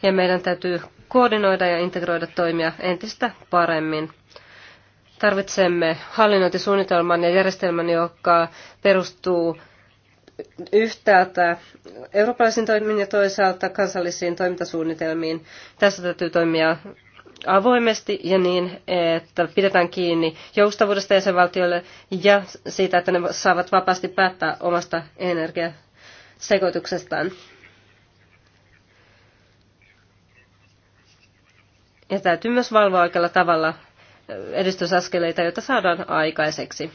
Ja meidän täytyy koordinoida ja integroida toimia entistä paremmin. Tarvitsemme hallinnointisuunnitelman ja järjestelmän, joka perustuu yhtäältä eurooppalaisiin toimiin ja toisaalta kansallisiin toimintasuunnitelmiin. Tässä täytyy toimia avoimesti ja niin, että pidetään kiinni joustavuudesta jäsenvaltioille ja siitä, että ne saavat vapaasti päättää omasta energiasekoituksestaan. Ja täytyy myös valvoa oikealla tavalla edistysaskeleita, joita saadaan aikaiseksi.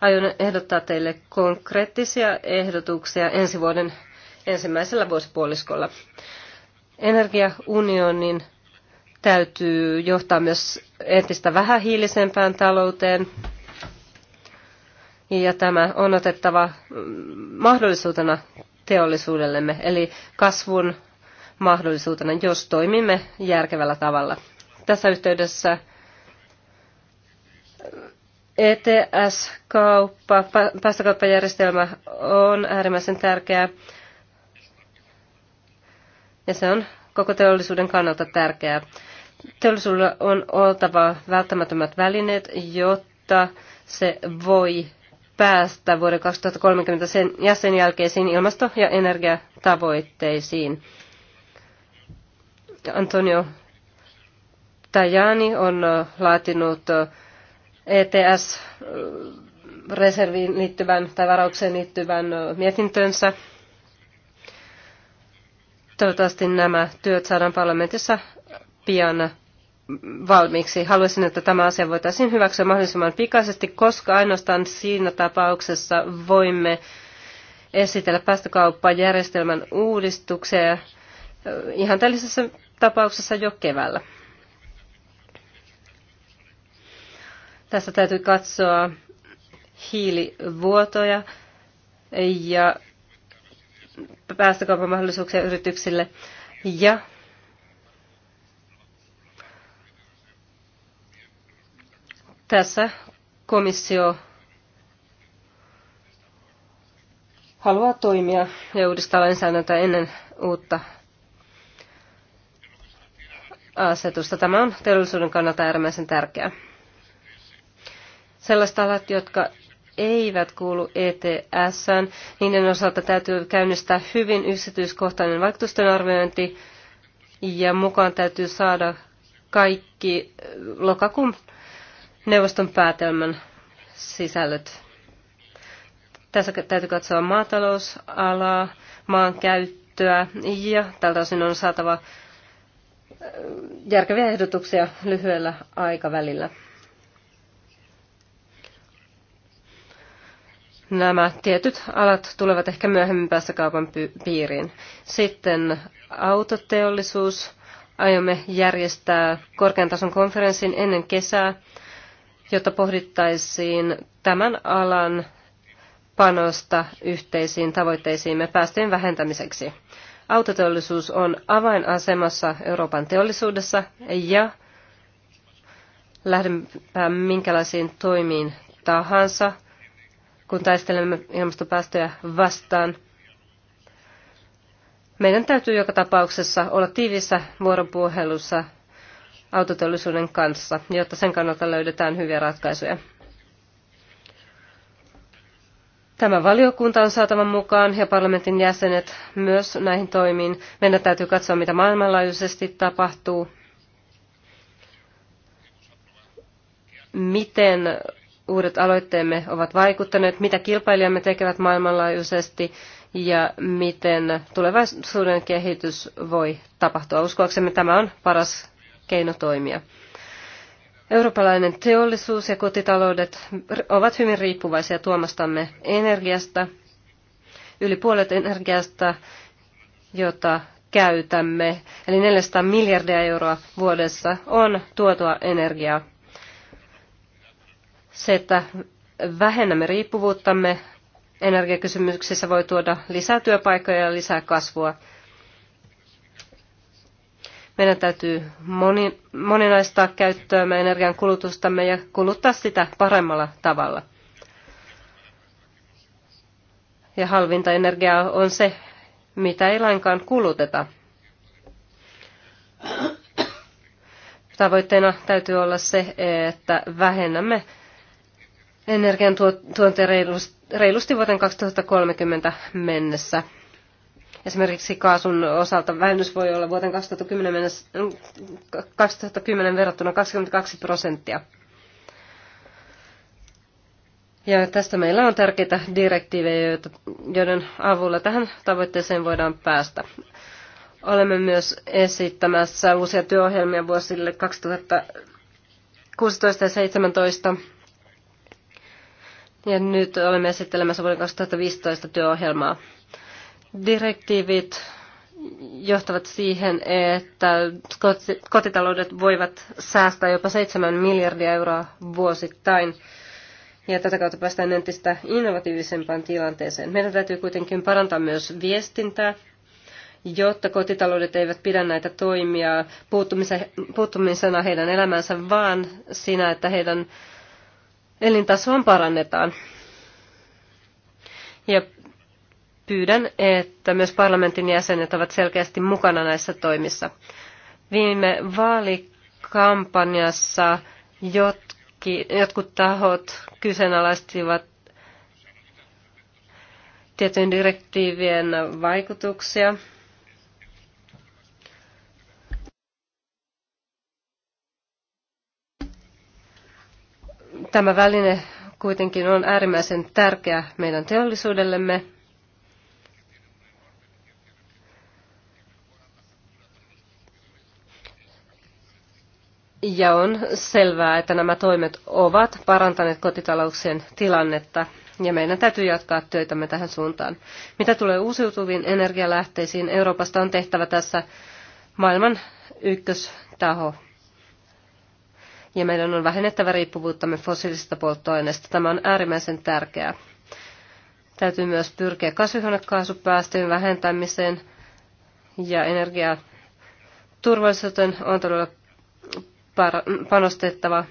Aion ehdottaa teille konkreettisia ehdotuksia ensi vuoden ensimmäisellä vuosipuoliskolla. Energiaunionin täytyy johtaa myös entistä vähähiilisempään talouteen. Ja tämä on otettava mm, mahdollisuutena teollisuudellemme, eli kasvun mahdollisuutena, jos toimimme järkevällä tavalla. Tässä yhteydessä ETS-kauppa, päästökauppajärjestelmä on äärimmäisen tärkeä ja se on koko teollisuuden kannalta tärkeää. Teollisuudella on oltava välttämättömät välineet, jotta se voi päästä vuoden 2030 sen, ja sen jälkeisiin ilmasto- ja energiatavoitteisiin. Antonio Tajani on laatinut ETS-reserviin liittyvän tai varaukseen liittyvän mietintönsä. Toivottavasti nämä työt saadaan parlamentissa pian valmiiksi. Haluaisin, että tämä asia voitaisiin hyväksyä mahdollisimman pikaisesti, koska ainoastaan siinä tapauksessa voimme esitellä päästökauppajärjestelmän uudistuksia ihan tällaisessa tapauksessa jo keväällä. Tässä täytyy katsoa hiilivuotoja ja päästökaupan mahdollisuuksia yrityksille ja Tässä komissio haluaa toimia ja uudistaa lainsäädäntöä ennen uutta asetusta. Tämä on teollisuuden kannalta äärimmäisen tärkeää. Sellaiset alat, jotka eivät kuulu ETS, niiden osalta täytyy käynnistää hyvin yksityiskohtainen vaikutusten arviointi ja mukaan täytyy saada kaikki lokakuun neuvoston päätelmän sisällöt. Tässä täytyy katsoa maatalousalaa, maankäyttöä ja tältä osin on saatava järkeviä ehdotuksia lyhyellä aikavälillä. Nämä tietyt alat tulevat ehkä myöhemmin päässä kaupan piiriin. Sitten autoteollisuus. Aiomme järjestää korkean tason konferenssin ennen kesää jotta pohdittaisiin tämän alan panosta yhteisiin tavoitteisiimme päästöjen vähentämiseksi. Autoteollisuus on avainasemassa Euroopan teollisuudessa ja lähdemme minkälaisiin toimiin tahansa, kun taistelemme ilmastopäästöjä vastaan. Meidän täytyy joka tapauksessa olla tiivissä vuoropuhelussa autoteollisuuden kanssa, jotta sen kannalta löydetään hyviä ratkaisuja. Tämä valiokunta on saatava mukaan ja parlamentin jäsenet myös näihin toimiin. Meidän täytyy katsoa, mitä maailmanlaajuisesti tapahtuu, miten uudet aloitteemme ovat vaikuttaneet, mitä kilpailijamme tekevät maailmanlaajuisesti ja miten tulevaisuuden kehitys voi tapahtua. Uskoaksemme tämä on paras keino toimia. Eurooppalainen teollisuus ja kotitaloudet ovat hyvin riippuvaisia tuomastamme energiasta. Yli puolet energiasta, jota käytämme, eli 400 miljardia euroa vuodessa, on tuotua energiaa. Se, että vähennämme riippuvuuttamme energiakysymyksissä, voi tuoda lisää työpaikkoja ja lisää kasvua. Meidän täytyy moni, moninaistaa käyttöämme, energian kulutustamme ja kuluttaa sitä paremmalla tavalla. Ja halvinta energiaa on se, mitä ei lainkaan kuluteta. Tavoitteena täytyy olla se, että vähennämme energian tuontia reilusti vuoteen 2030 mennessä. Esimerkiksi kaasun osalta vähennys voi olla vuoteen 2010, mennessä, 2010 verrattuna 22 prosenttia. Ja tästä meillä on tärkeitä direktiivejä, joiden avulla tähän tavoitteeseen voidaan päästä. Olemme myös esittämässä uusia työohjelmia vuosille 2016 ja 2017. Ja nyt olemme esittelemässä vuoden 2015 työohjelmaa. Direktiivit johtavat siihen, että kotitaloudet voivat säästää jopa 7 miljardia euroa vuosittain. Ja tätä kautta päästään entistä innovatiivisempaan tilanteeseen. Meidän täytyy kuitenkin parantaa myös viestintää, jotta kotitaloudet eivät pidä näitä toimia puuttumisena heidän elämänsä, vaan siinä, että heidän elintasoaan parannetaan. Ja pyydän, että myös parlamentin jäsenet ovat selkeästi mukana näissä toimissa. Viime vaalikampanjassa jotki, jotkut tahot kyseenalaistivat tietyn direktiivien vaikutuksia. Tämä väline kuitenkin on äärimmäisen tärkeä meidän teollisuudellemme Ja on selvää, että nämä toimet ovat parantaneet kotitalouksien tilannetta ja meidän täytyy jatkaa töitämme tähän suuntaan. Mitä tulee uusiutuviin energialähteisiin, Euroopasta on tehtävä tässä maailman ykköstaho. Ja meidän on vähennettävä riippuvuuttamme fossiilisista polttoaineista. Tämä on äärimmäisen tärkeää. Täytyy myös pyrkiä kasvihuonekaasupäästöjen vähentämiseen ja energiaturvallisuuteen on todella panostettava.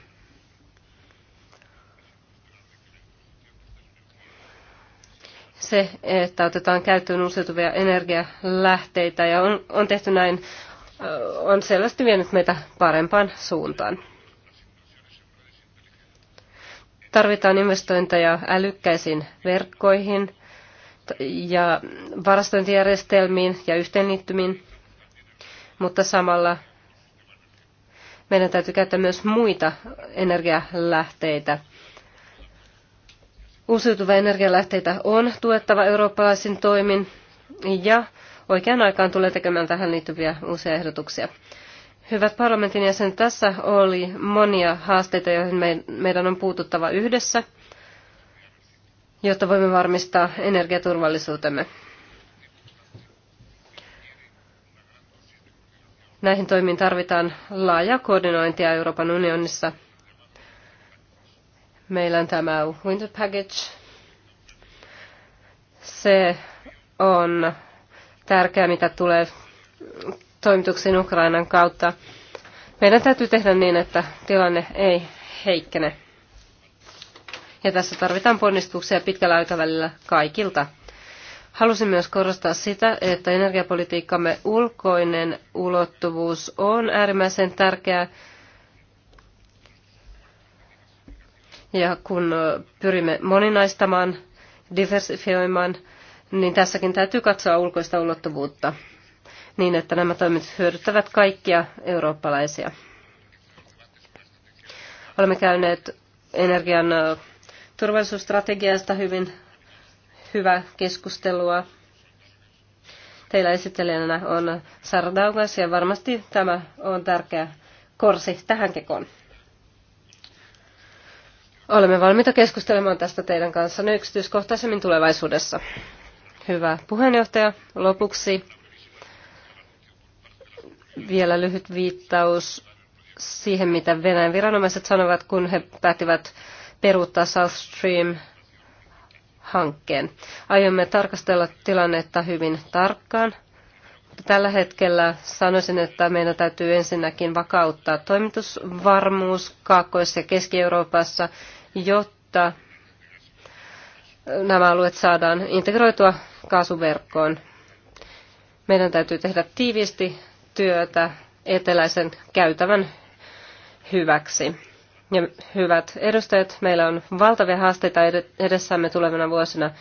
Se, että otetaan käyttöön uusiutuvia energialähteitä ja on, on tehty näin, on selvästi vienyt meitä parempaan suuntaan. Tarvitaan investointeja älykkäisiin verkkoihin ja varastointijärjestelmiin ja yhteenliittymiin, mutta samalla meidän täytyy käyttää myös muita energialähteitä. Uusiutuvia energialähteitä on tuettava eurooppalaisin toimin ja oikeaan aikaan tulee tekemään tähän liittyviä uusia ehdotuksia. Hyvät parlamentin jäsenet, tässä oli monia haasteita, joihin meidän on puututtava yhdessä, jotta voimme varmistaa energiaturvallisuutemme. Näihin toimiin tarvitaan laajaa koordinointia Euroopan unionissa. Meillä on tämä Winter Package. Se on tärkeää, mitä tulee toimituksiin Ukrainan kautta. Meidän täytyy tehdä niin, että tilanne ei heikkene. Ja tässä tarvitaan ponnistuksia pitkällä aikavälillä kaikilta Halusin myös korostaa sitä, että energiapolitiikkamme ulkoinen ulottuvuus on äärimmäisen tärkeää. Ja kun pyrimme moninaistamaan, diversifioimaan, niin tässäkin täytyy katsoa ulkoista ulottuvuutta niin, että nämä toimet hyödyttävät kaikkia eurooppalaisia. Olemme käyneet energian turvallisuusstrategiasta hyvin hyvää keskustelua. Teillä esittelijänä on Sara Daugas ja varmasti tämä on tärkeä korsi tähän kekoon. Olemme valmiita keskustelemaan tästä teidän kanssanne yksityiskohtaisemmin tulevaisuudessa. Hyvä puheenjohtaja, lopuksi vielä lyhyt viittaus siihen, mitä Venäjän viranomaiset sanovat, kun he päättivät peruuttaa South Stream hankkeen. Aiomme tarkastella tilannetta hyvin tarkkaan. Mutta tällä hetkellä sanoisin, että meidän täytyy ensinnäkin vakauttaa toimitusvarmuus Kaakkois- ja Keski-Euroopassa, jotta nämä alueet saadaan integroitua kaasuverkkoon. Meidän täytyy tehdä tiiviisti työtä eteläisen käytävän hyväksi. Ja hyvät edustajat, meillä on valtavia haasteita edessämme tulevina vuosina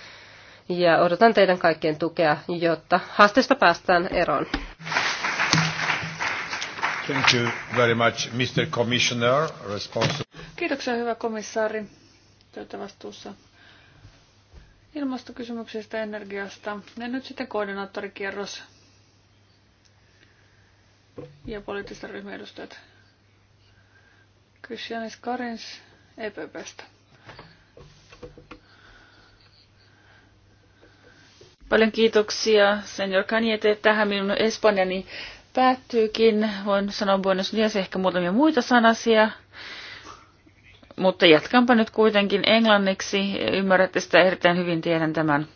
ja odotan teidän kaikkien tukea, jotta haasteista päästään eroon. Thank you very much, Mr. Commissioner. Kiitoksia, hyvä komissaari. Työtä vastuussa ilmastokysymyksistä, energiasta. Ja nyt sitten koordinaattorikierros ja poliittisten ryhmien edustajat. Christianis Karins EPPstä. Paljon kiitoksia, senior Caniete, Tähän minun espanjani päättyykin. Voin sanoa buenos dias ehkä muutamia muita sanasia. Mutta jatkanpa nyt kuitenkin englanniksi. Ymmärrätte sitä erittäin hyvin, tiedän tämän.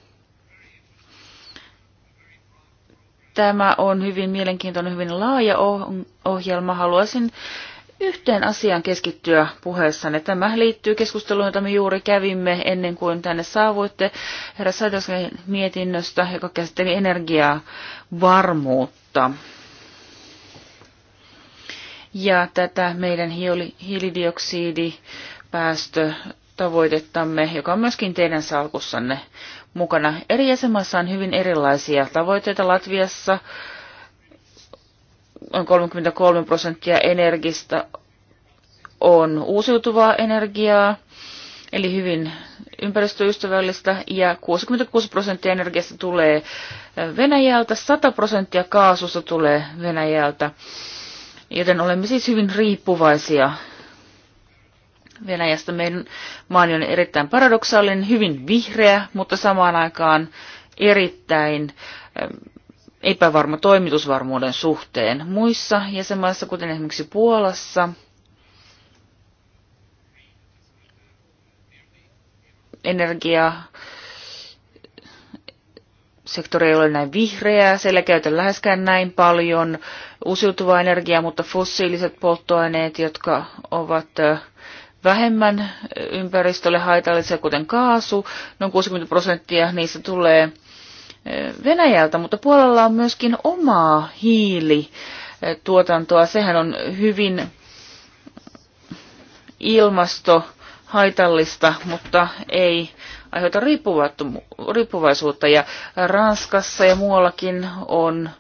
Tämä on hyvin mielenkiintoinen, hyvin laaja ohjelma. Haluaisin yhteen asiaan keskittyä puheessanne. Tämä liittyy keskusteluun, jota me juuri kävimme ennen kuin tänne saavuitte herra Sadosken mietinnöstä, joka käsitteli energiaa varmuutta. Ja tätä meidän hiilidioksidipäästötavoitettamme, joka on myöskin teidän salkussanne mukana. Eri jäsenmaissa on hyvin erilaisia tavoitteita Latviassa noin 33 prosenttia energista on uusiutuvaa energiaa, eli hyvin ympäristöystävällistä, ja 66 prosenttia energiasta tulee Venäjältä, 100 prosenttia kaasusta tulee Venäjältä, joten olemme siis hyvin riippuvaisia Venäjästä. Meidän maani on erittäin paradoksaalinen, hyvin vihreä, mutta samaan aikaan erittäin epävarma toimitusvarmuuden suhteen. Muissa jäsenmaissa, kuten esimerkiksi Puolassa, energia sektori ei ole näin vihreää, siellä käytetään läheskään näin paljon uusiutuvaa energiaa, mutta fossiiliset polttoaineet, jotka ovat vähemmän ympäristölle haitallisia, kuten kaasu, noin 60 prosenttia niistä tulee Venäjältä, mutta Puolalla on myöskin omaa hiilituotantoa. Sehän on hyvin ilmasto haitallista, mutta ei aiheuta riippuvaisuutta. Ja Ranskassa ja muuallakin on äh,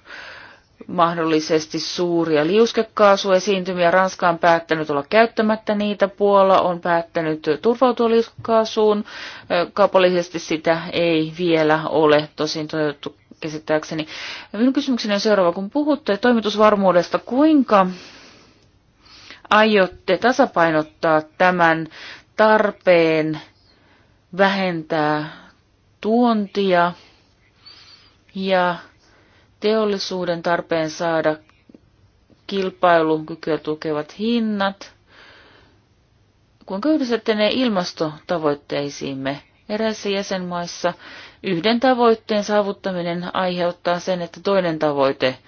mahdollisesti suuria liuskekaasuesiintymiä. Ranska on päättänyt olla käyttämättä niitä. Puola on päättänyt turvautua liuskekaasuun. Kaupallisesti sitä ei vielä ole tosin toivottu käsittääkseni. Minun kysymykseni on seuraava. Kun puhutte toimitusvarmuudesta, kuinka aiotte tasapainottaa tämän tarpeen vähentää tuontia ja teollisuuden tarpeen saada kilpailukykyä tukevat hinnat. Kuinka yhdistätte ne ilmastotavoitteisiimme? Eräissä jäsenmaissa yhden tavoitteen saavuttaminen aiheuttaa sen, että toinen tavoite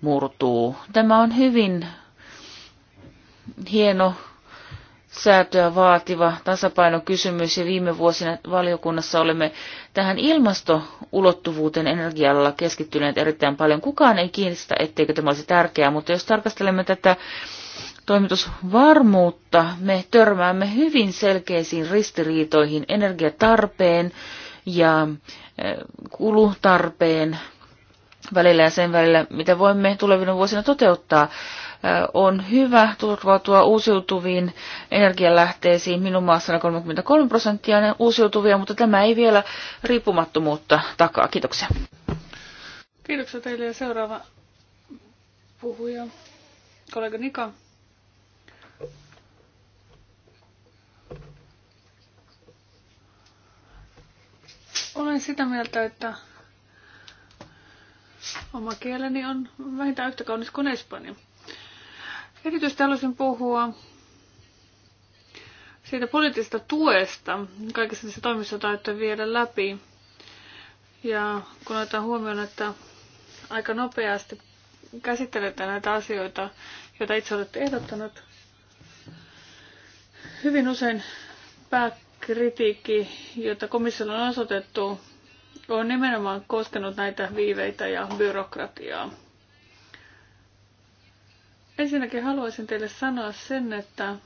murtuu. Tämä on hyvin hieno säätöä vaativa tasapainokysymys ja viime vuosina valiokunnassa olemme tähän ilmastoulottuvuuteen energialla keskittyneet erittäin paljon. Kukaan ei kiinnistä, etteikö tämä olisi tärkeää, mutta jos tarkastelemme tätä toimitusvarmuutta, me törmäämme hyvin selkeisiin ristiriitoihin energiatarpeen ja eh, kulutarpeen välillä ja sen välillä, mitä voimme tulevina vuosina toteuttaa on hyvä turvautua uusiutuviin energialähteisiin. Minun maassani 33 prosenttia on uusiutuvia, mutta tämä ei vielä riippumattomuutta takaa. Kiitoksia. Kiitoksia teille ja seuraava puhuja, kollega Nika. Olen sitä mieltä, että oma kieleni on vähintään yhtä kaunis kuin espanja. Erityisesti haluaisin puhua siitä poliittisesta tuesta kaikissa niissä toimissa, joita viedä läpi. Ja kun otetaan huomioon, että aika nopeasti käsittelette näitä asioita, joita itse olette ehdottanut, hyvin usein pääkritiikki, jota komissiolla on osoitettu, on nimenomaan koskenut näitä viiveitä ja byrokratiaa. Ensinnäkin haluaisin teille sanoa sen, että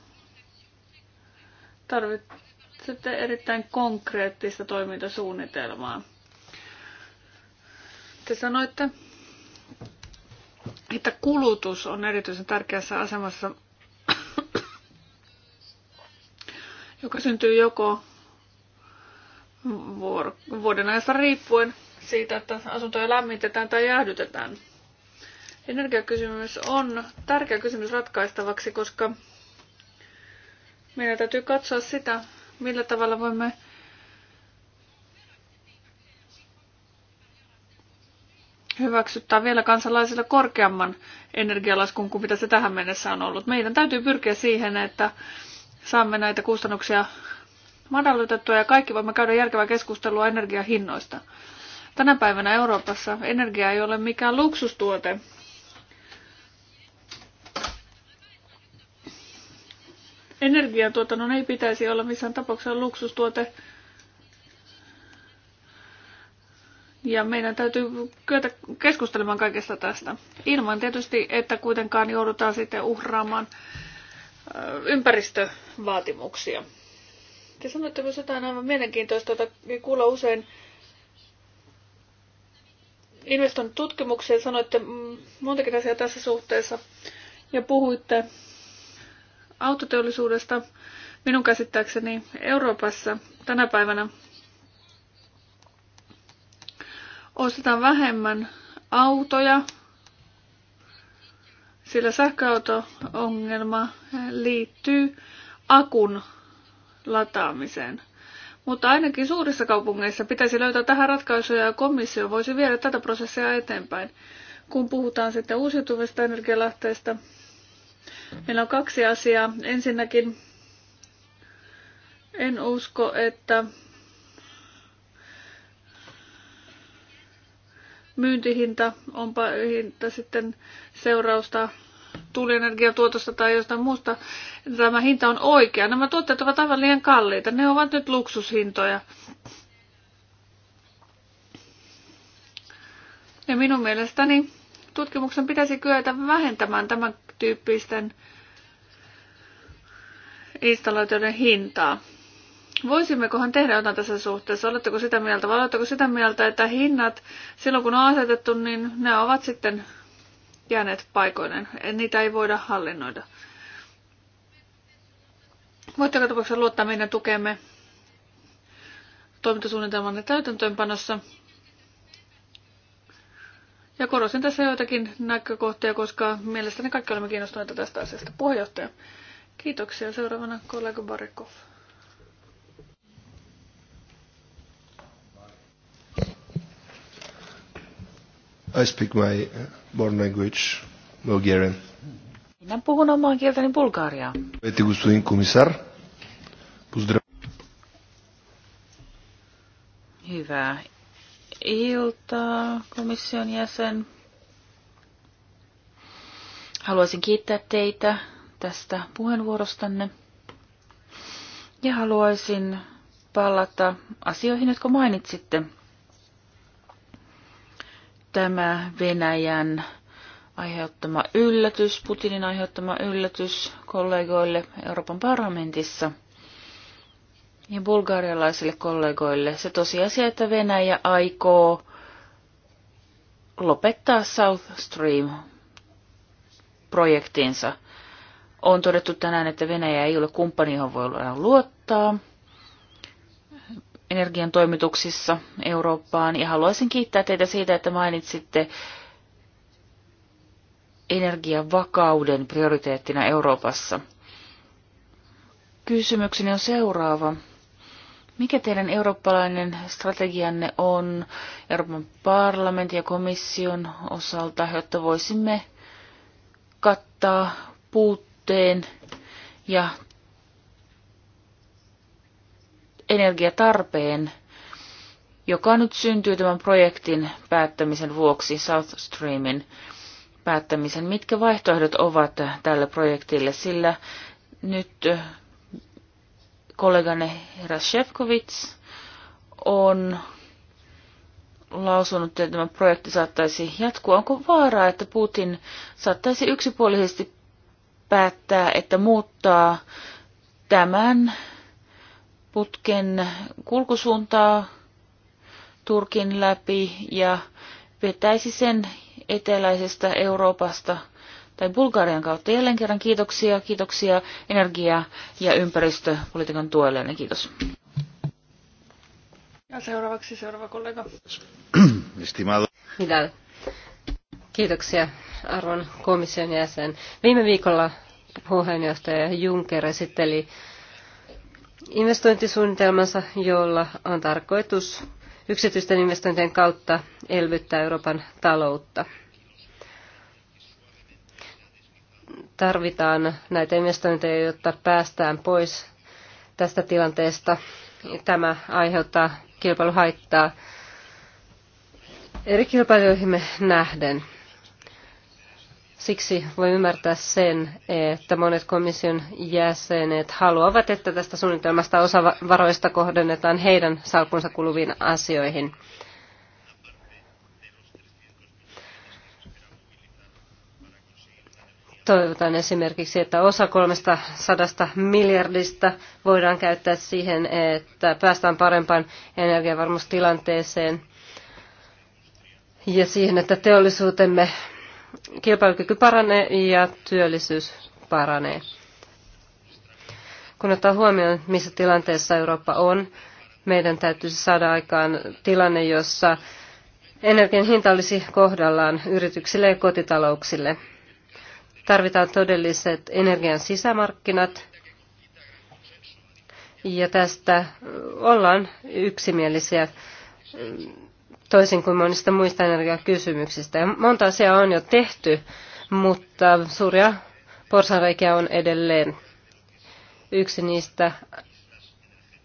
tarvitsette erittäin konkreettista toimintasuunnitelmaa. Te sanoitte, että kulutus on erityisen tärkeässä asemassa, joka syntyy joko vuoro, vuoden ajasta riippuen siitä, että asuntoja lämmitetään tai jäähdytetään – Energiakysymys on tärkeä kysymys ratkaistavaksi, koska meidän täytyy katsoa sitä, millä tavalla voimme hyväksyttää vielä kansalaisille korkeamman energialaskun kuin mitä se tähän mennessä on ollut. Meidän täytyy pyrkiä siihen, että saamme näitä kustannuksia madallutettua ja kaikki voimme käydä järkevää keskustelua energiahinnoista. Tänä päivänä Euroopassa energia ei ole mikään luksustuote, Energiantuotannon ei pitäisi olla missään tapauksessa luksustuote. Ja meidän täytyy kyetä keskustelemaan kaikesta tästä. Ilman tietysti, että kuitenkaan joudutaan sitten uhraamaan ympäristövaatimuksia. Te sanotte myös jotain aivan mielenkiintoista, että kuulla usein investoinnit tutkimukseen. Sanoitte mm, montakin asiaa tässä suhteessa ja puhuitte autoteollisuudesta. Minun käsittääkseni Euroopassa tänä päivänä ostetaan vähemmän autoja, sillä sähköauto-ongelma liittyy akun lataamiseen. Mutta ainakin suurissa kaupungeissa pitäisi löytää tähän ratkaisuja ja komissio voisi viedä tätä prosessia eteenpäin. Kun puhutaan sitten uusiutuvista energialähteistä, Meillä on kaksi asiaa. Ensinnäkin en usko, että myyntihinta onpa hinta sitten seurausta tuulienergiatuotosta tai jostain muusta. Tämä hinta on oikea. Nämä tuotteet ovat aivan liian kalliita. Ne ovat nyt luksushintoja. Ja minun mielestäni tutkimuksen pitäisi kyetä vähentämään tämän tyyppisten installaatioiden hintaa. Voisimmekohan tehdä jotain tässä suhteessa? Oletteko sitä mieltä vai oletteko sitä mieltä, että hinnat silloin kun on asetettu, niin ne ovat sitten jääneet paikoinen. Niitä ei voida hallinnoida. Voitteko tapauksessa luottaa meidän tukemme toimintasuunnitelmanne täytäntöönpanossa? Ja korostin tässä joitakin näkökohtia, koska mielestäni kaikki olemme kiinnostuneita tästä asiasta. Puheenjohtaja, kiitoksia. Seuraavana kollega Barikov. I speak my uh, born language, Bulgarian. Minä puhun omaa kieltäni bulgariaa. Veti господин komissar. Hyvää iltaa, komission jäsen. Haluaisin kiittää teitä tästä puheenvuorostanne ja haluaisin palata asioihin, jotka mainitsitte. Tämä Venäjän aiheuttama yllätys, Putinin aiheuttama yllätys kollegoille Euroopan parlamentissa – ja bulgarialaisille kollegoille se tosiasia, että Venäjä aikoo lopettaa South Stream-projektinsa. On todettu tänään, että Venäjä ei ole kumppani, johon voi luottaa energian toimituksissa Eurooppaan. Ja haluaisin kiittää teitä siitä, että mainitsitte energiavakauden prioriteettina Euroopassa. Kysymykseni on seuraava. Mikä teidän eurooppalainen strategianne on Euroopan parlamentin ja komission osalta, jotta voisimme kattaa puutteen ja energiatarpeen, joka nyt syntyy tämän projektin päättämisen vuoksi, South Streamin päättämisen. Mitkä vaihtoehdot ovat tälle projektille, sillä nyt Kollegani herra Shevkovits on lausunut, että tämä projekti saattaisi jatkua. Onko vaaraa, että Putin saattaisi yksipuolisesti päättää, että muuttaa tämän putken kulkusuuntaa Turkin läpi ja vetäisi sen eteläisestä Euroopasta – tai Bulgarian kautta. Jälleen kerran kiitoksia, kiitoksia energia- ja ympäristöpolitiikan tuelle. Niin kiitos. Ja seuraavaksi seuraava kollega. Estimado. Kiitoksia arvon komission jäsen. Viime viikolla puheenjohtaja Juncker esitteli investointisuunnitelmansa, jolla on tarkoitus yksityisten investointien kautta elvyttää Euroopan taloutta tarvitaan näitä investointeja, jotta päästään pois tästä tilanteesta. Tämä aiheuttaa kilpailuhaittaa eri kilpailijoihimme nähden. Siksi voi ymmärtää sen, että monet komission jäsenet haluavat, että tästä suunnitelmasta osa varoista kohdennetaan heidän salkunsa kuluviin asioihin. Toivotan esimerkiksi, että osa 300 miljardista voidaan käyttää siihen, että päästään parempaan energiavarmuustilanteeseen ja siihen, että teollisuutemme kilpailukyky paranee ja työllisyys paranee. Kun ottaa huomioon, missä tilanteessa Eurooppa on, meidän täytyisi saada aikaan tilanne, jossa energian hinta olisi kohdallaan yrityksille ja kotitalouksille. Tarvitaan todelliset energian sisämarkkinat. Ja tästä ollaan yksimielisiä toisin kuin monista muista energiakysymyksistä. Monta asiaa on jo tehty, mutta suuria porsanreikiä on edelleen. Yksi niistä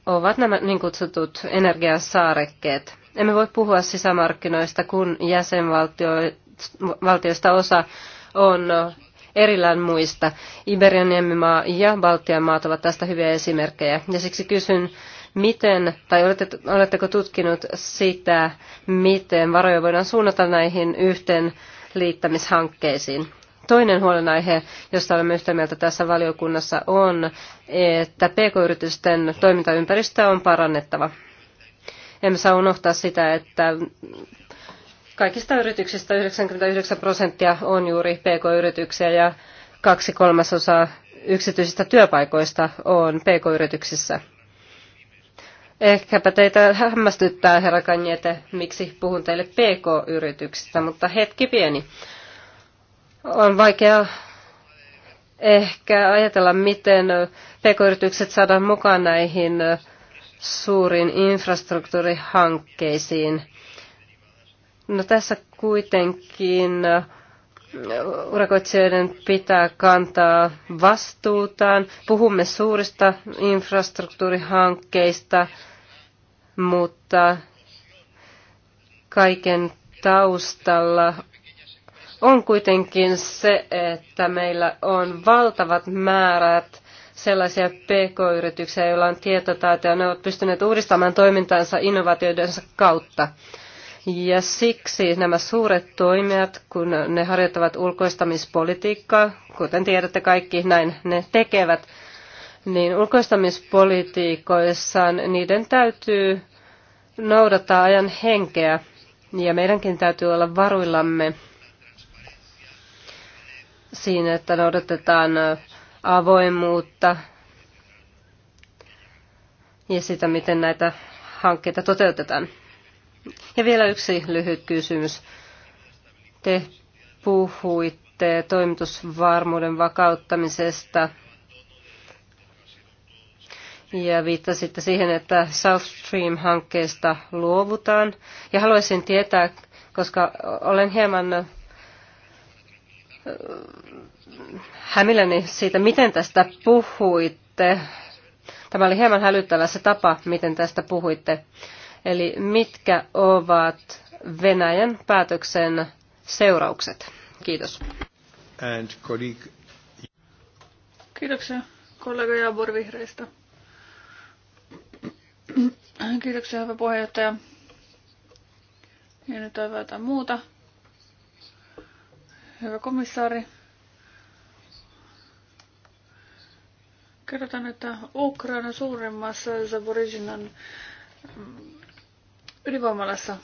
ovat nämä niin kutsutut energiasaarekkeet. Emme voi puhua sisämarkkinoista, kun jäsenvaltioista osa on erillään muista. Iberian niemimaa ja Baltian maat ovat tästä hyviä esimerkkejä. Ja siksi kysyn, miten, tai olette, oletteko tutkinut sitä, miten varoja voidaan suunnata näihin yhteen liittämishankkeisiin? Toinen huolenaihe, josta olemme yhtä mieltä tässä valiokunnassa, on, että pk-yritysten toimintaympäristö on parannettava. Emme saa unohtaa sitä, että Kaikista yrityksistä 99 prosenttia on juuri pk-yrityksiä ja kaksi kolmasosaa yksityisistä työpaikoista on pk-yrityksissä. Ehkäpä teitä hämmästyttää, herra Kanjete, miksi puhun teille pk-yrityksistä, mutta hetki pieni. On vaikea ehkä ajatella, miten pk-yritykset saadaan mukaan näihin suuriin infrastruktuurihankkeisiin – No tässä kuitenkin äh, urakoitsijoiden pitää kantaa vastuutaan. Puhumme suurista infrastruktuurihankkeista, mutta kaiken taustalla on kuitenkin se, että meillä on valtavat määrät sellaisia pk-yrityksiä, joilla on tietotaitoja, ne ovat pystyneet uudistamaan toimintaansa innovaatioidensa kautta. Ja siksi nämä suuret toimijat, kun ne harjoittavat ulkoistamispolitiikkaa, kuten tiedätte kaikki, näin ne tekevät, niin ulkoistamispolitiikoissaan niiden täytyy noudattaa ajan henkeä. Ja meidänkin täytyy olla varuillamme siinä, että noudatetaan avoimuutta ja sitä, miten näitä hankkeita toteutetaan. Ja vielä yksi lyhyt kysymys. Te puhuitte toimitusvarmuuden vakauttamisesta ja viittasitte siihen, että South Stream-hankkeesta luovutaan. Ja haluaisin tietää, koska olen hieman hämilläni siitä, miten tästä puhuitte. Tämä oli hieman hälyttävä se tapa, miten tästä puhuitte. Eli mitkä ovat Venäjän päätöksen seuraukset? Kiitos. And colleague... Kiitoksia kollega Jaabor Vihreistä. Kiitoksia hyvä puheenjohtaja. Ja nyt toivon jotain muuta. Hyvä komissaari. Kerrotaan, että Ukraina suurimmassa Zaborizinan ydinvoimalassa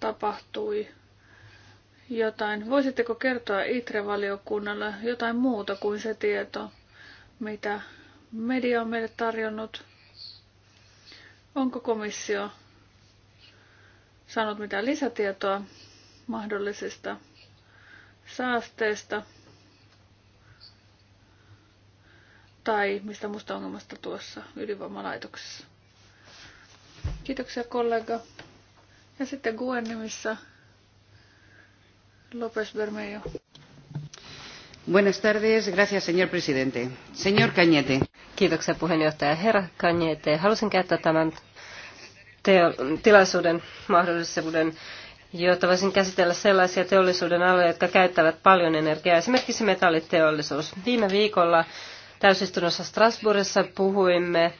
tapahtui jotain. Voisitteko kertoa ITRE-valiokunnalle jotain muuta kuin se tieto, mitä media on meille tarjonnut? Onko komissio saanut mitään lisätietoa mahdollisista saasteista tai mistä musta ongelmasta tuossa ydinvoimalaitoksessa? Kiitoksia kollega. Ja sitten Guen nimissä López Bermejo. Buenas tardes, gracias señor presidente. Señor Cañete. Kiitoksia puheenjohtaja herra Cañete. Halusin käyttää tämän tilaisuuden mahdollisuuden, jotta voisin käsitellä sellaisia teollisuuden aloja, jotka käyttävät paljon energiaa, esimerkiksi metalliteollisuus. Viime viikolla täysistunnossa Strasbourgissa puhuimme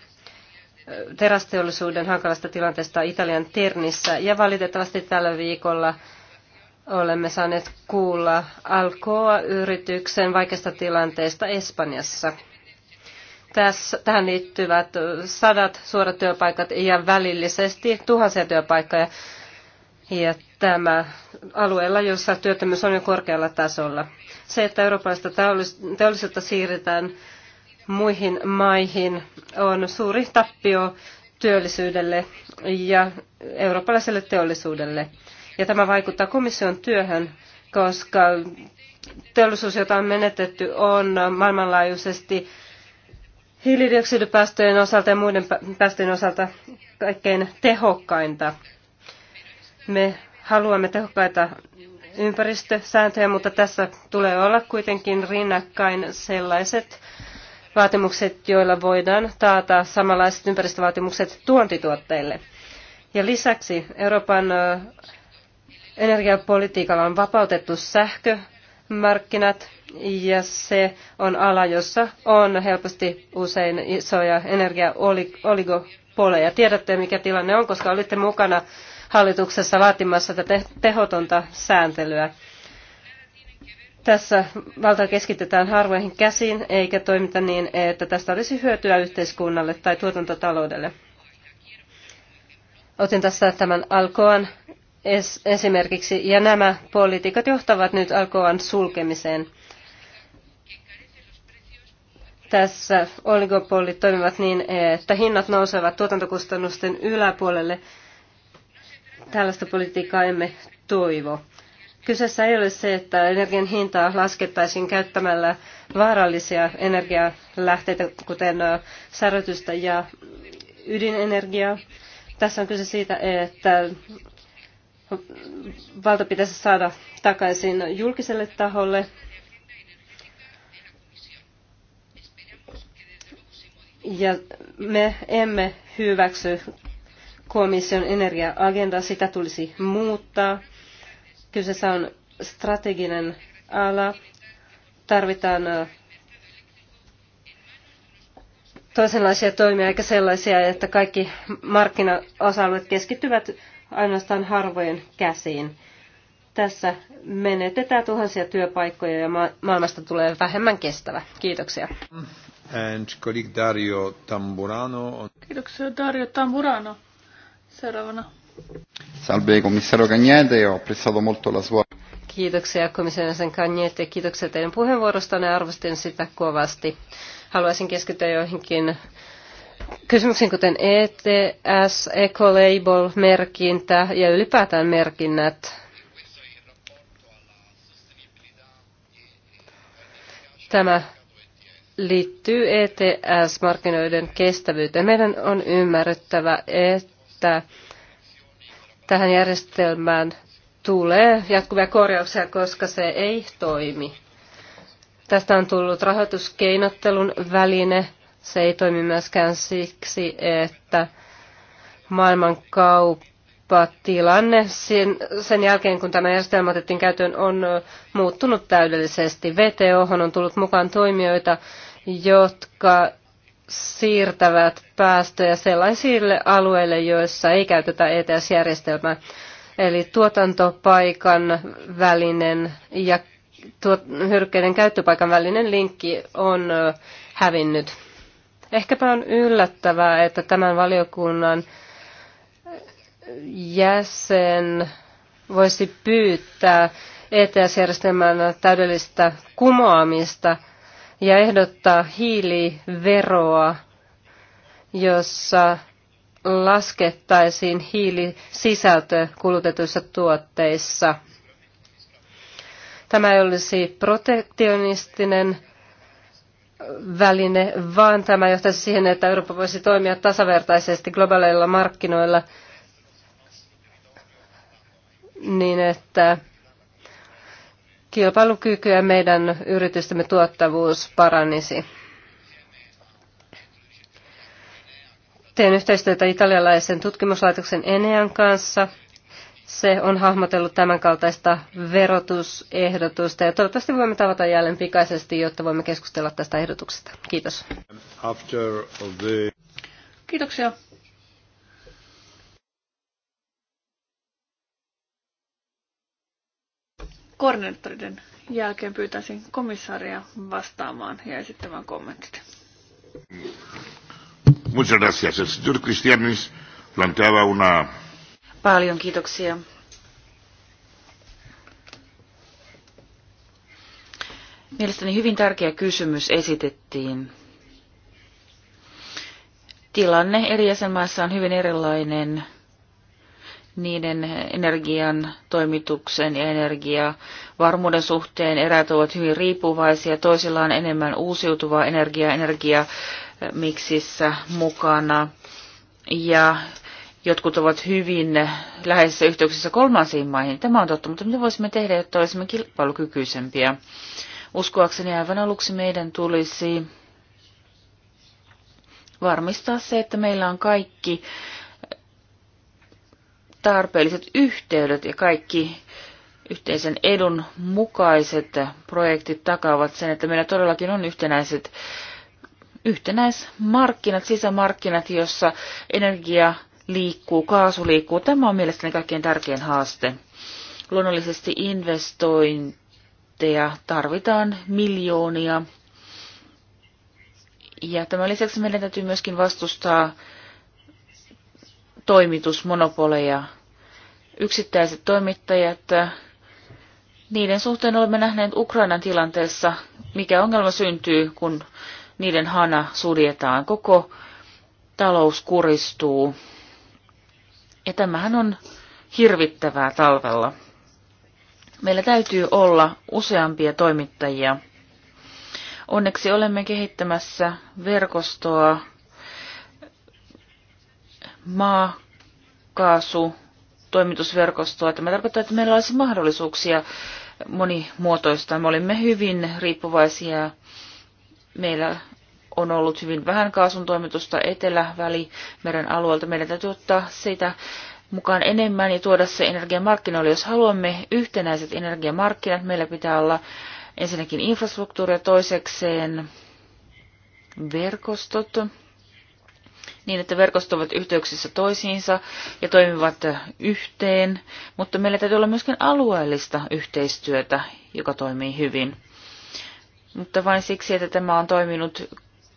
terästeollisuuden hankalasta tilanteesta Italian Ternissä. Ja valitettavasti tällä viikolla olemme saaneet kuulla Alcoa-yrityksen vaikeasta tilanteesta Espanjassa. Tässä, tähän liittyvät sadat suorat työpaikat ja välillisesti tuhansia työpaikkoja. Ja tämä alueella, jossa työttömyys on jo korkealla tasolla. Se, että eurooppalaista teollisuutta siirretään muihin maihin on suuri tappio työllisyydelle ja eurooppalaiselle teollisuudelle. Ja tämä vaikuttaa komission työhön, koska teollisuus, jota on menetetty, on maailmanlaajuisesti hiilidioksidipäästöjen osalta ja muiden päästöjen osalta kaikkein tehokkainta. Me haluamme tehokkaita ympäristösääntöjä, mutta tässä tulee olla kuitenkin rinnakkain sellaiset vaatimukset, joilla voidaan taata samanlaiset ympäristövaatimukset tuontituotteille. Ja lisäksi Euroopan energiapolitiikalla on vapautettu sähkömarkkinat ja se on ala, jossa on helposti usein isoja energiaoligopoleja. Tiedätte, mikä tilanne on, koska olitte mukana hallituksessa vaatimassa tätä tehotonta sääntelyä. Tässä valta keskitetään harvoihin käsiin, eikä toimita niin, että tästä olisi hyötyä yhteiskunnalle tai tuotantotaloudelle. Otin tässä tämän Alkoan esimerkiksi, ja nämä poliitikot johtavat nyt Alkoan sulkemiseen. Tässä oligopolit toimivat niin, että hinnat nousevat tuotantokustannusten yläpuolelle. Tällaista politiikkaa emme toivo. Kyseessä ei ole se, että energian hintaa laskettaisiin käyttämällä vaarallisia energialähteitä, kuten särötystä ja ydinenergiaa. Tässä on kyse siitä, että valta pitäisi saada takaisin julkiselle taholle. Ja me emme hyväksy komission energiaagendaa, sitä tulisi muuttaa. Kyseessä on strateginen ala. Tarvitaan toisenlaisia toimia eikä sellaisia, että kaikki markkinaosa-alueet keskittyvät ainoastaan harvojen käsiin. Tässä menetetään tuhansia työpaikkoja ja maailmasta tulee vähemmän kestävä. Kiitoksia. And colleague Dario Tamburano. Kiitoksia Dario Tamburano. Seuraavana Salve komissario Cagnete, ho apprezzato molto la sua... Kiitoksia komission sen Cagnete, kiitoksia teidän puheenvuorostanne, arvostin sitä kovasti. Haluaisin keskittyä joihinkin kysymyksiin, kuten ETS, Ecolabel, merkintä ja ylipäätään merkinnät. Tämä liittyy ETS-markkinoiden kestävyyteen. Meidän on ymmärrettävä, että tähän järjestelmään tulee jatkuvia korjauksia, koska se ei toimi. Tästä on tullut rahoituskeinottelun väline. Se ei toimi myöskään siksi, että maailmankauppatilanne sen, sen jälkeen, kun tämä järjestelmä otettiin käyttöön, on muuttunut täydellisesti. VTO on tullut mukaan toimijoita, jotka siirtävät päästöjä sellaisille alueille, joissa ei käytetä ETS-järjestelmää. Eli tuotantopaikan välinen ja hyrkkeiden käyttöpaikan välinen linkki on hävinnyt. Ehkäpä on yllättävää, että tämän valiokunnan jäsen voisi pyytää ETS-järjestelmän täydellistä kumoamista – ja ehdottaa hiiliveroa, jossa laskettaisiin hiilisisältö kulutetuissa tuotteissa. Tämä ei olisi protektionistinen väline, vaan tämä johtaisi siihen, että Eurooppa voisi toimia tasavertaisesti globaaleilla markkinoilla niin, että kilpailukyky ja meidän yritystemme tuottavuus paranisi. Teen yhteistyötä italialaisen tutkimuslaitoksen Enean kanssa. Se on hahmotellut tämänkaltaista verotusehdotusta ja toivottavasti voimme tavata jälleen pikaisesti, jotta voimme keskustella tästä ehdotuksesta. Kiitos. Kiitoksia. koordinaattoriden jälkeen pyytäisin komissaaria vastaamaan ja esittämään kommentit. Muchas gracias. El señor Cristianis planteaba una... Paljon kiitoksia. Mielestäni hyvin tärkeä kysymys esitettiin. Tilanne eri jäsenmaissa on hyvin erilainen niiden energian toimituksen ja energiavarmuuden suhteen. Eräät ovat hyvin riippuvaisia, toisilla on enemmän uusiutuvaa energiaa, energia eh, miksissä mukana. Ja jotkut ovat hyvin läheisissä yhteyksissä kolmansiin maihin. Tämä on totta, mutta mitä voisimme tehdä, jotta olisimme kilpailukykyisempiä? Uskoakseni aivan aluksi meidän tulisi varmistaa se, että meillä on kaikki tarpeelliset yhteydet ja kaikki yhteisen edun mukaiset projektit takaavat sen, että meillä todellakin on yhtenäiset yhtenäismarkkinat, sisämarkkinat, jossa energia liikkuu, kaasu liikkuu. Tämä on mielestäni kaikkein tärkein haaste. Luonnollisesti investointeja tarvitaan miljoonia. Ja tämän lisäksi meidän täytyy myöskin vastustaa toimitusmonopoleja yksittäiset toimittajat. Äh, niiden suhteen olemme nähneet Ukrainan tilanteessa, mikä ongelma syntyy, kun niiden hana suljetaan. Koko talous kuristuu. Ja tämähän on hirvittävää talvella. Meillä täytyy olla useampia toimittajia. Onneksi olemme kehittämässä verkostoa maakaasu toimitusverkostoa. Tämä tarkoittaa, että meillä olisi mahdollisuuksia monimuotoista. Me olimme hyvin riippuvaisia. Meillä on ollut hyvin vähän kaasun toimitusta Etelä-Välimeren alueelta. Meidän täytyy ottaa sitä mukaan enemmän ja tuoda se energiamarkkinoille. Jos haluamme yhtenäiset energiamarkkinat, meillä pitää olla ensinnäkin infrastruktuuria toisekseen verkostot niin, että verkostot ovat yhteyksissä toisiinsa ja toimivat yhteen, mutta meillä täytyy olla myöskin alueellista yhteistyötä, joka toimii hyvin. Mutta vain siksi, että tämä on toiminut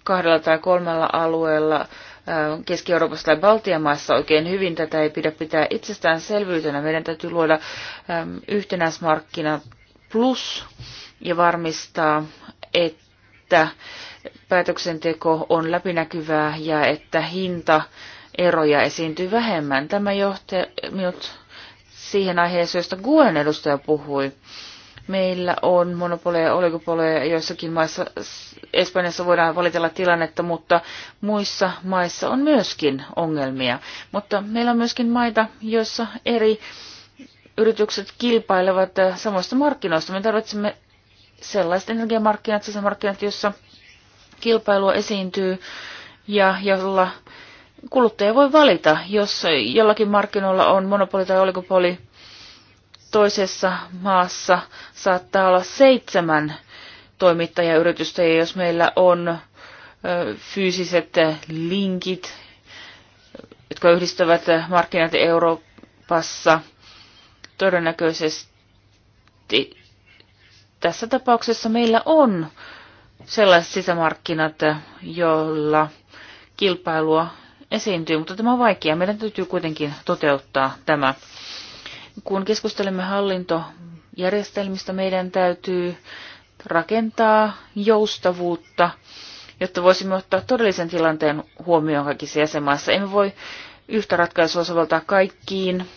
kahdella tai kolmella alueella äh, Keski-Euroopassa tai Baltian maissa oikein hyvin. Tätä ei pidä pitää itsestäänselvyytenä. Meidän täytyy luoda ähm, yhtenäismarkkina plus ja varmistaa, että päätöksenteko on läpinäkyvää ja että hinta eroja esiintyy vähemmän. Tämä johti minut siihen aiheeseen, josta Guen edustaja puhui. Meillä on monopoleja ja oligopoleja, joissakin maissa, Espanjassa voidaan valitella tilannetta, mutta muissa maissa on myöskin ongelmia. Mutta meillä on myöskin maita, joissa eri yritykset kilpailevat samoista markkinoista. Me tarvitsemme sellaiset energiamarkkinat, sisämarkkinat, joissa kilpailua esiintyy ja jolla kuluttaja voi valita, jos jollakin markkinoilla on monopoli tai oligopoli toisessa maassa saattaa olla seitsemän toimittajayritystä ja jos meillä on fyysiset linkit, jotka yhdistävät markkinat Euroopassa, todennäköisesti tässä tapauksessa meillä on sellaiset sisämarkkinat, joilla kilpailua esiintyy, mutta tämä on vaikeaa. Meidän täytyy kuitenkin toteuttaa tämä. Kun keskustelemme hallintojärjestelmistä, meidän täytyy rakentaa joustavuutta, jotta voisimme ottaa todellisen tilanteen huomioon kaikissa jäsenmaissa. Emme voi yhtä ratkaisua soveltaa kaikkiin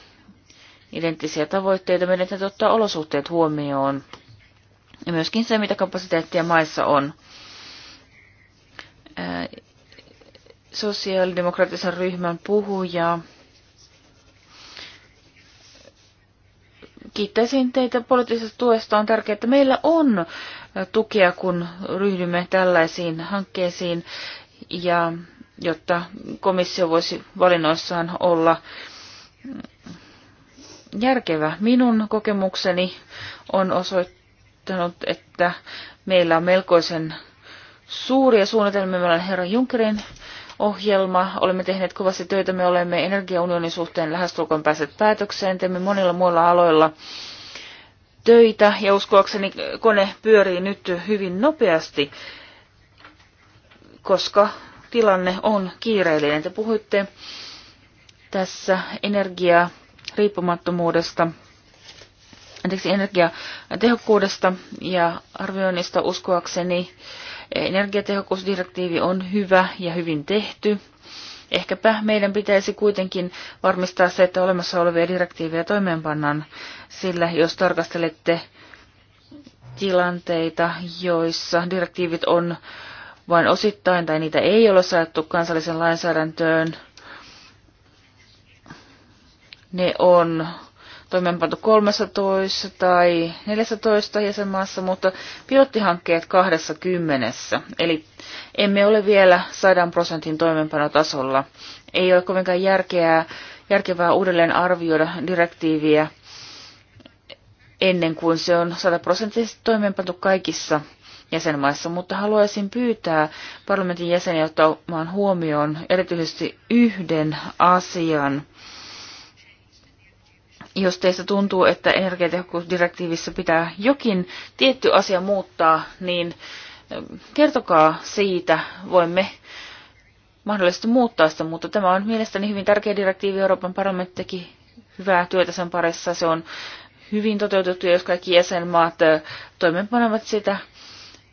identtisiä tavoitteita. Meidän täytyy ottaa olosuhteet huomioon ja myöskin se, mitä kapasiteettia maissa on. Sosiaalidemokraattisen ryhmän puhuja. Kiittäisin teitä poliittisesta tuesta. On tärkeää, että meillä on tukea, kun ryhdymme tällaisiin hankkeisiin, ja jotta komissio voisi valinnoissaan olla järkevä. Minun kokemukseni on osoittanut, ilmoittanut, että meillä on melkoisen suuria suunnitelmia. Meillä on herra Junckerin ohjelma. Olemme tehneet kovasti töitä. Me olemme energiaunionin suhteen lähestulkoon päässeet päätökseen. Teemme monilla muilla aloilla töitä ja uskoakseni kone pyörii nyt hyvin nopeasti, koska tilanne on kiireellinen. Te puhuitte tässä energiaa riippumattomuudesta anteeksi, energiatehokkuudesta ja arvioinnista uskoakseni energiatehokkuusdirektiivi on hyvä ja hyvin tehty. Ehkäpä meidän pitäisi kuitenkin varmistaa se, että olemassa olevia direktiivejä toimeenpannaan, sillä jos tarkastelette tilanteita, joissa direktiivit on vain osittain tai niitä ei ole saatu kansallisen lainsäädäntöön, ne on toimeenpantu 13 tai 14 jäsenmaassa, mutta pilottihankkeet 20. Eli emme ole vielä 100 prosentin toimeenpanotasolla. Ei ole kovinkaan järkeää, järkevää uudelleen arvioida direktiiviä ennen kuin se on 100 prosenttisesti toimeenpantu kaikissa jäsenmaissa, mutta haluaisin pyytää parlamentin jäseniä ottamaan huomioon erityisesti yhden asian jos teistä tuntuu, että energiatehokkuusdirektiivissä pitää jokin tietty asia muuttaa, niin kertokaa siitä. Voimme mahdollisesti muuttaa sitä, mutta tämä on mielestäni hyvin tärkeä direktiivi. Euroopan parlamentti teki hyvää työtä sen parissa. Se on hyvin toteutettu ja jos kaikki jäsenmaat toimeenpanevat sitä,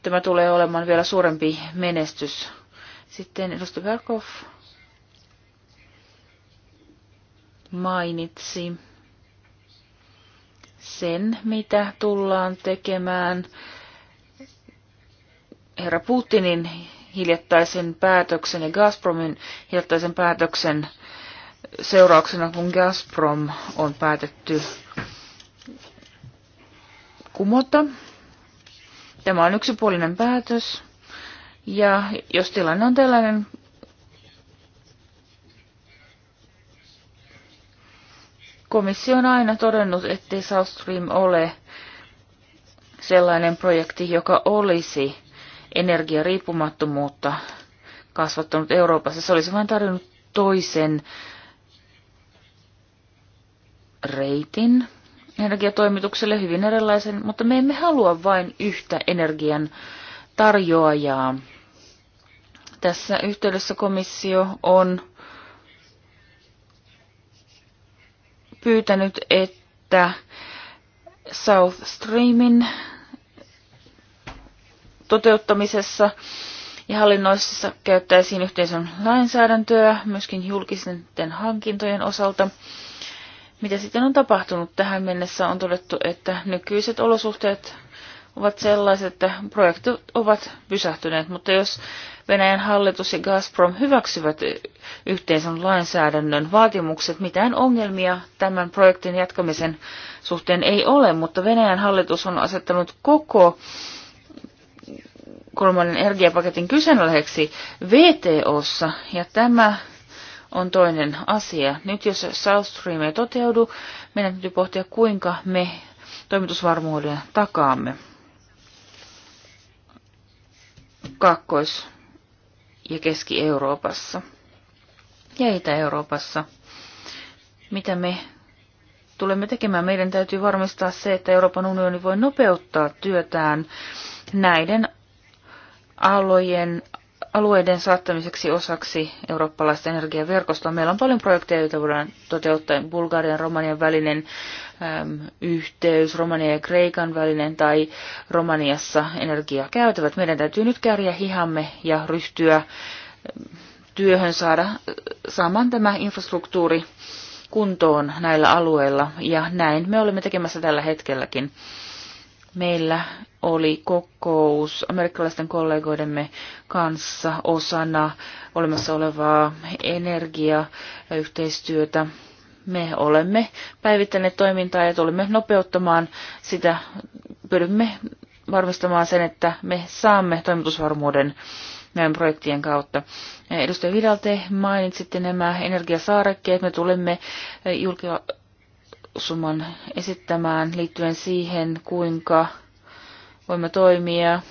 tämä tulee olemaan vielä suurempi menestys. Sitten edustaja Verkov mainitsi sen, mitä tullaan tekemään herra Putinin hiljattaisen päätöksen ja Gazpromin hiljattaisen päätöksen seurauksena, kun Gazprom on päätetty kumota. Tämä on yksipuolinen päätös. Ja jos tilanne on tällainen, Komissio on aina todennut, ettei South Stream ole sellainen projekti, joka olisi energiariippumattomuutta kasvattanut Euroopassa. Se olisi vain tarjonnut toisen reitin energiatoimitukselle hyvin erilaisen, mutta me emme halua vain yhtä energian tarjoajaa. Tässä yhteydessä komissio on pyytänyt, että South Streamin toteuttamisessa ja hallinnoissa käyttäisiin yhteisön lainsäädäntöä myöskin julkisten hankintojen osalta. Mitä sitten on tapahtunut tähän mennessä? On todettu, että nykyiset olosuhteet ovat sellaiset, että projektit ovat pysähtyneet, mutta jos Venäjän hallitus ja Gazprom hyväksyvät yhteisön lainsäädännön vaatimukset, mitään ongelmia tämän projektin jatkamisen suhteen ei ole, mutta Venäjän hallitus on asettanut koko kolmannen energiapaketin kyseenalaiseksi VTOssa, ja tämä on toinen asia. Nyt jos South Stream ei toteudu, meidän täytyy pohtia, kuinka me toimitusvarmuuden takaamme. Kaakkois- ja Keski-Euroopassa ja Itä-Euroopassa. Mitä me tulemme tekemään? Meidän täytyy varmistaa se, että Euroopan unioni voi nopeuttaa työtään näiden alojen alueiden saattamiseksi osaksi eurooppalaista energiaverkostoa. Meillä on paljon projekteja, joita voidaan toteuttaa. Bulgarian ja Romanian välinen äm, yhteys, Romania ja Kreikan välinen tai Romaniassa energiaa käytävät. Meidän täytyy nyt kärjää hihamme ja ryhtyä työhön saada saamaan tämä infrastruktuuri kuntoon näillä alueilla. Ja näin me olemme tekemässä tällä hetkelläkin meillä oli kokous amerikkalaisten kollegoidemme kanssa osana olemassa olevaa energiayhteistyötä. Me olemme päivittäneet toimintaa ja tulemme nopeuttamaan sitä. Pyrimme varmistamaan sen, että me saamme toimitusvarmuuden näiden projektien kautta. Edustaja Vidal, te mainitsitte nämä energiasaarekkeet. Me tulemme julkila- lausuman esittämään liittyen siihen, kuinka voimme toimia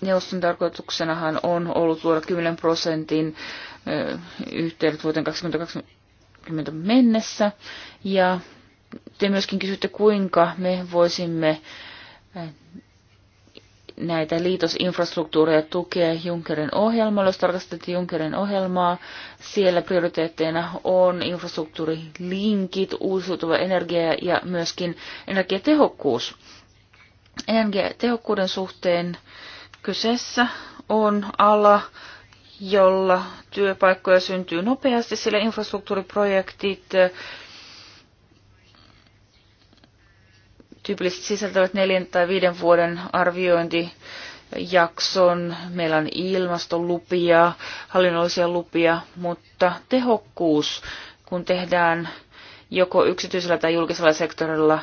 neuvoston tarkoituksenahan on ollut luoda 10 prosentin yhteydet vuoteen 2020 mennessä. Ja te myöskin kysytte, kuinka me voisimme näitä liitosinfrastruktuureja tukea Junckerin ohjelmalla. Jos tarkastettiin Junckerin ohjelmaa, siellä prioriteetteina on infrastruktuurilinkit, uusiutuva energia ja myöskin energiatehokkuus. Energiatehokkuuden suhteen kyseessä on ala, jolla työpaikkoja syntyy nopeasti, sillä infrastruktuuriprojektit tyypillisesti sisältävät neljän tai viiden vuoden arviointijakson. Meillä on ilmastolupia, hallinnollisia lupia, mutta tehokkuus, kun tehdään joko yksityisellä tai julkisella sektorilla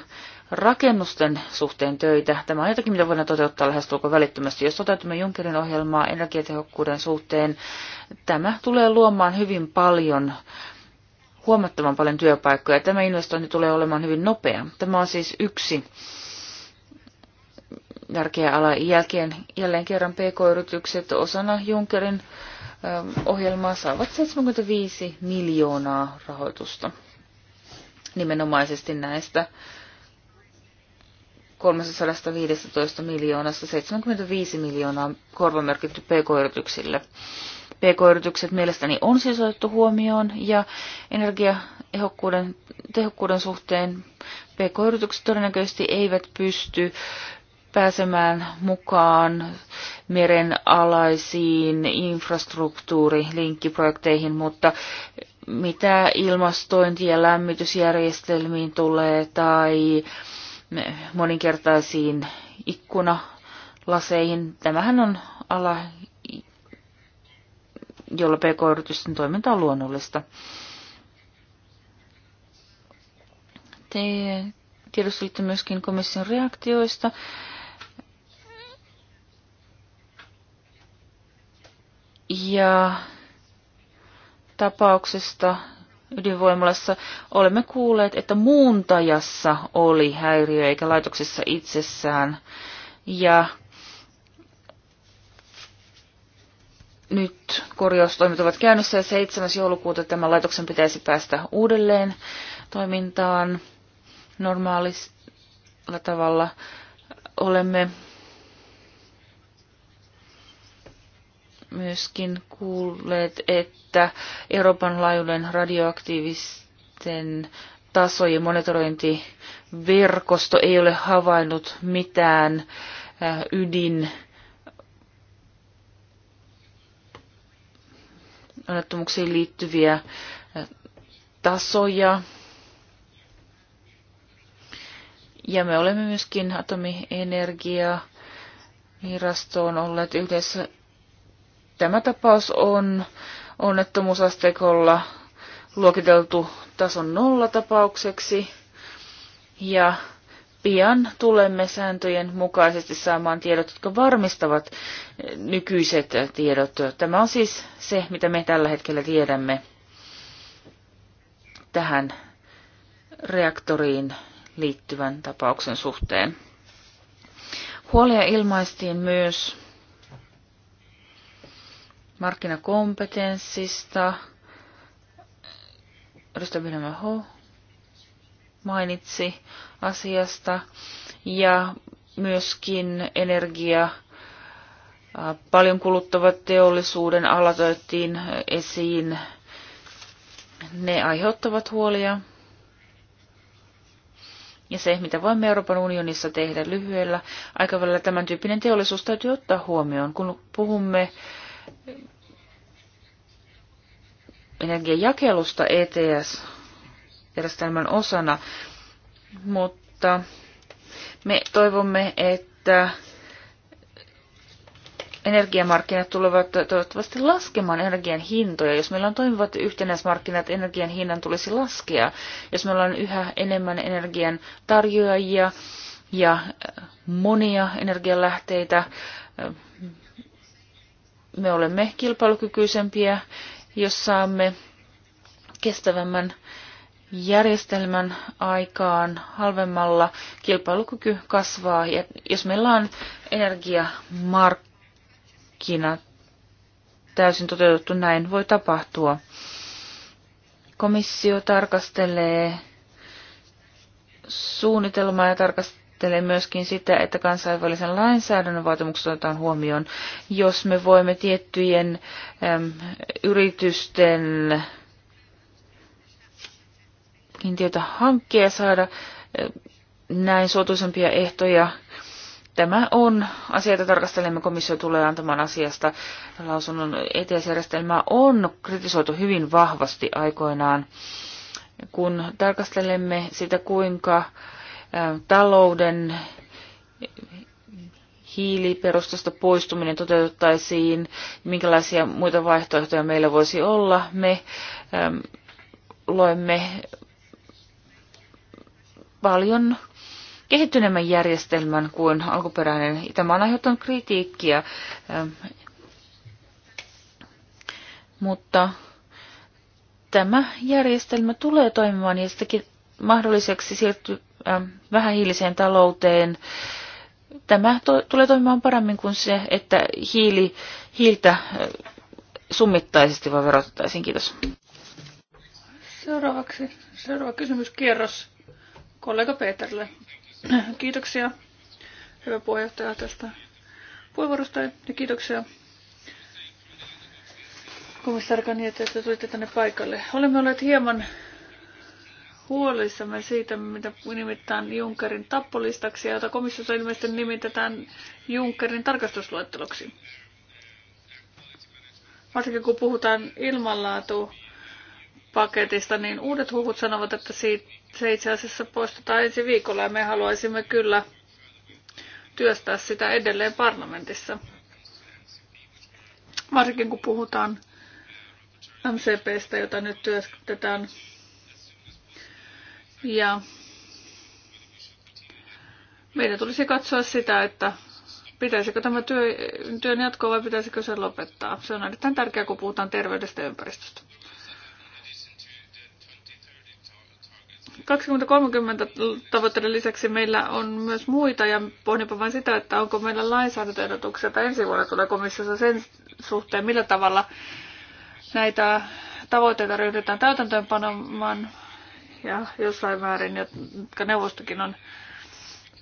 rakennusten suhteen töitä. Tämä on jotakin, mitä voidaan toteuttaa lähestulkoon välittömästi. Jos toteutamme Junckerin ohjelmaa energiatehokkuuden suhteen, tämä tulee luomaan hyvin paljon huomattavan paljon työpaikkoja. Tämä investointi tulee olemaan hyvin nopea. Tämä on siis yksi tärkeä ala. Jälkeen jälleen kerran PK-yritykset osana Junckerin ähm, ohjelmaa saavat 75 miljoonaa rahoitusta nimenomaisesti näistä 315 miljoonasta 75 miljoonaa korvamerkitty pk-yrityksille. PK-yritykset mielestäni on siis otettu huomioon ja energiatehokkuuden tehokkuuden suhteen PK-yritykset todennäköisesti eivät pysty pääsemään mukaan merenalaisiin infrastruktuurilinkkiprojekteihin, mutta mitä ilmastointi- ja lämmitysjärjestelmiin tulee tai moninkertaisiin ikkunalaseihin, tämähän on ala, jolla pk-yritysten toiminta on luonnollista. Te tiedustelitte myöskin komission reaktioista. Ja tapauksesta ydinvoimalassa olemme kuulleet, että muuntajassa oli häiriö eikä laitoksessa itsessään. Ja nyt korjaustoimet ovat käynnissä ja 7. joulukuuta tämän laitoksen pitäisi päästä uudelleen toimintaan normaalilla tavalla. Olemme myöskin kuulleet, että Euroopan laajuinen radioaktiivisten tasojen monitorointiverkosto ei ole havainnut mitään äh, ydin onnettomuuksiin liittyviä tasoja. Ja me olemme myöskin atomienergia virastoon olleet yhdessä. Tämä tapaus on onnettomuusasteikolla luokiteltu tason tapaukseksi Ja pian tulemme sääntöjen mukaisesti saamaan tiedot, jotka varmistavat nykyiset tiedot. Tämä on siis se, mitä me tällä hetkellä tiedämme tähän reaktoriin liittyvän tapauksen suhteen. Huolia ilmaistiin myös markkinakompetenssista. Edustaja Vilhelm mainitsi asiasta ja myöskin energia paljon kuluttavat teollisuuden alat otettiin esiin. Ne aiheuttavat huolia. Ja se, mitä voimme Euroopan unionissa tehdä lyhyellä aikavälillä, tämän tyyppinen teollisuus täytyy ottaa huomioon. Kun puhumme energiajakelusta ETS järjestelmän osana. Mutta me toivomme, että energiamarkkinat tulevat toivottavasti laskemaan energian hintoja. Jos meillä on toimivat yhtenäismarkkinat, energian hinnan tulisi laskea. Jos meillä on yhä enemmän energian tarjoajia ja äh, monia energialähteitä, äh, me olemme kilpailukykyisempiä, jos saamme kestävämmän järjestelmän aikaan halvemmalla, kilpailukyky kasvaa. Ja jos meillä on energiamarkkina täysin toteutettu, näin voi tapahtua. Komissio tarkastelee suunnitelmaa ja tarkastelee myöskin sitä, että kansainvälisen lainsäädännön vaatimukset otetaan huomioon. Jos me voimme tiettyjen äm, yritysten kiintiötä hankkia ja saada näin suotuisempia ehtoja. Tämä on asia, jota tarkastelemme. Komissio tulee antamaan asiasta lausunnon. ETS-järjestelmää on kritisoitu hyvin vahvasti aikoinaan, kun tarkastelemme sitä, kuinka talouden hiiliperustasta poistuminen toteutettaisiin, minkälaisia muita vaihtoehtoja meillä voisi olla. Me loimme paljon kehittyneemmän järjestelmän kuin alkuperäinen. Tämä on aiheuttanut kritiikkiä, ähm, mutta tämä järjestelmä tulee toimimaan ja sitäkin mahdolliseksi siirtyy ähm, vähähiiliseen talouteen. Tämä to- tulee toimimaan paremmin kuin se, että hiili, hiiltä äh, summittaisesti vaan verotettaisiin. Kiitos. Seuraavaksi, seuraava kysymyskierros kollega Peterille. Kiitoksia, hyvä puheenjohtaja, tästä puheenvuorosta ja kiitoksia komissarkani, että tulitte tänne paikalle. Olemme olleet hieman huolissamme siitä, mitä nimittäin Junckerin tappolistaksi, jota komissiossa ilmeisesti nimitetään Junckerin tarkastusluetteloksi. Varsinkin kun puhutaan ilmanlaatu paketista, niin uudet huvut sanovat, että siitä se itse asiassa poistetaan ensi viikolla ja me haluaisimme kyllä työstää sitä edelleen parlamentissa. Varsinkin kun puhutaan MCPstä, jota nyt työstetään. Ja meidän tulisi katsoa sitä, että pitäisikö tämä työ, työn jatkoa vai pitäisikö se lopettaa. Se on erittäin tärkeää, kun puhutaan terveydestä ja ympäristöstä. 2030 tavoitteiden lisäksi meillä on myös muita ja pohdinpa vain sitä, että onko meillä lainsäädäntöehdotuksia tai ensi vuonna tulee komissiossa sen suhteen, millä tavalla näitä tavoitteita ryhdytään täytäntöönpanomaan ja jossain määrin, jotka neuvostokin on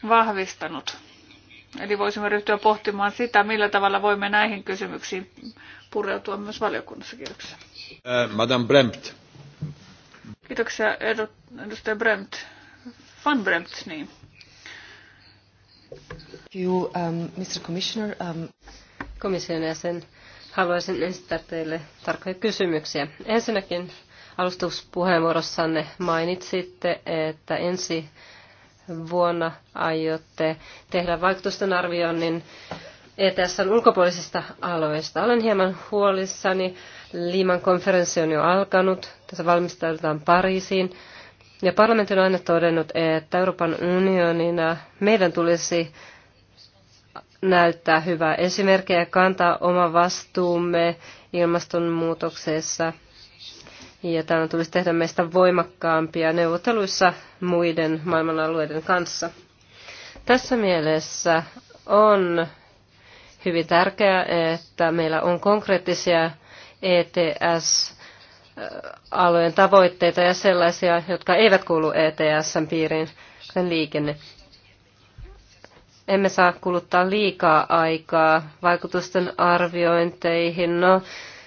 vahvistanut. Eli voisimme ryhtyä pohtimaan sitä, millä tavalla voimme näihin kysymyksiin pureutua myös valiokunnassa. Kiitoksia. Äh, Madame Bremt. Kiitoksia edustaja Bremt. Van Bremt, niin. You, um, Mr. Commissioner, um... Komission jäsen, haluaisin esittää teille tarkkoja kysymyksiä. Ensinnäkin alustuspuheenvuorossanne mainitsitte, että ensi vuonna aiotte tehdä vaikutusten arvioinnin ETSn ulkopuolisista aloista. Olen hieman huolissani. Liiman konferenssi on jo alkanut tässä valmistaudutaan Pariisiin. Ja parlamentti on aina todennut, että Euroopan unionina meidän tulisi näyttää hyvää esimerkkiä ja kantaa oma vastuumme ilmastonmuutoksessa. Ja tämä tulisi tehdä meistä voimakkaampia neuvotteluissa muiden maailman alueiden kanssa. Tässä mielessä on hyvin tärkeää, että meillä on konkreettisia ETS- alueen tavoitteita ja sellaisia, jotka eivät kuulu ETSn piiriin, sen liikenne. Emme saa kuluttaa liikaa aikaa vaikutusten arviointeihin. No,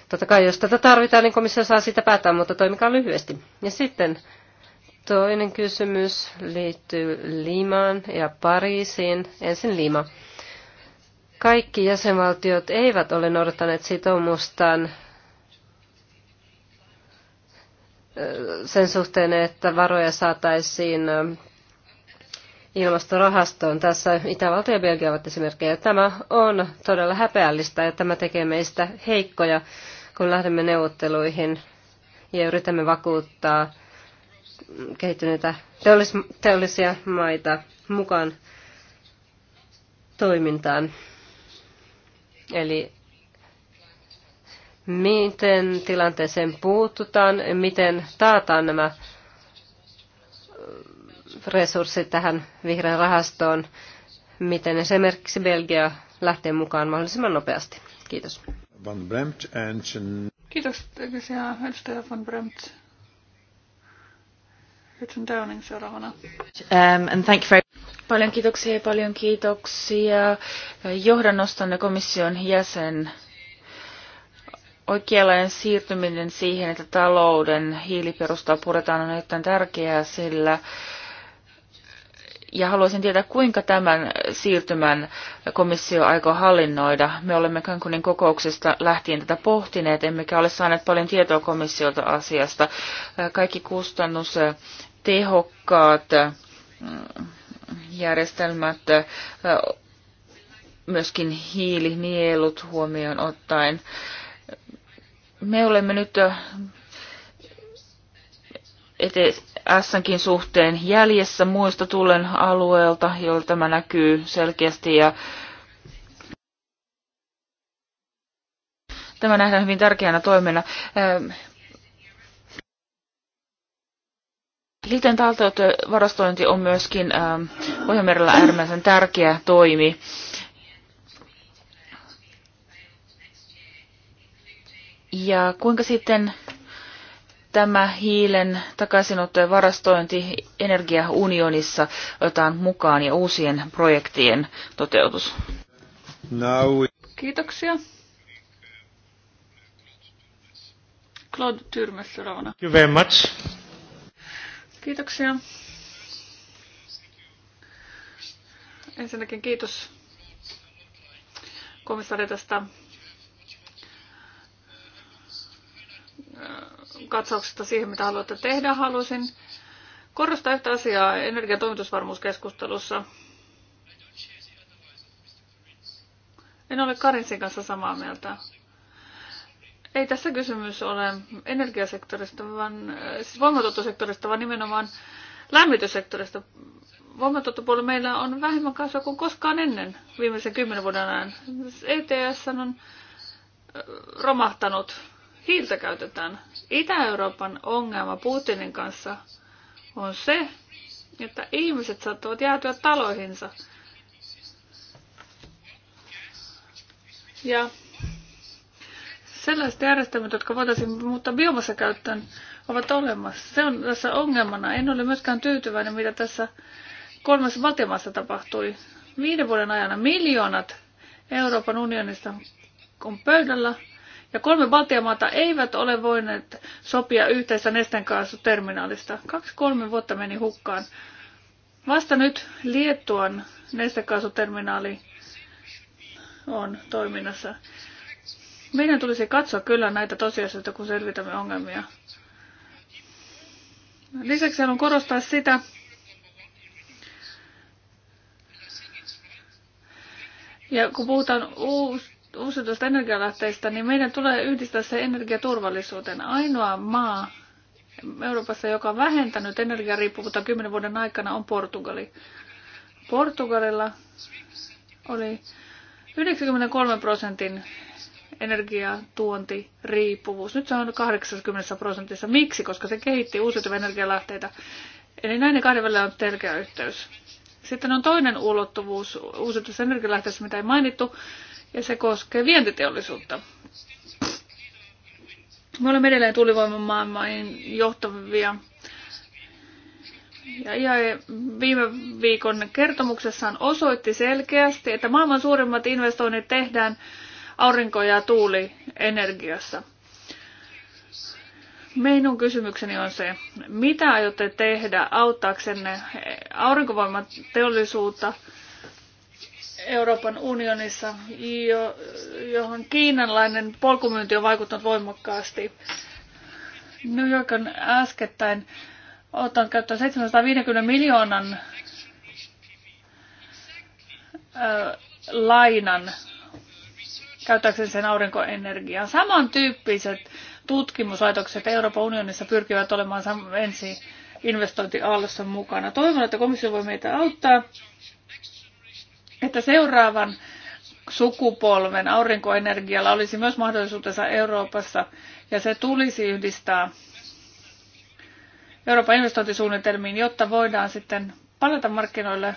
totta kai jos tätä tarvitaan, niin komissio saa sitä päättää, mutta toimikaa lyhyesti. Ja sitten toinen kysymys liittyy Limaan ja Pariisiin. Ensin Lima. Kaikki jäsenvaltiot eivät ole noudattaneet sitoumustaan sen suhteen, että varoja saataisiin ilmastorahastoon. Tässä Itävalta ja Belgia ovat esimerkkejä. Tämä on todella häpeällistä ja tämä tekee meistä heikkoja, kun lähdemme neuvotteluihin ja yritämme vakuuttaa kehittyneitä teollis- teollisia maita mukaan toimintaan. Eli miten tilanteeseen puututaan, miten taataan nämä äh, resurssit tähän vihreän rahastoon, miten esimerkiksi Belgia lähtee mukaan mahdollisimman nopeasti. Kiitos. Van Bremt and... Kiitos, edustaja Van Bremt. Richard Downing seuraavana. Um, and thank you very Paljon kiitoksia ja paljon kiitoksia johdannostanne komission jäsen. Oikeanlainen siirtyminen siihen, että talouden hiiliperustaa puretaan, on erittäin tärkeää, sillä ja haluaisin tietää, kuinka tämän siirtymän komissio aikoo hallinnoida. Me olemme Cancunin kokouksesta lähtien tätä pohtineet, emmekä ole saaneet paljon tietoa komissiolta asiasta. Kaikki kustannustehokkaat mm, järjestelmät, myöskin hiilinielut huomioon ottaen me olemme nyt Essankin suhteen jäljessä muista tulen alueelta, jolta tämä näkyy selkeästi ja Tämä nähdään hyvin tärkeänä toimena. Hilten varastointi on myöskin Pohjanmerellä äärimmäisen tärkeä toimi. Ja kuinka sitten tämä hiilen takaisinotto ja varastointi energiaunionissa otetaan mukaan ja uusien projektien toteutus? Now. Kiitoksia. Claude Tyrmes seuraavana. Thank you very much. Kiitoksia. Ensinnäkin kiitos komissaari tästä katsauksesta siihen, mitä haluatte tehdä. Haluaisin korostaa yhtä asiaa energiatoimitusvarmuuskeskustelussa. En ole Karinsin kanssa samaa mieltä. Ei tässä kysymys ole energiasektorista, vaan, siis voimatuottosektorista, vaan nimenomaan lämmityssektorista. Voimatuottopuolella meillä on vähemmän kasvua kuin koskaan ennen viimeisen kymmenen vuoden ajan. ETS on romahtanut hiiltä käytetään. Itä-Euroopan ongelma Putinin kanssa on se, että ihmiset saattavat jäätyä taloihinsa. Ja sellaiset järjestelmät, jotka voitaisiin muuttaa käyttöön, ovat olemassa. Se on tässä ongelmana. En ole myöskään tyytyväinen, mitä tässä kolmessa valtiomaassa tapahtui. Viiden vuoden ajana miljoonat Euroopan unionista on pöydällä ja kolme Baltian maata eivät ole voineet sopia yhteistä nestenkaastuterminaalista. Kaksi kolme vuotta meni hukkaan. Vasta nyt Liettuan nestekaasuterminaali on toiminnassa. Meidän tulisi katsoa kyllä näitä tosiasioita, kun selvitämme ongelmia. Lisäksi haluan korostaa sitä, ja kun puhutaan uus, uusiutuvista energialähteistä, niin meidän tulee yhdistää se energiaturvallisuuteen. Ainoa maa Euroopassa, joka on vähentänyt energiariippuvuutta kymmenen vuoden aikana, on Portugali. Portugalilla oli 93 prosentin energiatuontiriippuvuus. Nyt se on 80 prosentissa. Miksi? Koska se kehitti uusiutuvia energialähteitä. Eli ne kahden välillä on selkeä yhteys. Sitten on toinen ulottuvuus uusiutuvissa energialähteissä, mitä ei mainittu, ja se koskee vientiteollisuutta. Me olemme edelleen tuulivoiman maailmaan johtavia. Ja IAE viime viikon kertomuksessaan osoitti selkeästi, että maailman suurimmat investoinnit tehdään aurinko- ja tuulienergiassa. Meidän kysymykseni on se, mitä aiotte tehdä auttaaksenne aurinkovoimateollisuutta teollisuutta Euroopan unionissa, johon kiinanlainen polkumyynti on vaikuttanut voimakkaasti. New York on äskettäin otan käyttöön 750 miljoonan lainan käyttäkseen sen aurinkoenergiaa. Samantyyppiset tutkimuslaitokset Euroopan unionissa pyrkivät olemaan ensi investointiaallossa mukana. Toivon, että komissio voi meitä auttaa että seuraavan sukupolven aurinkoenergialla olisi myös mahdollisuutensa Euroopassa ja se tulisi yhdistää Euroopan investointisuunnitelmiin, jotta voidaan sitten palata markkinoille.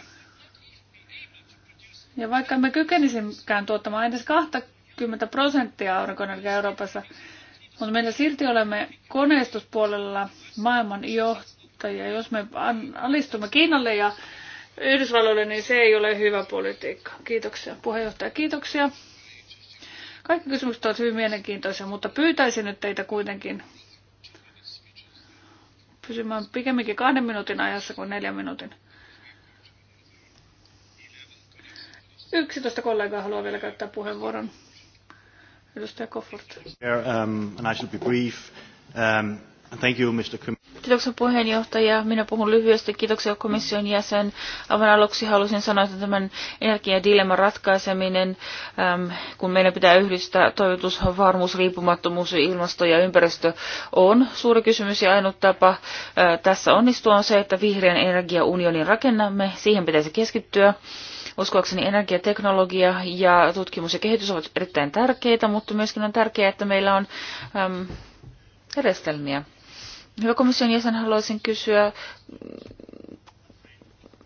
Ja vaikka me kykenisimkään tuottamaan edes 20 prosenttia aurinkoenergiaa Euroopassa, mutta meillä silti olemme koneistuspuolella maailman johtajia. Jos me alistumme Kiinalle ja Yhdysvalloille, niin se ei ole hyvä politiikka. Kiitoksia puheenjohtaja, kiitoksia. Kaikki kysymykset ovat hyvin mielenkiintoisia, mutta pyytäisin nyt teitä kuitenkin pysymään pikemminkin kahden minuutin ajassa kuin neljän minuutin. Yksitoista kollegaa haluaa vielä käyttää puheenvuoron. Edustaja Koffert. um, and I shall be brief. Um, Thank you, Mr. Kiitoksia puheenjohtaja. Minä puhun lyhyesti. Kiitoksia komission jäsen. Aivan aluksi halusin sanoa, että tämän energiadilemman ratkaiseminen, kun meidän pitää yhdistää toivotus, varmuus, riippumattomuus, ilmasto ja ympäristö, on suuri kysymys ja ainut tapa tässä onnistua on se, että vihreän energiaunionin rakennamme. Siihen pitäisi keskittyä uskoakseni energiateknologia ja tutkimus ja kehitys ovat erittäin tärkeitä, mutta myöskin on tärkeää, että meillä on äm, järjestelmiä. Hyvä komission jäsen, haluaisin kysyä,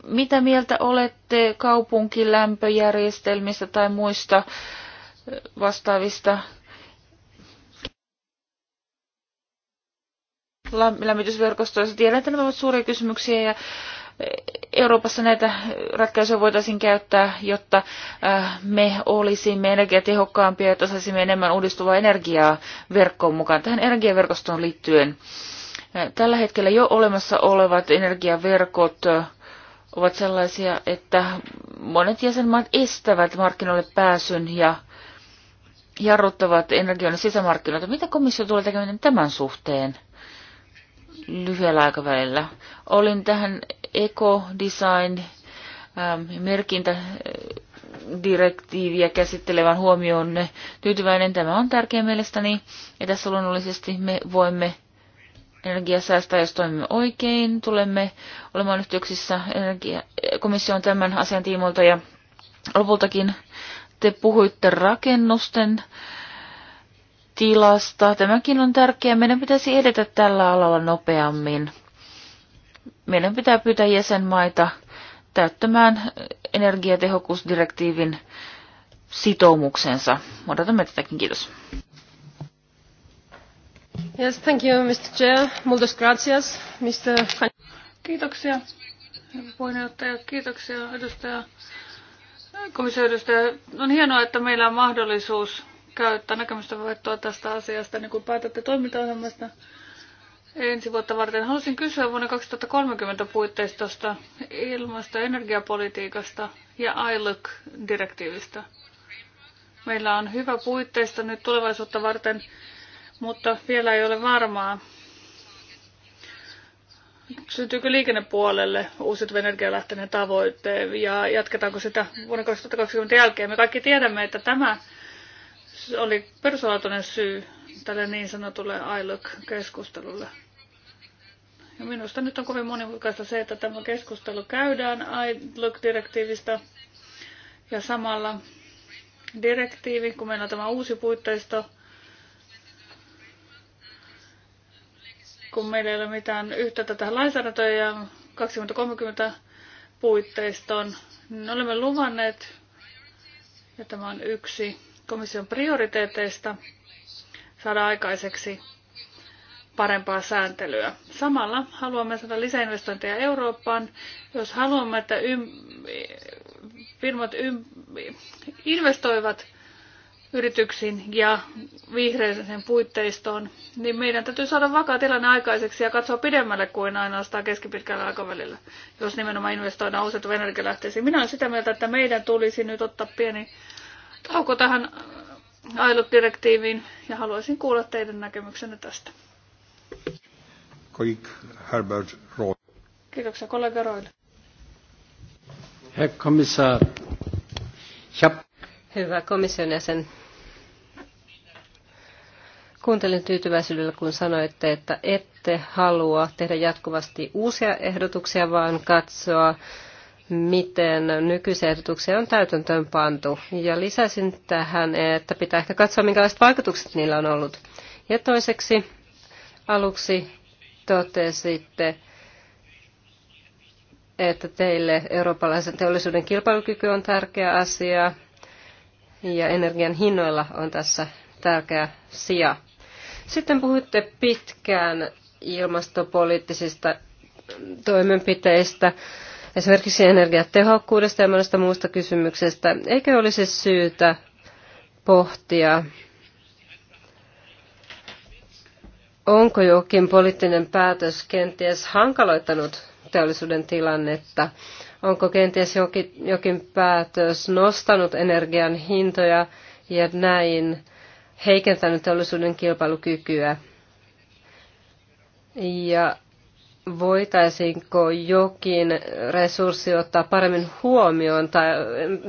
mitä mieltä olette kaupunkilämpöjärjestelmistä tai muista vastaavista lämmitysverkostoissa? Tiedän, että nämä ovat suuria kysymyksiä ja Euroopassa näitä ratkaisuja voitaisiin käyttää, jotta äh, me olisimme energiatehokkaampia ja saisimme enemmän uudistuvaa energiaa verkkoon mukaan. Tähän energiaverkostoon liittyen Tällä hetkellä jo olemassa olevat energiaverkot ovat sellaisia, että monet jäsenmaat estävät markkinoille pääsyn ja jarruttavat energian sisämarkkinoita. Mitä komissio tulee tekemään tämän suhteen lyhyellä aikavälillä? Olin tähän ekodesign ähm, merkintä direktiiviä käsittelevän huomioon tyytyväinen. Tämä on tärkeä mielestäni ja tässä luonnollisesti me voimme energiasäästää, jos toimimme oikein. Tulemme olemaan yhteyksissä energia- komission tämän asian tiimoilta ja lopultakin te puhuitte rakennusten tilasta. Tämäkin on tärkeää. Meidän pitäisi edetä tällä alalla nopeammin. Meidän pitää pyytää jäsenmaita täyttämään energiatehokkuusdirektiivin sitoumuksensa. Odotamme tätäkin. Kiitos thank you, Mr. Chair. Mr. Kiitoksia, puheenjohtaja. Kiitoksia, edustaja, komission edustaja. On hienoa, että meillä on mahdollisuus käyttää näkemystä vaihtoa tästä asiasta, niin kuin päätätte toimintaohjelmasta ensi vuotta varten. Haluaisin kysyä vuonna 2030 puitteistosta ilmasto- ja energiapolitiikasta ja ILUC-direktiivistä. Meillä on hyvä puitteisto nyt tulevaisuutta varten mutta vielä ei ole varmaa, syntyykö liikennepuolelle uusiutuvan energialähteiden tavoite ja jatketaanko sitä vuonna 2020 jälkeen. Me kaikki tiedämme, että tämä oli perusolaatuinen syy tälle niin sanotulle ILOC-keskustelulle. Ja minusta nyt on kovin monimutkaista se, että tämä keskustelu käydään ILOC-direktiivistä ja samalla direktiivi, kun meillä on tämä uusi puitteisto, kun meillä ei ole mitään yhteyttä tähän lainsäädäntöön ja 2030 puitteistoon, niin olemme luvanneet, ja tämä on yksi komission prioriteeteista, saada aikaiseksi parempaa sääntelyä. Samalla haluamme saada lisäinvestointeja Eurooppaan. Jos haluamme, että ym, firmat ym, investoivat yrityksiin ja vihreisen puitteistoon, niin meidän täytyy saada vakaa tilanne aikaiseksi ja katsoa pidemmälle kuin ainoastaan keskipitkällä aikavälillä, jos nimenomaan investoidaan uusiutuviin energialähteisiin. Minä olen sitä mieltä, että meidän tulisi nyt ottaa pieni tauko tähän ILOP-direktiiviin ja haluaisin kuulla teidän näkemyksenne tästä. Herbert Kiitoksia kollega Roy. Herr Kommissar, Hyvä komission jäsen. Kuuntelin tyytyväisyydellä, kun sanoitte, että ette halua tehdä jatkuvasti uusia ehdotuksia, vaan katsoa, miten nykyisiä ehdotuksia on täytäntöön pantu. Ja lisäsin tähän, että pitää ehkä katsoa, minkälaiset vaikutukset niillä on ollut. Ja toiseksi aluksi totesitte, että teille eurooppalaisen teollisuuden kilpailukyky on tärkeä asia ja energian hinnoilla on tässä tärkeä sija. Sitten puhutte pitkään ilmastopoliittisista toimenpiteistä, esimerkiksi energiatehokkuudesta ja monesta muusta kysymyksestä. Eikö olisi syytä pohtia, onko jokin poliittinen päätös kenties hankaloittanut teollisuuden tilannetta? Onko kenties jokin, jokin päätös nostanut energian hintoja ja näin heikentänyt teollisuuden kilpailukykyä? Ja voitaisiinko jokin resurssi ottaa paremmin huomioon tai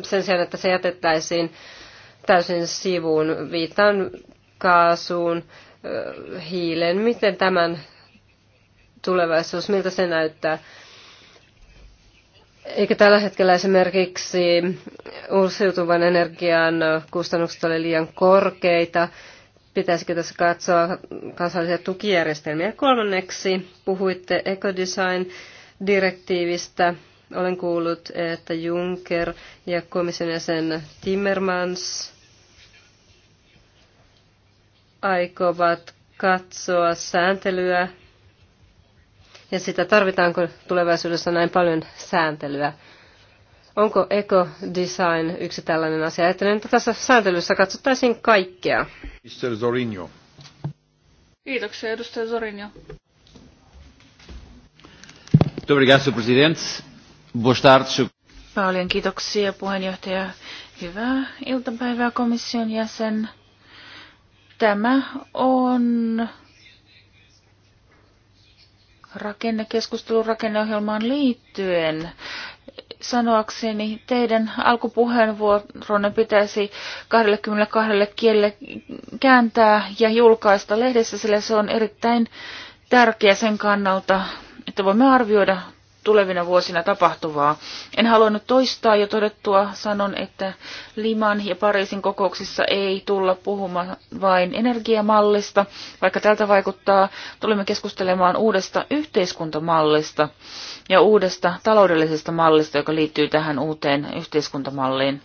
sen sijaan, että se jätettäisiin täysin sivuun, viitan kaasuun, hiilen, miten tämän tulevaisuus, miltä se näyttää. Eikä tällä hetkellä esimerkiksi uusiutuvan energian kustannukset ole liian korkeita. Pitäisikö tässä katsoa kansallisia tukijärjestelmiä? Kolmanneksi puhuitte ecodesign-direktiivistä. Olen kuullut, että Juncker ja komission jäsen Timmermans aikovat katsoa sääntelyä ja sitä tarvitaanko tulevaisuudessa näin paljon sääntelyä. Onko ekodesign yksi tällainen asia? Ajattelen, että tässä sääntelyssä katsottaisiin kaikkea. Mr. Zorinjo. Kiitoksia, edustaja Zorinjo. Obrigado, presidente. Paljon kiitoksia, puheenjohtaja. Hyvää iltapäivää komission jäsen. Tämä on rakennekeskustelun rakenneohjelmaan liittyen sanoakseni teidän alkupuheenvuoronne pitäisi 22 kielelle kääntää ja julkaista lehdessä, sillä se on erittäin tärkeä sen kannalta, että voimme arvioida tulevina vuosina tapahtuvaa. En halunnut toistaa jo todettua, sanon, että Liman ja Pariisin kokouksissa ei tulla puhumaan vain energiamallista, vaikka tältä vaikuttaa, tulemme keskustelemaan uudesta yhteiskuntamallista ja uudesta taloudellisesta mallista, joka liittyy tähän uuteen yhteiskuntamalliin.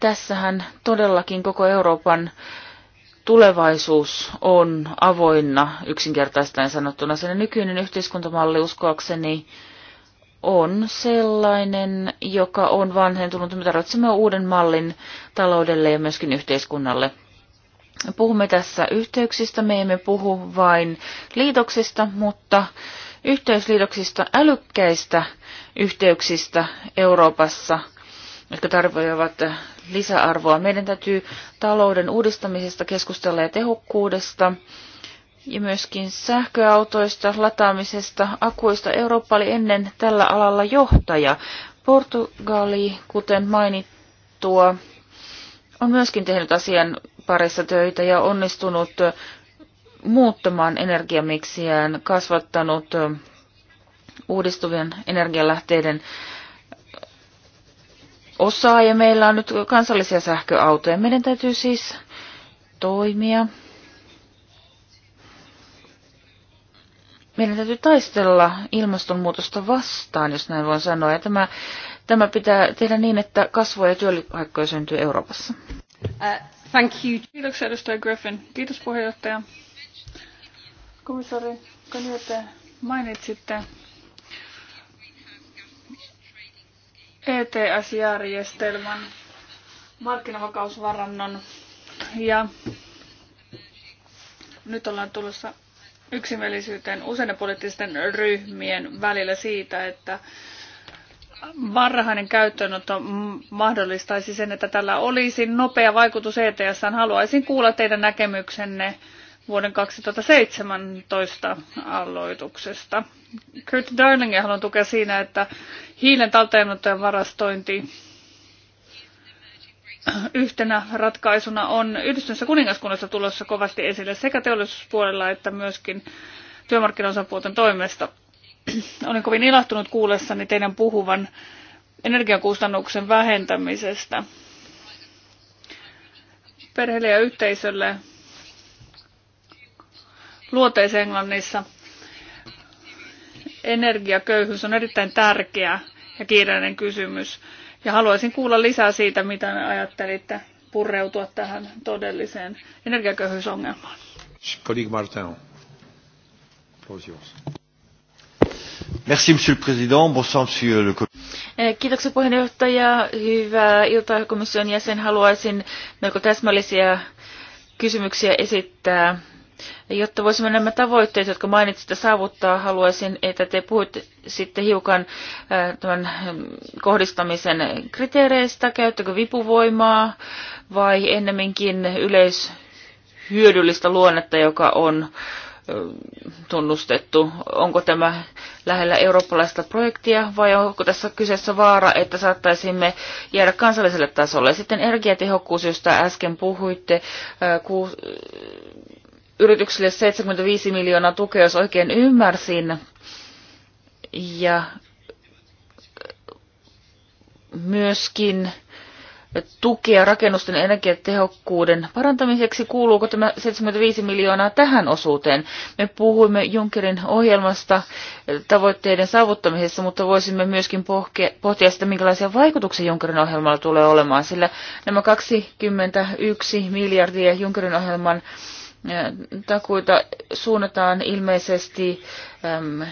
Tässähän todellakin koko Euroopan tulevaisuus on avoinna yksinkertaistaen sanottuna. Sen nykyinen yhteiskuntamalli uskoakseni on sellainen, joka on vanhentunut. Me tarvitsemme uuden mallin taloudelle ja myöskin yhteiskunnalle. Puhumme tässä yhteyksistä, me emme puhu vain liitoksista, mutta yhteysliitoksista, älykkäistä yhteyksistä Euroopassa, jotka tarvoivat lisäarvoa. Meidän täytyy talouden uudistamisesta keskustella ja tehokkuudesta ja myöskin sähköautoista, lataamisesta, akuista. Eurooppa oli ennen tällä alalla johtaja. Portugali, kuten mainittua, on myöskin tehnyt asian parissa töitä ja onnistunut muuttamaan energiamiksiään, kasvattanut uudistuvien energialähteiden osaa ja meillä on nyt kansallisia sähköautoja. Meidän täytyy siis toimia meidän täytyy taistella ilmastonmuutosta vastaan, jos näin voin sanoa. Ja tämä, tämä pitää tehdä niin, että kasvua ja työpaikkoja syntyy Euroopassa. Uh, thank you. Kiitoksia edustaja Griffin. Kiitos puheenjohtaja. Komissaari Kanjote, mainitsitte ETS-järjestelmän markkinavakausvarannon ja nyt ollaan tulossa yksimielisyyteen useiden poliittisten ryhmien välillä siitä, että varhainen käyttöönotto mahdollistaisi sen, että tällä olisi nopea vaikutus ETS. Haluaisin kuulla teidän näkemyksenne vuoden 2017 aloituksesta. Kurt Darlingia haluan tukea siinä, että hiilen talteenotto ja varastointi yhtenä ratkaisuna on yhdistyneessä kuningaskunnassa tulossa kovasti esille sekä teollisuuspuolella että myöskin työmarkkinaosapuolten toimesta. Olin kovin ilahtunut kuullessani teidän puhuvan energiakustannuksen vähentämisestä perheelle ja yhteisölle luoteis-Englannissa. Energiaköyhyys on erittäin tärkeä ja kiireinen kysymys ja haluaisin kuulla lisää siitä, mitä ajattelitte pureutua tähän todelliseen energiaköyhyysongelmaan. Colleague Martin. Merci, monsieur le président. Bonsoir, monsieur le eh, Kiitoksia puheenjohtaja. Hyvää iltaa komission jäsen. Haluaisin melko täsmällisiä kysymyksiä esittää Jotta voisimme nämä tavoitteet, jotka mainitsitte, saavuttaa, haluaisin, että te puhutte sitten hiukan tämän hm, kohdistamisen kriteereistä. Käyttäkö vipuvoimaa vai ennemminkin yleishyödyllistä luonnetta, joka on hm, tunnustettu? Onko tämä lähellä eurooppalaista projektia vai onko tässä kyseessä vaara, että saattaisimme jäädä kansalliselle tasolle? Sitten energiatehokkuus, josta äsken puhuitte, yrityksille 75 miljoonaa tukea, jos oikein ymmärsin. Ja myöskin tukea rakennusten energiatehokkuuden parantamiseksi. Kuuluuko tämä 75 miljoonaa tähän osuuteen? Me puhuimme Junckerin ohjelmasta tavoitteiden saavuttamisessa, mutta voisimme myöskin pohtia sitä, minkälaisia vaikutuksia Junckerin ohjelmalla tulee olemaan, sillä nämä 21 miljardia Junckerin ohjelman takuita suunnataan ilmeisesti äm,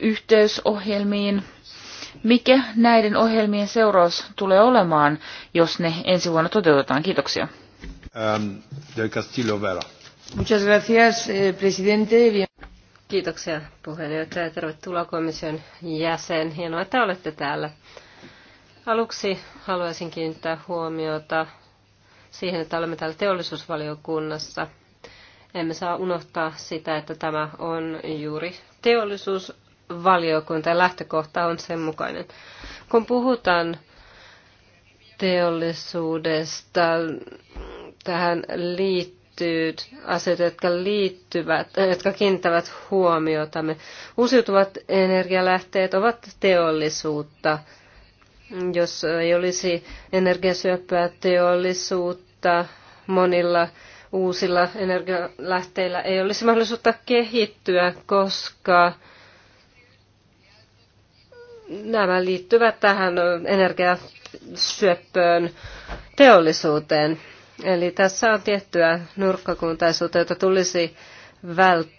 yhteysohjelmiin. Mikä näiden ohjelmien seuraus tulee olemaan, jos ne ensi vuonna toteutetaan? Kiitoksia. Um, del Castillo Vera. Muchas gracias, eh, presidente. Kiitoksia puheenjohtaja. Tervetuloa komission jäsen. Hienoa, että olette täällä. Aluksi haluaisin kiinnittää huomiota siihen, että olemme täällä teollisuusvaliokunnassa – emme saa unohtaa sitä, että tämä on juuri teollisuusvaliokunta ja lähtökohta on sen mukainen. Kun puhutaan teollisuudesta, tähän liittyy asioita, jotka liittyvät, jotka kiinnittävät huomiotamme. Uusiutuvat energialähteet ovat teollisuutta. Jos ei olisi energiasyöppää teollisuutta monilla uusilla energialähteillä ei olisi mahdollisuutta kehittyä, koska nämä liittyvät tähän energiasyöppöön teollisuuteen. Eli tässä on tiettyä nurkkakuntaisuutta, jota tulisi välttää.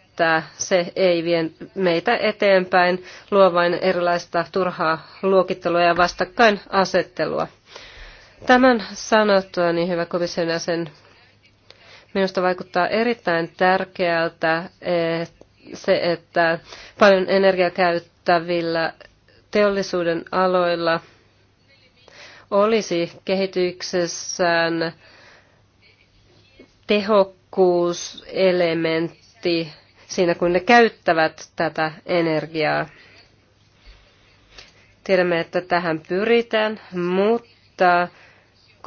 Se ei vie meitä eteenpäin, luo vain erilaista turhaa luokittelua ja vastakkainasettelua. Tämän sanottua, niin hyvä komission jäsen, Minusta vaikuttaa erittäin tärkeältä eh, se, että paljon energiaa käyttävillä teollisuuden aloilla olisi kehityksessään tehokkuuselementti siinä, kun ne käyttävät tätä energiaa. Tiedämme, että tähän pyritään, mutta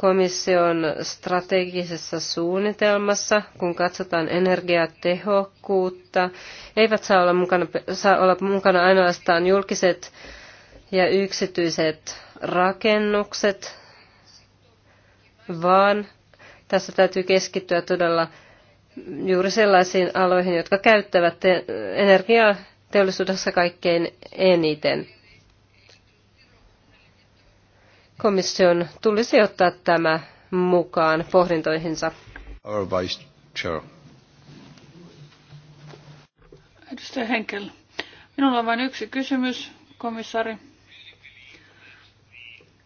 komission strategisessa suunnitelmassa, kun katsotaan energiatehokkuutta, eivät saa olla mukana, saa olla mukana ainoastaan julkiset ja yksityiset rakennukset, vaan tässä täytyy keskittyä todella juuri sellaisiin aloihin, jotka käyttävät energiaa teollisuudessa kaikkein eniten. Komission tulisi ottaa tämä mukaan pohdintoihinsa. Our vice chair. Edustaja Henkel. Minulla on vain yksi kysymys, komissari.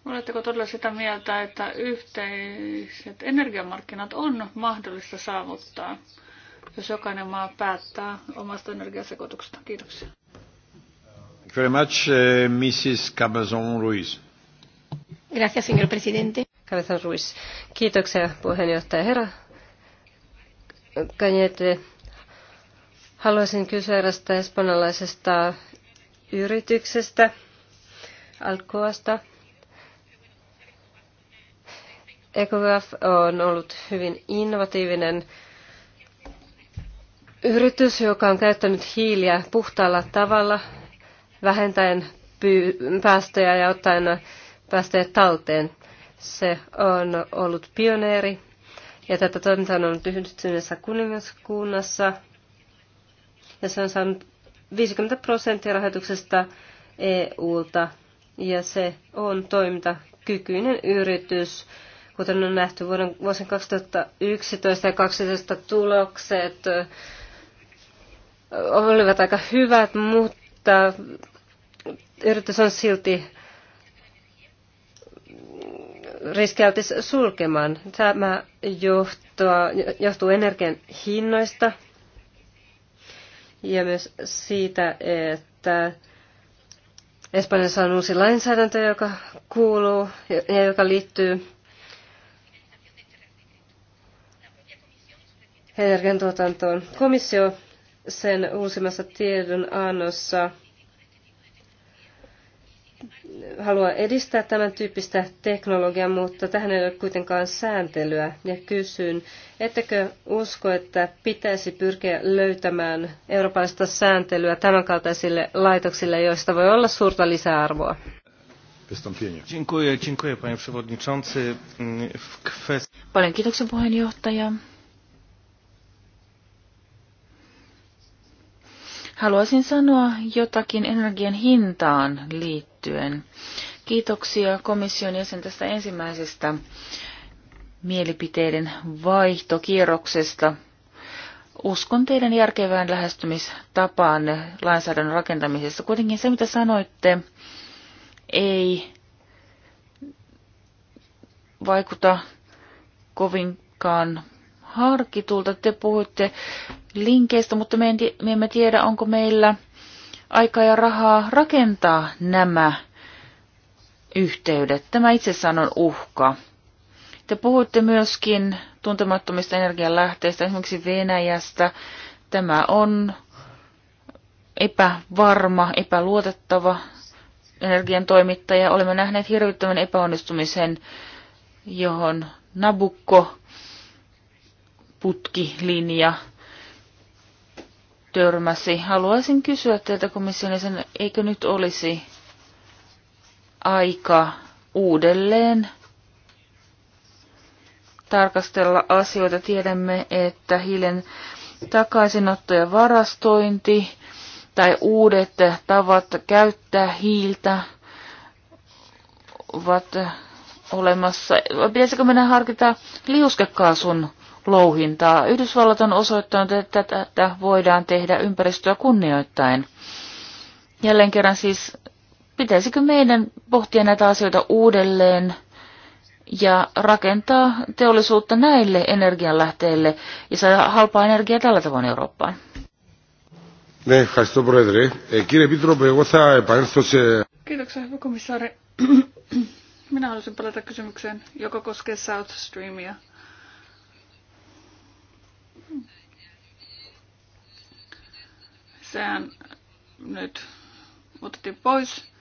Oletteko todella sitä mieltä, että yhteiset energiamarkkinat on mahdollista saavuttaa, jos jokainen maa päättää omasta energiasekoituksesta? Kiitoksia. Thank you very much, eh, Mrs. Cabazon Ruiz. Gracias, señor presidente. Cabezan Ruiz. Kiitoksia puheenjohtaja herra Cañete. Haluaisin kysyä erästä espanjalaisesta yrityksestä, Alcoasta. EcoGAF on ollut hyvin innovatiivinen yritys, joka on käyttänyt hiiliä puhtaalla tavalla, vähentäen päästöjä ja ottaen päästöjä talteen. Se on ollut pioneeri ja tätä toimintaa on ollut yhdistyneessä kuningaskunnassa ja se on saanut 50 prosenttia rahoituksesta EUlta ja se on toimintakykyinen yritys, kuten on nähty vuoden, vuosien 2011 ja 2012 tulokset olivat aika hyvät, mutta yritys on silti riskialtis sulkemaan. Tämä johtuu, johtuu energian hinnoista ja myös siitä, että Espanjassa on uusi lainsäädäntö, joka kuuluu ja joka liittyy energiantuotantoon. Komissio sen uusimmassa tiedonannossa annossa halua edistää tämän tyyppistä teknologiaa, mutta tähän ei ole kuitenkaan sääntelyä. Ja kysyn, ettekö usko, että pitäisi pyrkiä löytämään eurooppalaista sääntelyä tämänkaltaisille laitoksille, joista voi olla suurta lisäarvoa? Dziękuję, dziękuję panie przewodniczący. Mm, w kwest... Paljon kiitoksia puheenjohtaja. Haluaisin sanoa jotakin energian hintaan liittyen. Kiitoksia komission jäsen tästä ensimmäisestä mielipiteiden vaihtokierroksesta. Uskon teidän järkevään lähestymistapaan lainsäädännön rakentamisessa. Kuitenkin se, mitä sanoitte, ei vaikuta kovinkaan harkitulta. Te puhuitte linkeistä, mutta me, en, me emme tiedä, onko meillä aikaa ja rahaa rakentaa nämä yhteydet. Tämä itsessään on uhka. Te puhuitte myöskin tuntemattomista energianlähteistä, esimerkiksi Venäjästä. Tämä on epävarma, epäluotettava energian toimittaja. Olemme nähneet hirvittävän epäonnistumisen, johon Nabukko putkilinja törmäsi. Haluaisin kysyä teiltä komission sen, eikö nyt olisi aika uudelleen tarkastella asioita. Tiedämme, että hiilen takaisinotto ja varastointi tai uudet tavat käyttää hiiltä ovat olemassa. Pitäisikö mennä harkita liuskekaasun louhintaa. Yhdysvallat on osoittanut, että tätä voidaan tehdä ympäristöä kunnioittain. Jälleen kerran siis, pitäisikö meidän pohtia näitä asioita uudelleen ja rakentaa teollisuutta näille energianlähteille ja saada halpaa energiaa tällä tavoin Eurooppaan? Kiitoksia, hyvä komissaari. Minä haluaisin palata kysymykseen, joka koskee South Streamia. Sehän nyt otettiin pois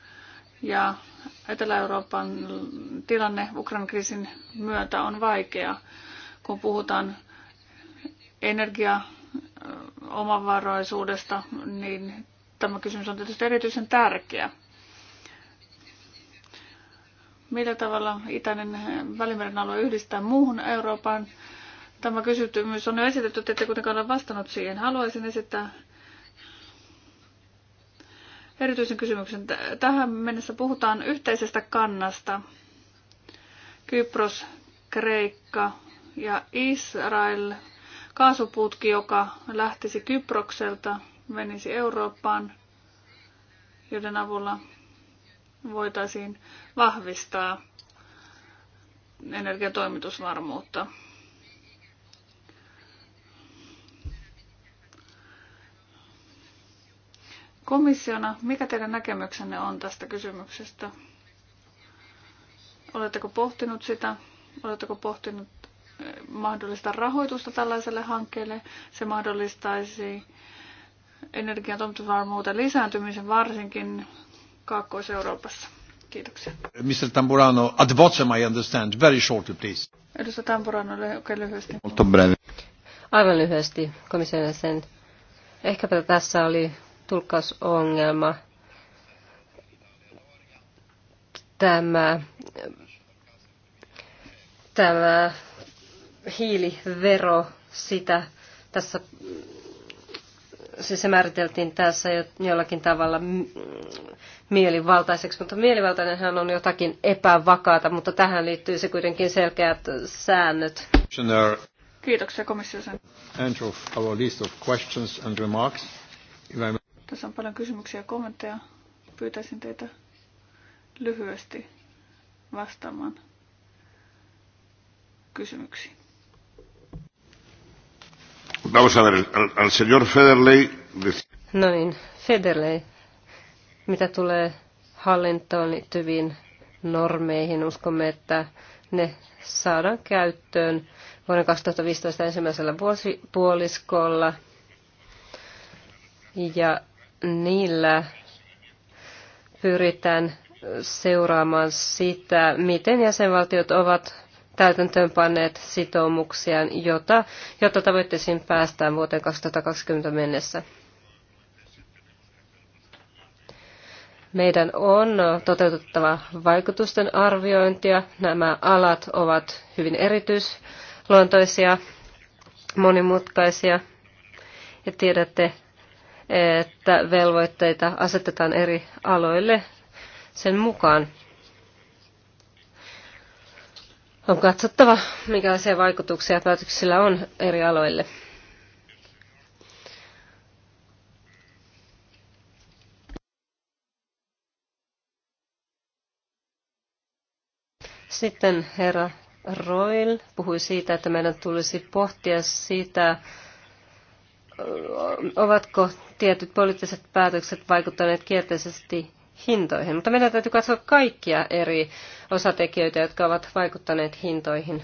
ja Etelä-Euroopan tilanne Ukrainan kriisin myötä on vaikea, kun puhutaan energia omavaraisuudesta, niin tämä kysymys on tietysti erityisen tärkeä. Millä tavalla itäinen Välimeren alue yhdistää muuhun Euroopan? Tämä kysymys on jo esitetty, ettei kuitenkaan ole vastannut siihen. Haluaisin esittää erityisen kysymyksen. Tähän mennessä puhutaan yhteisestä kannasta. Kypros, Kreikka ja Israel. Kaasuputki, joka lähtisi Kyprokselta, menisi Eurooppaan, joiden avulla voitaisiin vahvistaa energiatoimitusvarmuutta. Komissiona, mikä teidän näkemyksenne on tästä kysymyksestä? Oletteko pohtinut sitä? Oletteko pohtinut eh, mahdollista rahoitusta tällaiselle hankkeelle? Se mahdollistaisi energian toimitusvarmuuden lisääntymisen varsinkin Kaakkois-Euroopassa. Kiitoksia. Mr. Tamburano, ad vocem I understand. Very shortly, please. Edustaja Tamburano, oikein lyhyesti. Aivan lyhyesti, komission sen. Ehkäpä tässä oli tulkkausongelma. Tämä, tämä hiilivero, sitä tässä, siis se määriteltiin tässä jo, jollakin tavalla mielivaltaiseksi, mutta mielivaltainenhan on jotakin epävakaata, mutta tähän liittyy se kuitenkin selkeät säännöt. Kiitoksia komissiosen. End of our list of questions and remarks. Tässä on paljon kysymyksiä ja kommentteja. Pyytäisin teitä lyhyesti vastaamaan kysymyksiin. Vamos a ver, al, señor Federley... No niin, Federley, mitä tulee hallintoon liittyviin normeihin, uskomme, että ne saadaan käyttöön vuoden 2015 ensimmäisellä vuosipuoliskolla. Ja niillä pyritään seuraamaan sitä, miten jäsenvaltiot ovat täytäntöönpanneet sitoumuksiaan, jota, jotta tavoitteisiin päästään vuoteen 2020 mennessä. Meidän on toteutettava vaikutusten arviointia. Nämä alat ovat hyvin erityisluontoisia, monimutkaisia. Ja tiedätte, että velvoitteita asetetaan eri aloille sen mukaan. On katsottava, minkälaisia vaikutuksia päätöksillä on eri aloille. Sitten herra Roil puhui siitä, että meidän tulisi pohtia sitä, ovatko tietyt poliittiset päätökset vaikuttaneet kielteisesti hintoihin. Mutta meidän täytyy katsoa kaikkia eri osatekijöitä, jotka ovat vaikuttaneet hintoihin.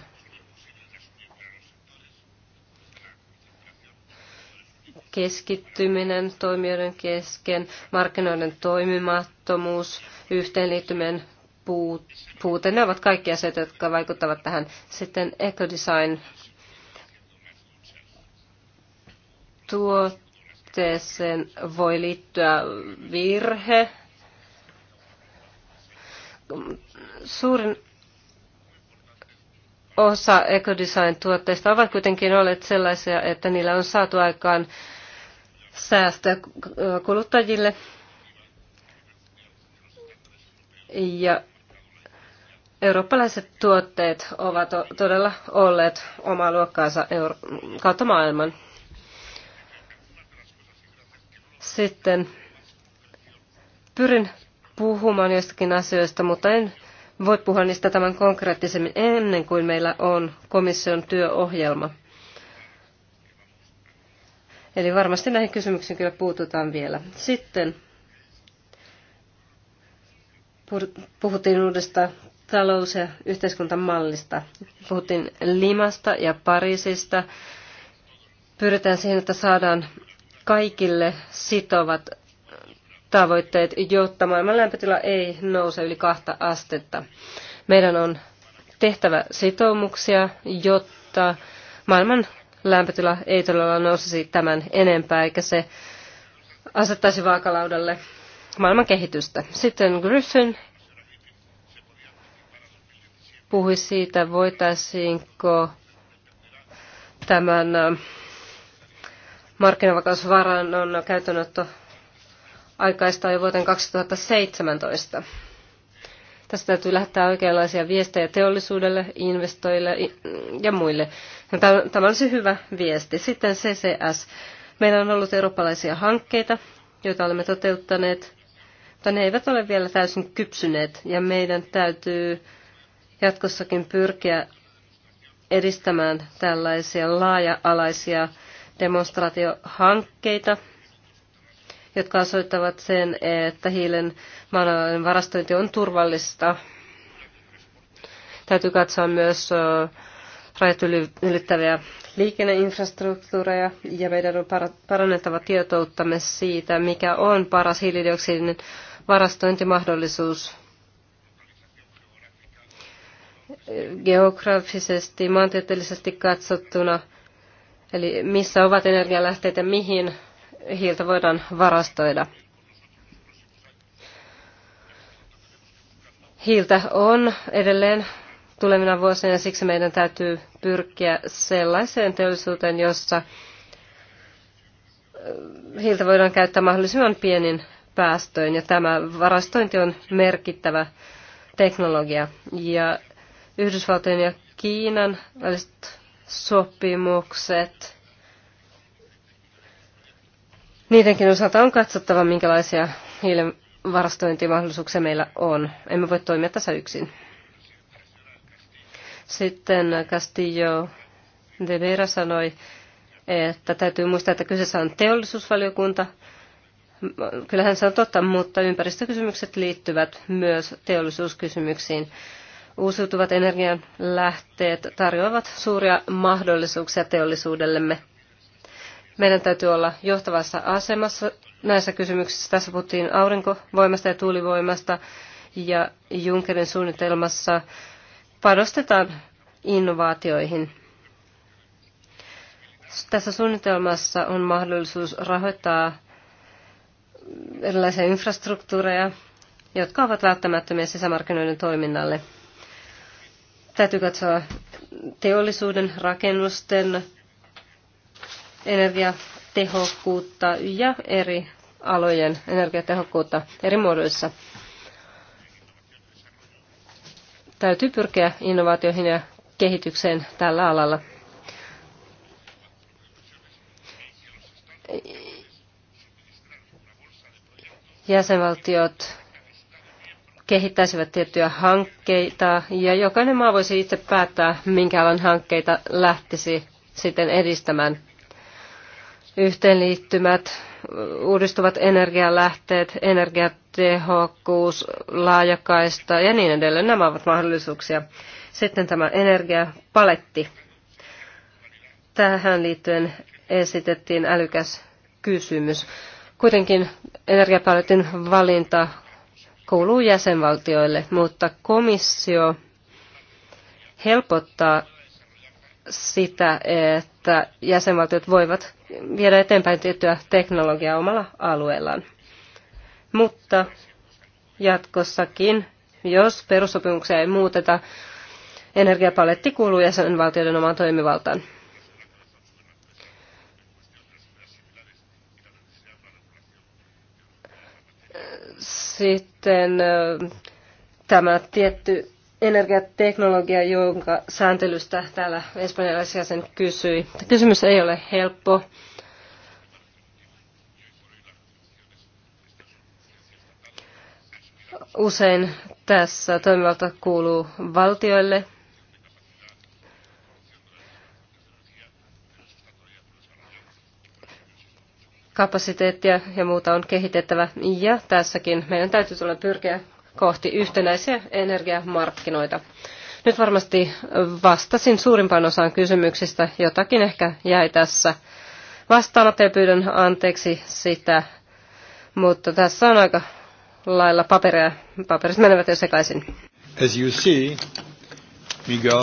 Keskittyminen toimijoiden kesken, markkinoiden toimimattomuus, yhteenliittymien puute, ne ovat kaikki asioita, jotka vaikuttavat tähän. Sitten ecodesign tuotteeseen voi liittyä virhe. Suurin osa ekodesign-tuotteista ovat kuitenkin olleet sellaisia, että niillä on saatu aikaan säästöä kuluttajille. Ja eurooppalaiset tuotteet ovat todella olleet omaa luokkaansa kautta maailman. Sitten pyrin puhumaan jostakin asioista, mutta en voi puhua niistä tämän konkreettisemmin ennen kuin meillä on komission työohjelma. Eli varmasti näihin kysymyksiin kyllä puututaan vielä. Sitten puhuttiin uudesta talous- ja yhteiskuntamallista. Puhuttiin Limasta ja Pariisista. Pyritään siihen, että saadaan kaikille sitovat tavoitteet, jotta maailman lämpötila ei nouse yli kahta astetta. Meidän on tehtävä sitoumuksia, jotta maailman lämpötila ei todella nousisi tämän enempää, eikä se asettaisi vaakalaudalle maailman kehitystä. Sitten Griffin puhui siitä, voitaisiinko tämän äh, markkinavakausvarannon käytönotto aikaista jo vuoteen 2017. Tästä täytyy lähettää oikeanlaisia viestejä teollisuudelle, investoille ja muille. Tämä on se hyvä viesti. Sitten CCS. Meillä on ollut eurooppalaisia hankkeita, joita olemme toteuttaneet, mutta ne eivät ole vielä täysin kypsyneet ja meidän täytyy jatkossakin pyrkiä edistämään tällaisia laaja-alaisia demonstraatiohankkeita, jotka osoittavat sen, että hiilen maanalainen varastointi on turvallista. Täytyy katsoa myös rajat ylittäviä liikenneinfrastruktuureja ja meidän on parannettava tietouttamme siitä, mikä on paras hiilidioksidin varastointimahdollisuus geografisesti, maantieteellisesti katsottuna – Eli missä ovat energialähteet ja mihin hiiltä voidaan varastoida. Hiiltä on edelleen tulevina vuosina ja siksi meidän täytyy pyrkiä sellaiseen teollisuuteen, jossa hiiltä voidaan käyttää mahdollisimman pienin päästöin ja tämä varastointi on merkittävä teknologia. Ja Yhdysvaltojen ja Kiinan väliset sopimukset. Niidenkin osalta on katsottava, minkälaisia hiilen varastointimahdollisuuksia meillä on. Emme voi toimia tässä yksin. Sitten Castillo de Vera sanoi, että täytyy muistaa, että kyseessä on teollisuusvaliokunta. Kyllähän se on totta, mutta ympäristökysymykset liittyvät myös teollisuuskysymyksiin. Uusiutuvat energianlähteet tarjoavat suuria mahdollisuuksia teollisuudellemme. Meidän täytyy olla johtavassa asemassa näissä kysymyksissä. Tässä puhuttiin aurinkovoimasta ja tuulivoimasta ja Junckerin suunnitelmassa panostetaan innovaatioihin. Tässä suunnitelmassa on mahdollisuus rahoittaa erilaisia infrastruktuureja, jotka ovat välttämättömiä sisämarkkinoiden toiminnalle. Täytyy katsoa teollisuuden rakennusten energiatehokkuutta ja eri alojen energiatehokkuutta eri muodoissa. Täytyy pyrkiä innovaatioihin ja kehitykseen tällä alalla. Jäsenvaltiot kehittäisivät tiettyjä hankkeita ja jokainen maa voisi itse päättää, minkä alan hankkeita lähtisi sitten edistämään. Yhteenliittymät, uudistuvat energialähteet, energiatehokkuus, laajakaista ja niin edelleen. Nämä ovat mahdollisuuksia. Sitten tämä energiapaletti. Tähän liittyen esitettiin älykäs kysymys. Kuitenkin energiapaletin valinta kuuluu jäsenvaltioille, mutta komissio helpottaa sitä, että jäsenvaltiot voivat viedä eteenpäin tiettyä teknologiaa omalla alueellaan. Mutta jatkossakin, jos perussopimuksia ei muuteta, energiapaletti kuuluu jäsenvaltioiden omaan toimivaltaan. Sitten tämä tietty energiateknologia, jonka sääntelystä täällä espanjalaisia sen kysyi. Kysymys ei ole helppo. Usein tässä toimivalta kuuluu valtioille – kapasiteettia ja muuta on kehitettävä. Ja tässäkin meidän täytyy tulla pyrkiä kohti yhtenäisiä energiamarkkinoita. Nyt varmasti vastasin suurimpaan osaan kysymyksistä. Jotakin ehkä jäi tässä vastaamatta ja pyydän anteeksi sitä. Mutta tässä on aika lailla paperia. Paperit menevät jo sekaisin. As you see, Miguel.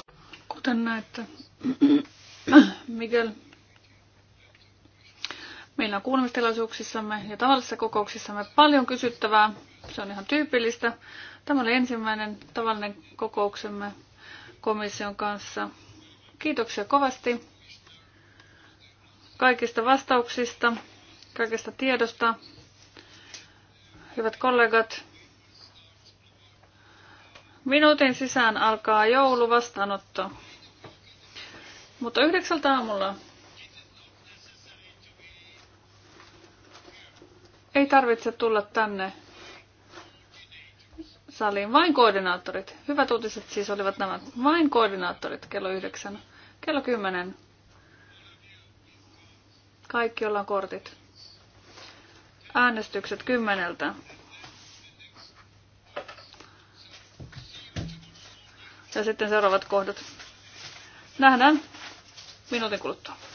Kuten näette, Miguel Meillä on kuulemistilaisuuksissamme ja tavallisissa kokouksissamme paljon kysyttävää. Se on ihan tyypillistä. Tämä oli ensimmäinen tavallinen kokouksemme komission kanssa. Kiitoksia kovasti kaikista vastauksista, kaikesta tiedosta. Hyvät kollegat, minuutin sisään alkaa jouluvastaanotto. Mutta yhdeksältä aamulla Ei tarvitse tulla tänne saliin. Vain koordinaattorit. Hyvät uutiset siis olivat nämä. Vain koordinaattorit kello yhdeksän. Kello kymmenen. Kaikki ollaan kortit. Äänestykset kymmeneltä. Ja sitten seuraavat kohdat. Nähdään minuutin kuluttua.